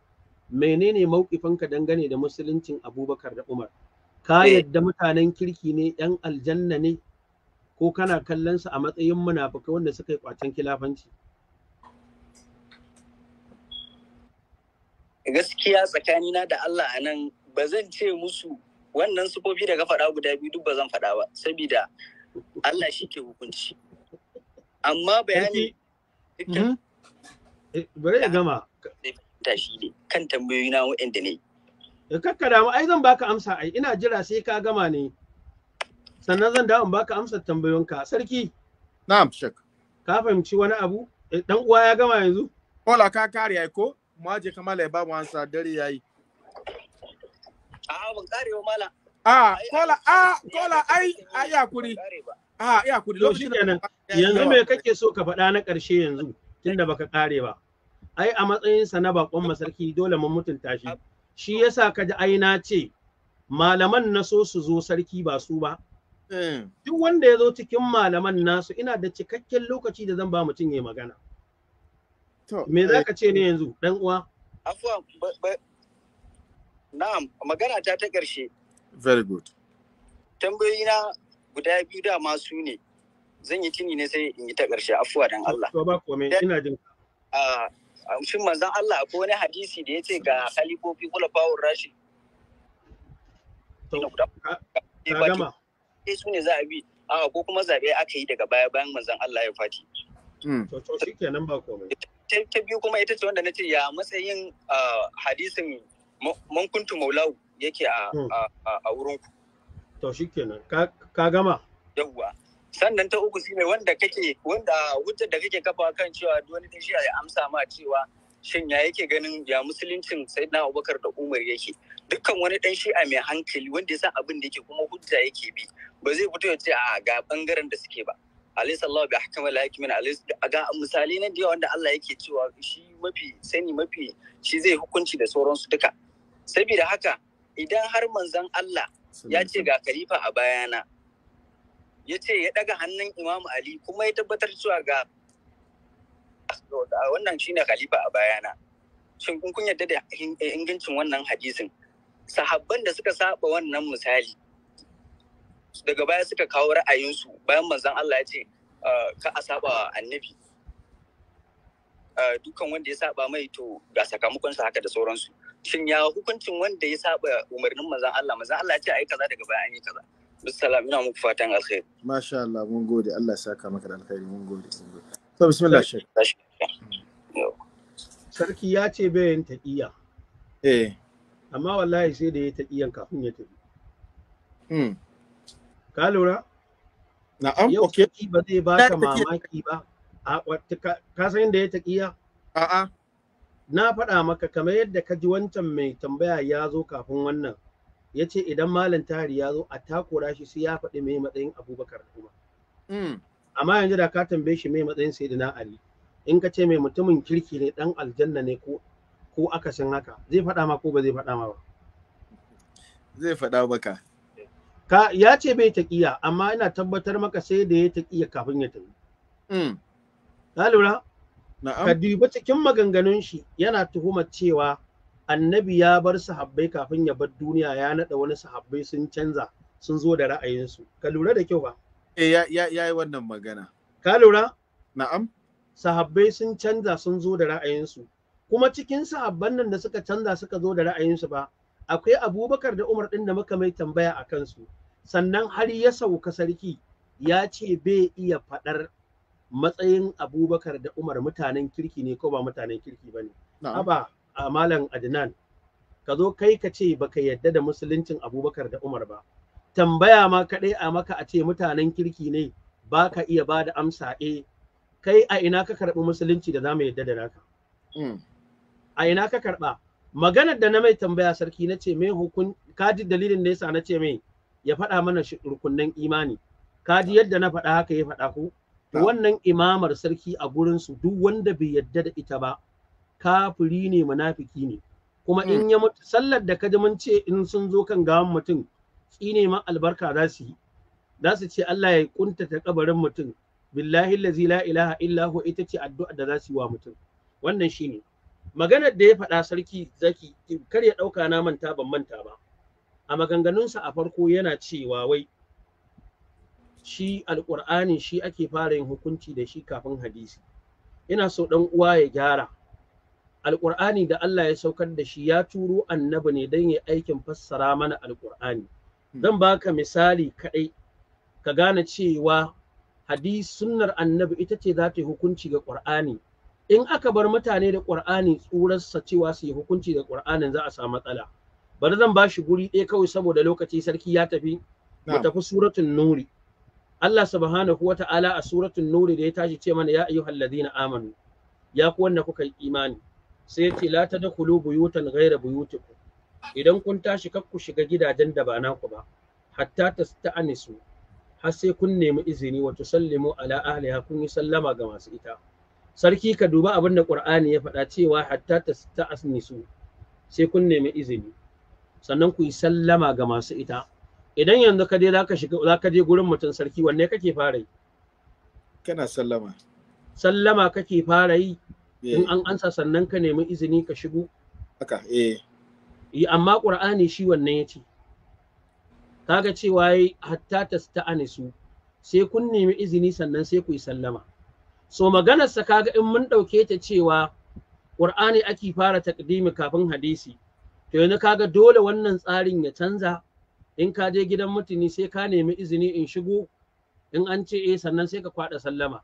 menene mauƙifinka dangane da musuluncin Abubakar da Umar? ka eh. yadda mutanen kirki ne yan aljanna ne ko kana kallon su a matsayin munafukai wanda suka yi kwacen kilafanci gaskiya tsakanina da Allah a nan ba zan ce musu wannan sufofi da ka faɗa guda biyu duk ba zan faɗa ba saboda Allah shi ke hukunci amma bayani mhm. eh, bari ya gama shi ne kan tambayoyi na waɗanda ne kakka damu ai zan baka amsa ai ina jira sai ka gama ne sannan zan dawo in baka amsa tambayonka. sarki na'am shek ka fahimci wani abu eh, dan uwa ya gama yanzu kola ka kare ai ko mu aje kamala ya ba mu dare yayi a'a ban kare mala a ah, kola a ah, kola ai ai yakuri a ah, yakuri lokacin kenan yanzu me kake so ka faɗa na ƙarshe yanzu tunda baka kare ba ai a matsayinsa na bakon masarki dole mun mutunta shi shi yasa ka ji aina ce malaman na so su zo sarki ba su ba eh. duk wanda ya zo cikin malaman nasu ina da cikakken lokaci da zan ba mutum ya magana me za eh. ka ce ne yanzu dan uwa afuwa na'am magana ta ta ƙarshe very good na guda biyu da masu ne zan yi tuni ne sai in yi ta ƙarshe afuwa dan Allah to ba ina jin shin manzon Allah ko wani hadisi da ya ce ga khalifofi khulafa'ur rashi? sai su ne za a bi a ko kuma zaɓe aka yi daga baya bayan manzon Allah ya fati hmm. ta biyu kuma ita ce wanda na ce ya matsayin hadisin mankuntu maulau yake a hmm. wurinku to kenan ka gama yawwa sannan ta uku shine wanda kake wanda hujjar da kake kafa kan cewa wani dan shi'a ya amsa ma cewa shin ya yake ganin ya musuluncin sayyidina Abubakar da Umar yake dukkan wani dan shi'a mai hankali wanda ya san abin da yake kuma hujja yake bi ba zai fito ya ce a ga bangaren da suke ba alayhi sallahu bi ahkama al-hakimin ga misali na da wanda Allah yake cewa shi mafi sani mafi shi zai hukunci da sauransu duka saboda haka idan har manzon Allah ya ce ga khalifa a bayana ya ce ya daga hannun imamu ali kuma ya tabbatar cewa ga wannan shine khalifa a bayana shin kun kun yadda da ingancin wannan hadisin sahabban da suka saba wannan misali daga baya suka kawo ra'ayinsu bayan manzon Allah ya ce ah, ka a saba annabi ah, dukan wanda ya saba mai to ga sakamakonsa haka da sauransu shin ya hukuncin wanda ya saba umarnin manzon Allah manzon Allah ya ce ai kaza daga baya an yi kaza Salam ina muku fatan alkhairi. Masha Allah mun gode Allah ya saka maka da alkhairi mun gode. To bismillah shek. Sarki ya ce bai yin taqiya. Eh. Amma wallahi sai da ya taqiyan kafin ya tafi. Hmm. Ka lura? Na'am okay. Yau ba zai baka mamaki ba. ka san yadda ya taqiya? A'a. Na faɗa maka kamar yadda ka ji wancan mai tambaya ya zo kafin wannan. ya ce idan malam tahari ya zo a takura shi sai ya faɗi mai matsayin abubakar da umar hmm. amma yanzu da ka tambaye shi mai matsayin na ali in ka ce mai mutumin kirki ne dan aljanna ne ko ko akasin haka zai faɗa ma ko ba zai faɗa ma ba zai faɗa maka ka ya ce bai taƙiya amma ina tabbatar maka sai da ya taƙiya kafin ya tafi hmm. ka lura ka dubi cikin maganganun shi yana tuhumar cewa annabi ya bar sahabbai kafin ya bar duniya ya naɗa wani sahabbai sun canza sun zo da ra'ayinsu ka lura da kyau ba eh ya ya yi wannan magana ka lura na'am sahabbai sun canza sun zo da ra'ayinsu kuma cikin sahabban nan da suka canza suka zo da ra'ayinsu ba akwai abubakar da umar ɗin da muka mai tambaya a kansu sannan har ya sauka sarki ya ce bai iya faɗar matsayin abubakar da umar mutanen kirki ne ko ba mutanen kirki ba ne. Haba, a malam Adnan ka zo kai ka ce baka yadda da musuluncin Abubakar da Umar ba tambaya ma kaɗai a maka a ce mutanen kirki ne ba ka iya ba da amsa e kai a ina ka karɓi musulunci da za mu yadda da naka hmm. a ina ka karɓa maganar da na mai tambaya sarki na ce mai hukun ka ji dalilin da yasa na ce mai ya faɗa mana rukunnan imani Ka ji yadda na faɗa haka ya faɗa ku wannan imamar sarki a gurinsu duk wanda bai yadda da ita ba kafiri ne munafiki ne kuma in hmm. ya mutu sallar da kaji mun ce in sun zo kan gawan mutum tsine ma albarka za su yi za su ce Allah ya kuntata kabarin mutum billahi allazi la ilaha illa hu ita ce addu'a da za su yi wa mutum wannan shine maganar da ya faɗa sarki zaki kar ya ɗauka na manta ban manta ba a maganganunsa a farko yana cewa wai shi alƙur'ani shi ake fara yin hukunci da shi kafin hadisi ina so ɗan uwa ya gyara alƙur'ani da Allah ya saukar da shi ya turo annabi ne don ya aikin fassara mana alƙur'ani hmm. zan baka misali kaɗai ka gane cewa hadis sunnar annabi ita ce za ta yi hukunci ga ƙur'ani in aka bar mutane da ƙur'ani tsurarsa cewa su yi hukunci ga ƙur'anin za a samu matsala bari zan ba shi guri ɗaya kawai saboda lokaci sarki ya tafi mu tafi suratun nuri Allah subhanahu wa ta'ala a suratun nuri da ya tashi ce mana ya ayyuhal ladina amanu ya ku wanda kuka yi imani sai yace la tadkhulu buyutan ghayra buyutikum idan kun tashi kar ku shiga gidajen da ba naku ba hatta tasta'nisu har sai kun nemi izini wa tusallimu ala ahliha kun yi sallama ga masu ita sarki ka duba abin da qur'ani ya faɗa cewa hatta tasta'nisu sai kun nemi izini sannan ku yi sallama ga masu ita idan yanzu ka je zaka shiga zaka je gurin mutum sarki wanne kake fara yi kana sallama sallama kake fara yi in an ansa sannan ka nemi izini ka shigo haka eh amma ƙur'ani shi wannan ya yace kaga cewa yayi hatta tasta'anisu sai kun nemi izini sannan sai ku yi sallama so maganarsa kaga in mun dauke ta cewa qur'ani ake fara takdimi kafin hadisi to yanzu kaga dole wannan tsarin ya canza in ka je gidan mutuni sai ka nemi izini in shigo in an ce eh sannan sai ka kwaɗa sallama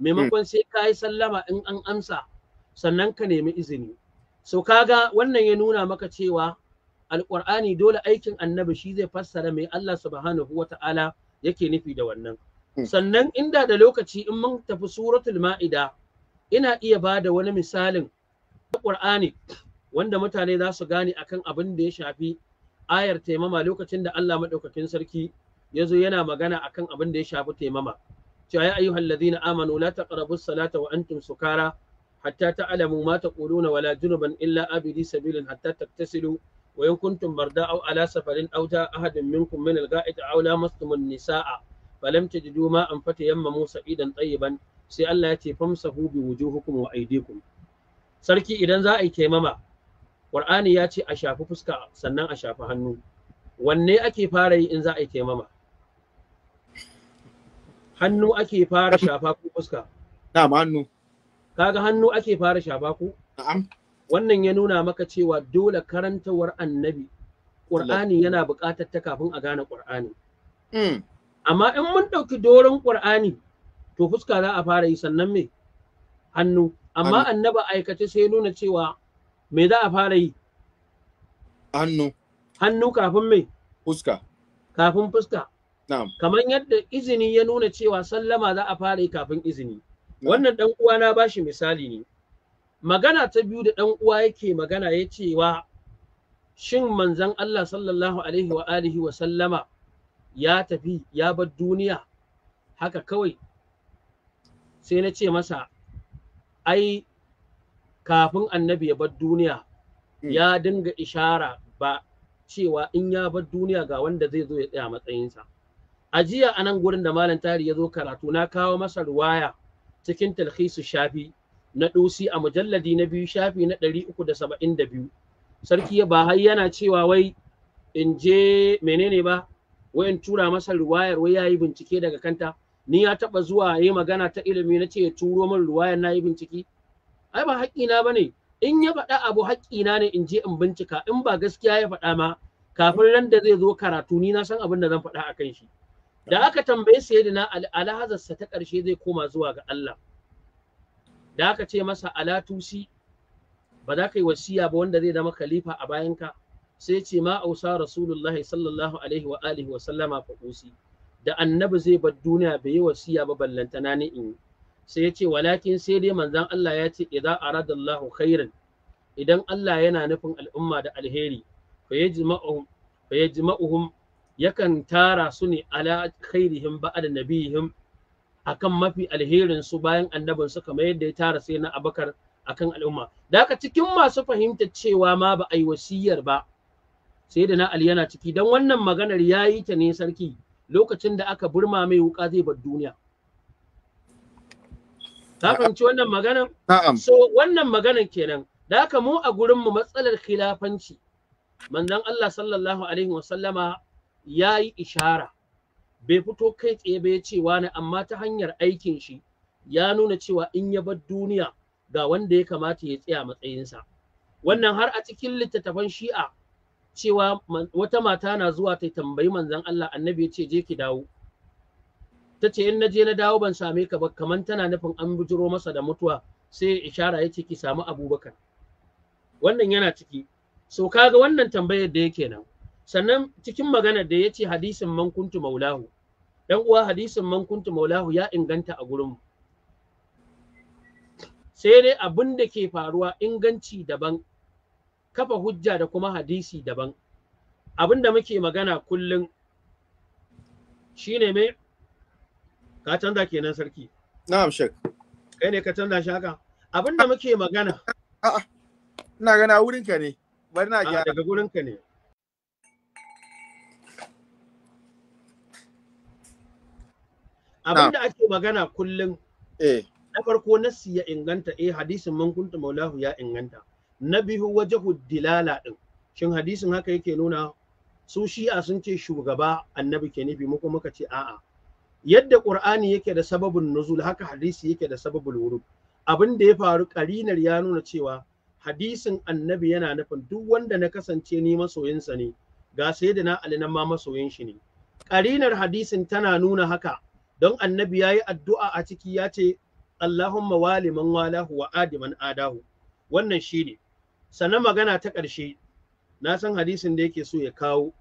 maimakon sai ka yi sallama in an amsa sannan ka nemi izini so kaga wannan ya nuna maka cewa alƙur'ani dole aikin annabi shi zai fassara mai Allah subhanahu wata'ala yake nufi da wannan hmm. sannan inda da lokaci in mun tafi suratul ma'ida ina iya bada wani misalin Alƙur'ani wanda mutane za su gane akan abin da ya shafi ayar taimama lokacin da Allah maɗaukakin sarki ya zo yana magana akan abin da ya shafi taimama cewa ya ayyuhal ladina amanu la taqrabu salata wa antum sukara hatta ta'lamu ma taquluna wala junuban illa abidi sabilin hatta taktasilu wa in kuntum marda aw ala safarin aw ja'a ahadun minkum min al-ga'id aw lamastum an-nisaa falam tajidu yamma Musa sa'idan tayyiban sai Allah ya ce famsahu bi wujuhukum wa aydikum sarki idan za a yi taimama Qur'ani ya ce a shafi fuska sannan a shafi hannu wanne ake fara yi in za a yi taimama hannu ake fara shafa ko fuska na'am hannu kaga hannu ake fara shafa ko na'am wannan ya nuna maka cewa dole karantawar annabi Qur'ani yana buƙatar ta kafin a gane Qur'ani hmm. amma in mun ɗauki doron Qur'ani to fuska za a fara yi sannan me hannu amma annaba aikace sai nuna cewa me za a fara yi hannu hannu kafin me fuska kafin fuska kamar yadda izini ya nuna cewa sallama za a fara yi kafin izini wannan dan uwa na bashi misali ne magana ta biyu da dan uwa yake magana ya cewa shin manzon Allah sallallahu alaihi wa alihi wa sallama ya tafi ya bar duniya haka kawai sai na ce masa ai kafin annabi ya bar duniya hmm. ya dinga ishara ba cewa in ya bar duniya ga wanda zai zo ya tsaya matsayinsa a jiya a nan gurin da malam tari ya zo karatu na kawo masa ruwaya cikin talhisu shafi na ɗusi a mujalladi na biyu shafi na ɗari uku da saba'in da biyu sarki ya ba har yana cewa wai in je menene ba wai in tura masa ruwayar wai ya yi bincike daga kanta ni ya taɓa zuwa yi magana ta ilimi na ce ya turo min ruwayar na yi bincike ai ba haƙƙina ba ne in ya faɗa abu haƙƙina ne in je in bincika in ba gaskiya ya faɗa ma kafin nan da zai zo karatu ni na san abin da zan faɗa a kan shi da aka tambaye sayyidina alhazarsa ta ƙarshe zai koma zuwa ga Allah da aka ce masa ala tusi ba za ka yi wasiya ba wanda zai zama khalifa a bayanka sai ce ma ausa rasulullahi sallallahu alaihi wa alihi wa sallama fa usi da annabi zai bar duniya bai yi wasiya ba ballantana ni in sai ya ce walakin sai dai manzon Allah ya ce idan aradallahu khairan idan Allah yana nufin al'umma da alheri fa yajma'uhum fa yajma'uhum yakan tara su ne ala khairihim ba'da nabihim akan mafi alherin su bayan annabin su kamar yadda ya tara sai na abakar akan al'umma da haka cikin masu fahimta cewa ma ba a yi wasiyar ba sai da na ali yana ciki dan wannan maganar ya yi ta ne sarki lokacin da aka burma mai wuka zai bar duniya ta fahimci wannan maganan so wannan maganan kenan da haka mu a gurinmu matsalar khilafanci manzon Allah sallallahu alaihi wasallama ya yi ishara bai fito kai tsaye bai cewa wani amma ta hanyar aikin shi ya nuna cewa in ya bar duniya ga wanda ya kamata ya tsaya matsayinsa wannan har a cikin littattafan shi'a cewa wata mata na zuwa ta tambayi manzon Allah annabi ya ce je ki dawo ta ce in je na dawo ban same ka ba kaman tana nufin an bujiro masa da mutuwa sai ishara ya ce ki samu abubakar wannan yana ciki so kaga wannan tambayar da yake nan sannan cikin magana da ya ce hadisin man kuntu maulahu dan uwa hadisin man kuntu maulahu ya inganta a gurinmu sai dai abin da ke faruwa inganci daban kafa hujja da kuma hadisi daban abin da muke magana kullum shine me ka canza kenan sarki na'am shek kai ne ka canza shi haka abin da muke magana a'a ina gana wurinka ne bari na gyara daga wurinka ne abinda da ake magana kullum eh. na farko nassi ya inganta eh hadisin man kuntu maulahu ya inganta na bihu wajahu dilala din shin hadisin haka yake nuna su shi'a sun ce shugaba annabi ke nufi muku muka ce a'a yadda qur'ani yake da sababin nuzul haka hadisi yake da sababul wurud abin da ya faru karinar ya nuna cewa hadisin annabi yana nufin duk wanda na kasance ni masoyinsa ne ga sai sayyidina ali nan ma masoyin shi ne karinar hadisin tana nuna haka don annabi ya yi addu'a a ciki ya ce Allahumma waliman walahu wa adiman adahu wannan shi ne sannan magana ta ƙarshe na san hadisin da yake so ya kawo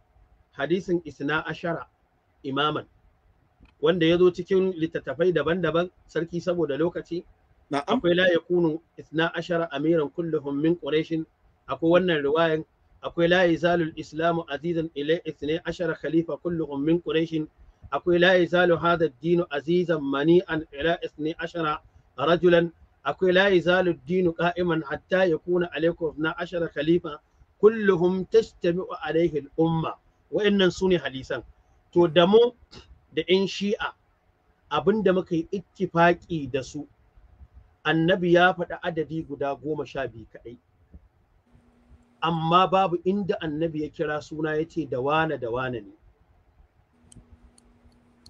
hadisin isna ashara imaman wanda ya zo cikin littattafai daban-daban sarki saboda lokaci akwai la kunu isna ashara amiran kulluhum min quraishin akwai wannan riwayan akwai la yazalu islamu azizan ila isna ashara khalifa kulluhum min akwai la yazalu hadha ad-din azizan mani'an ila 12 rajulan akwai la yazalu ad qa'iman hatta yakuna alaykum 12 khalifa kulluhum tajtami'u alayhi al-umma wa'annan sune hadisan to da mu da yan shi'a abinda muka yi ittifaki da su annabi ya faɗi adadi guda goma sha biyu kaɗai amma babu inda annabi ya kira suna ya ce da wane da wane ne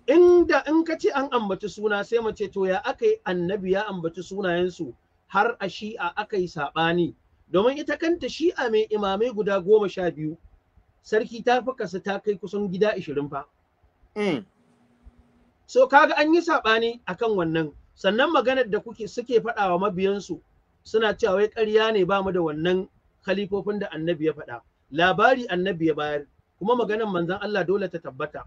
inda in ka ce an ambaci suna sai mace to ya aka yi annabi ya ambaci sunayensu har a shi'a aka yi saɓani domin ita kanta shi'a mai imamai guda goma sha biyu sarki ta fi kasa ta kai kusan gida ishirin fa. Mm. So kaga an yi saɓani akan wannan sannan maganar da kuke suke faɗa wa mabiyansu suna cewa wai ƙarya ne ba mu da wannan khalifofin da annabi ya faɗa labari annabi ya bayar kuma maganar manzon Allah dole ta tabbata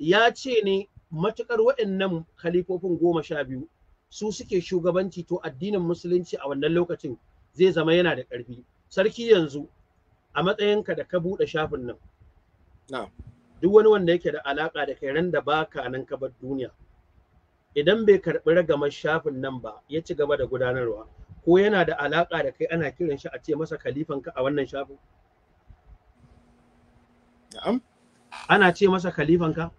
ya ce ne matukar waɗannan khalifofin goma sha biyu su suke shugabanci to addinin musulunci a wannan lokacin zai zama yana da ƙarfi sarki yanzu a matsayinka da ka buɗe shafin nan duk wani wanda yake da alaƙa da kai ran da baka nan ka bar duniya idan bai karɓi ragamar shafin nan ba ya ci gaba da gudanarwa ko yana da alaƙa da kai ana kiran shi a ce masa kalifanka a wannan shafin na'am ana ce masa kalifanka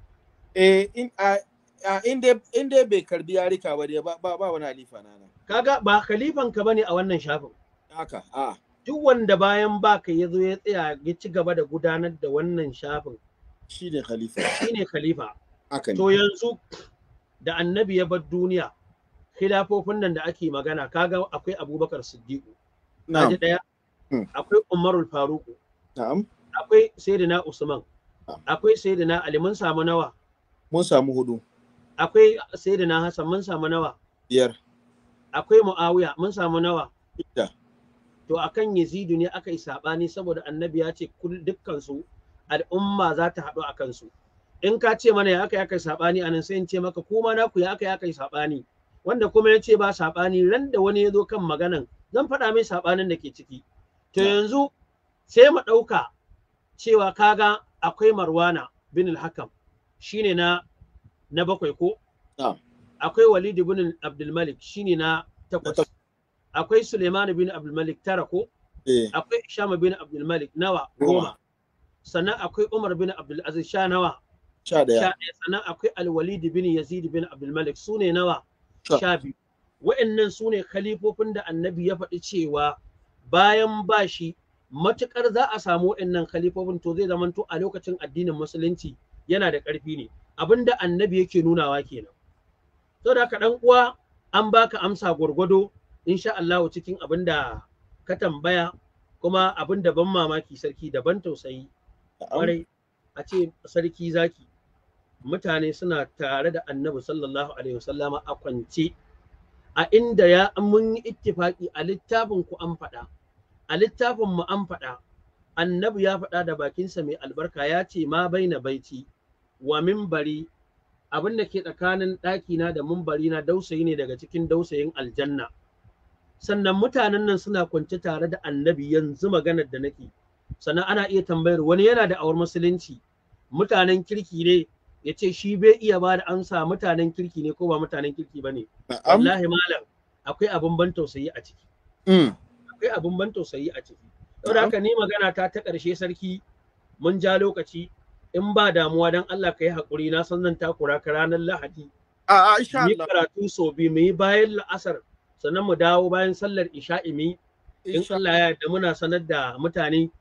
eh in a in dai bai karbi yarika ba dai ba ba wani halifa na nan kaga ba khalifan ka bane a wannan shafin haka a duk wanda bayan baka ya zo ya tsaya ya ci gaba da gudanar da wannan shafin shine khalifa shine khalifa haka to yanzu da annabi ya bar duniya khilafofin nan da ake magana kaga akwai abubakar siddiqu na'am daya hmm. akwai umarul faruku na'am akwai sayyidina usman akwai sayyidina ali mun samu nawa mun samu hudu akwai sayyidina hasan mun samu nawa biyar akwai muawiya mun samu nawa shida to akan yazidu ne aka yi sabani saboda annabi ya ce dukkan su al'umma za ta haɗu akan su in ka ce mana ya aka yi aka yi sabani anan sai in ce maka kuma naku ya aka yi aka yi sabani wanda kuma ya ce ba saɓani ran da wani ya zo kan maganan zan faɗa mai saɓanin da ke ciki to yanzu sai mu ɗauka cewa kaga akwai marwana bin hakam shine na na bakwai ko akwai Walid ibn Abdul Malik shine na takwas akwai Suleiman bin Abdul Malik tara ko eh. akwai Isham bin Abdul Malik nawa goma sannan akwai Umar bin Abdul Aziz sha nawa sha daya sannan akwai Al-Walid bin Yazid bin Abdul Malik sune nawa sha biyu wa'annan sune khalifofin da Annabi ya faɗi cewa bayan bashi matukar za a samu wa'annan khalifofin to zai zamanto a lokacin addinin musulunci yana da ƙarfi ne abinda annabi yake nunawa kenan saboda ka dan uwa an baka amsa gwargwado insha Allah cikin abinda ka tambaya kuma abinda ban mamaki sarki da ban tausayi kwarai a ce sarki zaki mutane suna tare da annabi sallallahu alaihi wasallama a kwance a inda ya mun yi ittifaki a littafin ku an faɗa a littafin mu an faɗa annabi ya faɗa da bakinsa mai albarka ya ce ma baina baiti wa mimbari abin da ke tsakanin ɗakina da mimbari na dausayi ne daga cikin dausayin aljanna sannan mutanen nan suna kwance tare da annabi yanzu maganar da nake sannan ana iya tambayar wani yana da awar musulunci mutanen kirki ne ya ce shi bai iya ba da amsa mutanen kirki ne ko ba mutanen kirki ba ne wallahi malam akwai abin ban tausayi a ciki mm. akwai abin ban tausayi a ciki saboda haka ni magana ta ta ƙarshe sarki mun ja lokaci in ba damuwa dan Allah ka yi haƙuri na san zan takura ka ranar Lahadi. A insha Allah. Ni karatu so bi mu yi bayan la'asar sannan mu dawo bayan sallar isha'i mu in Allah ya yarda muna sanar da mutane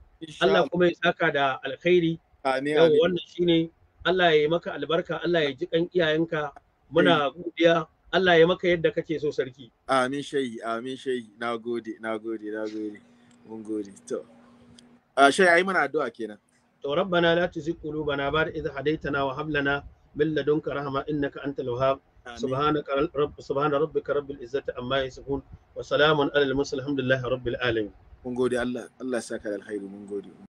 Allah kuma ya saka da alkhairi. Amin. Wannan shine Allah ya yi maka albarka, Allah ya ji kan iyayenka. Muna godiya Allah ya maka yadda kake so sarki. Amin shayi, amin shayi. Na gode, na gode, na gode. Mun gode. To. a shayi ai muna addu'a kenan. to rabbana la tuzigh qulubana ba'da idh hadaytana wa hab lana min ladunka rahma innaka antal wahhab سبحانك رب سبحان ربك رب العزة عما wa وسلام على المرسلين الحمد لله رب العالمين. من Allah Allah ya saka alkhairi mun gode.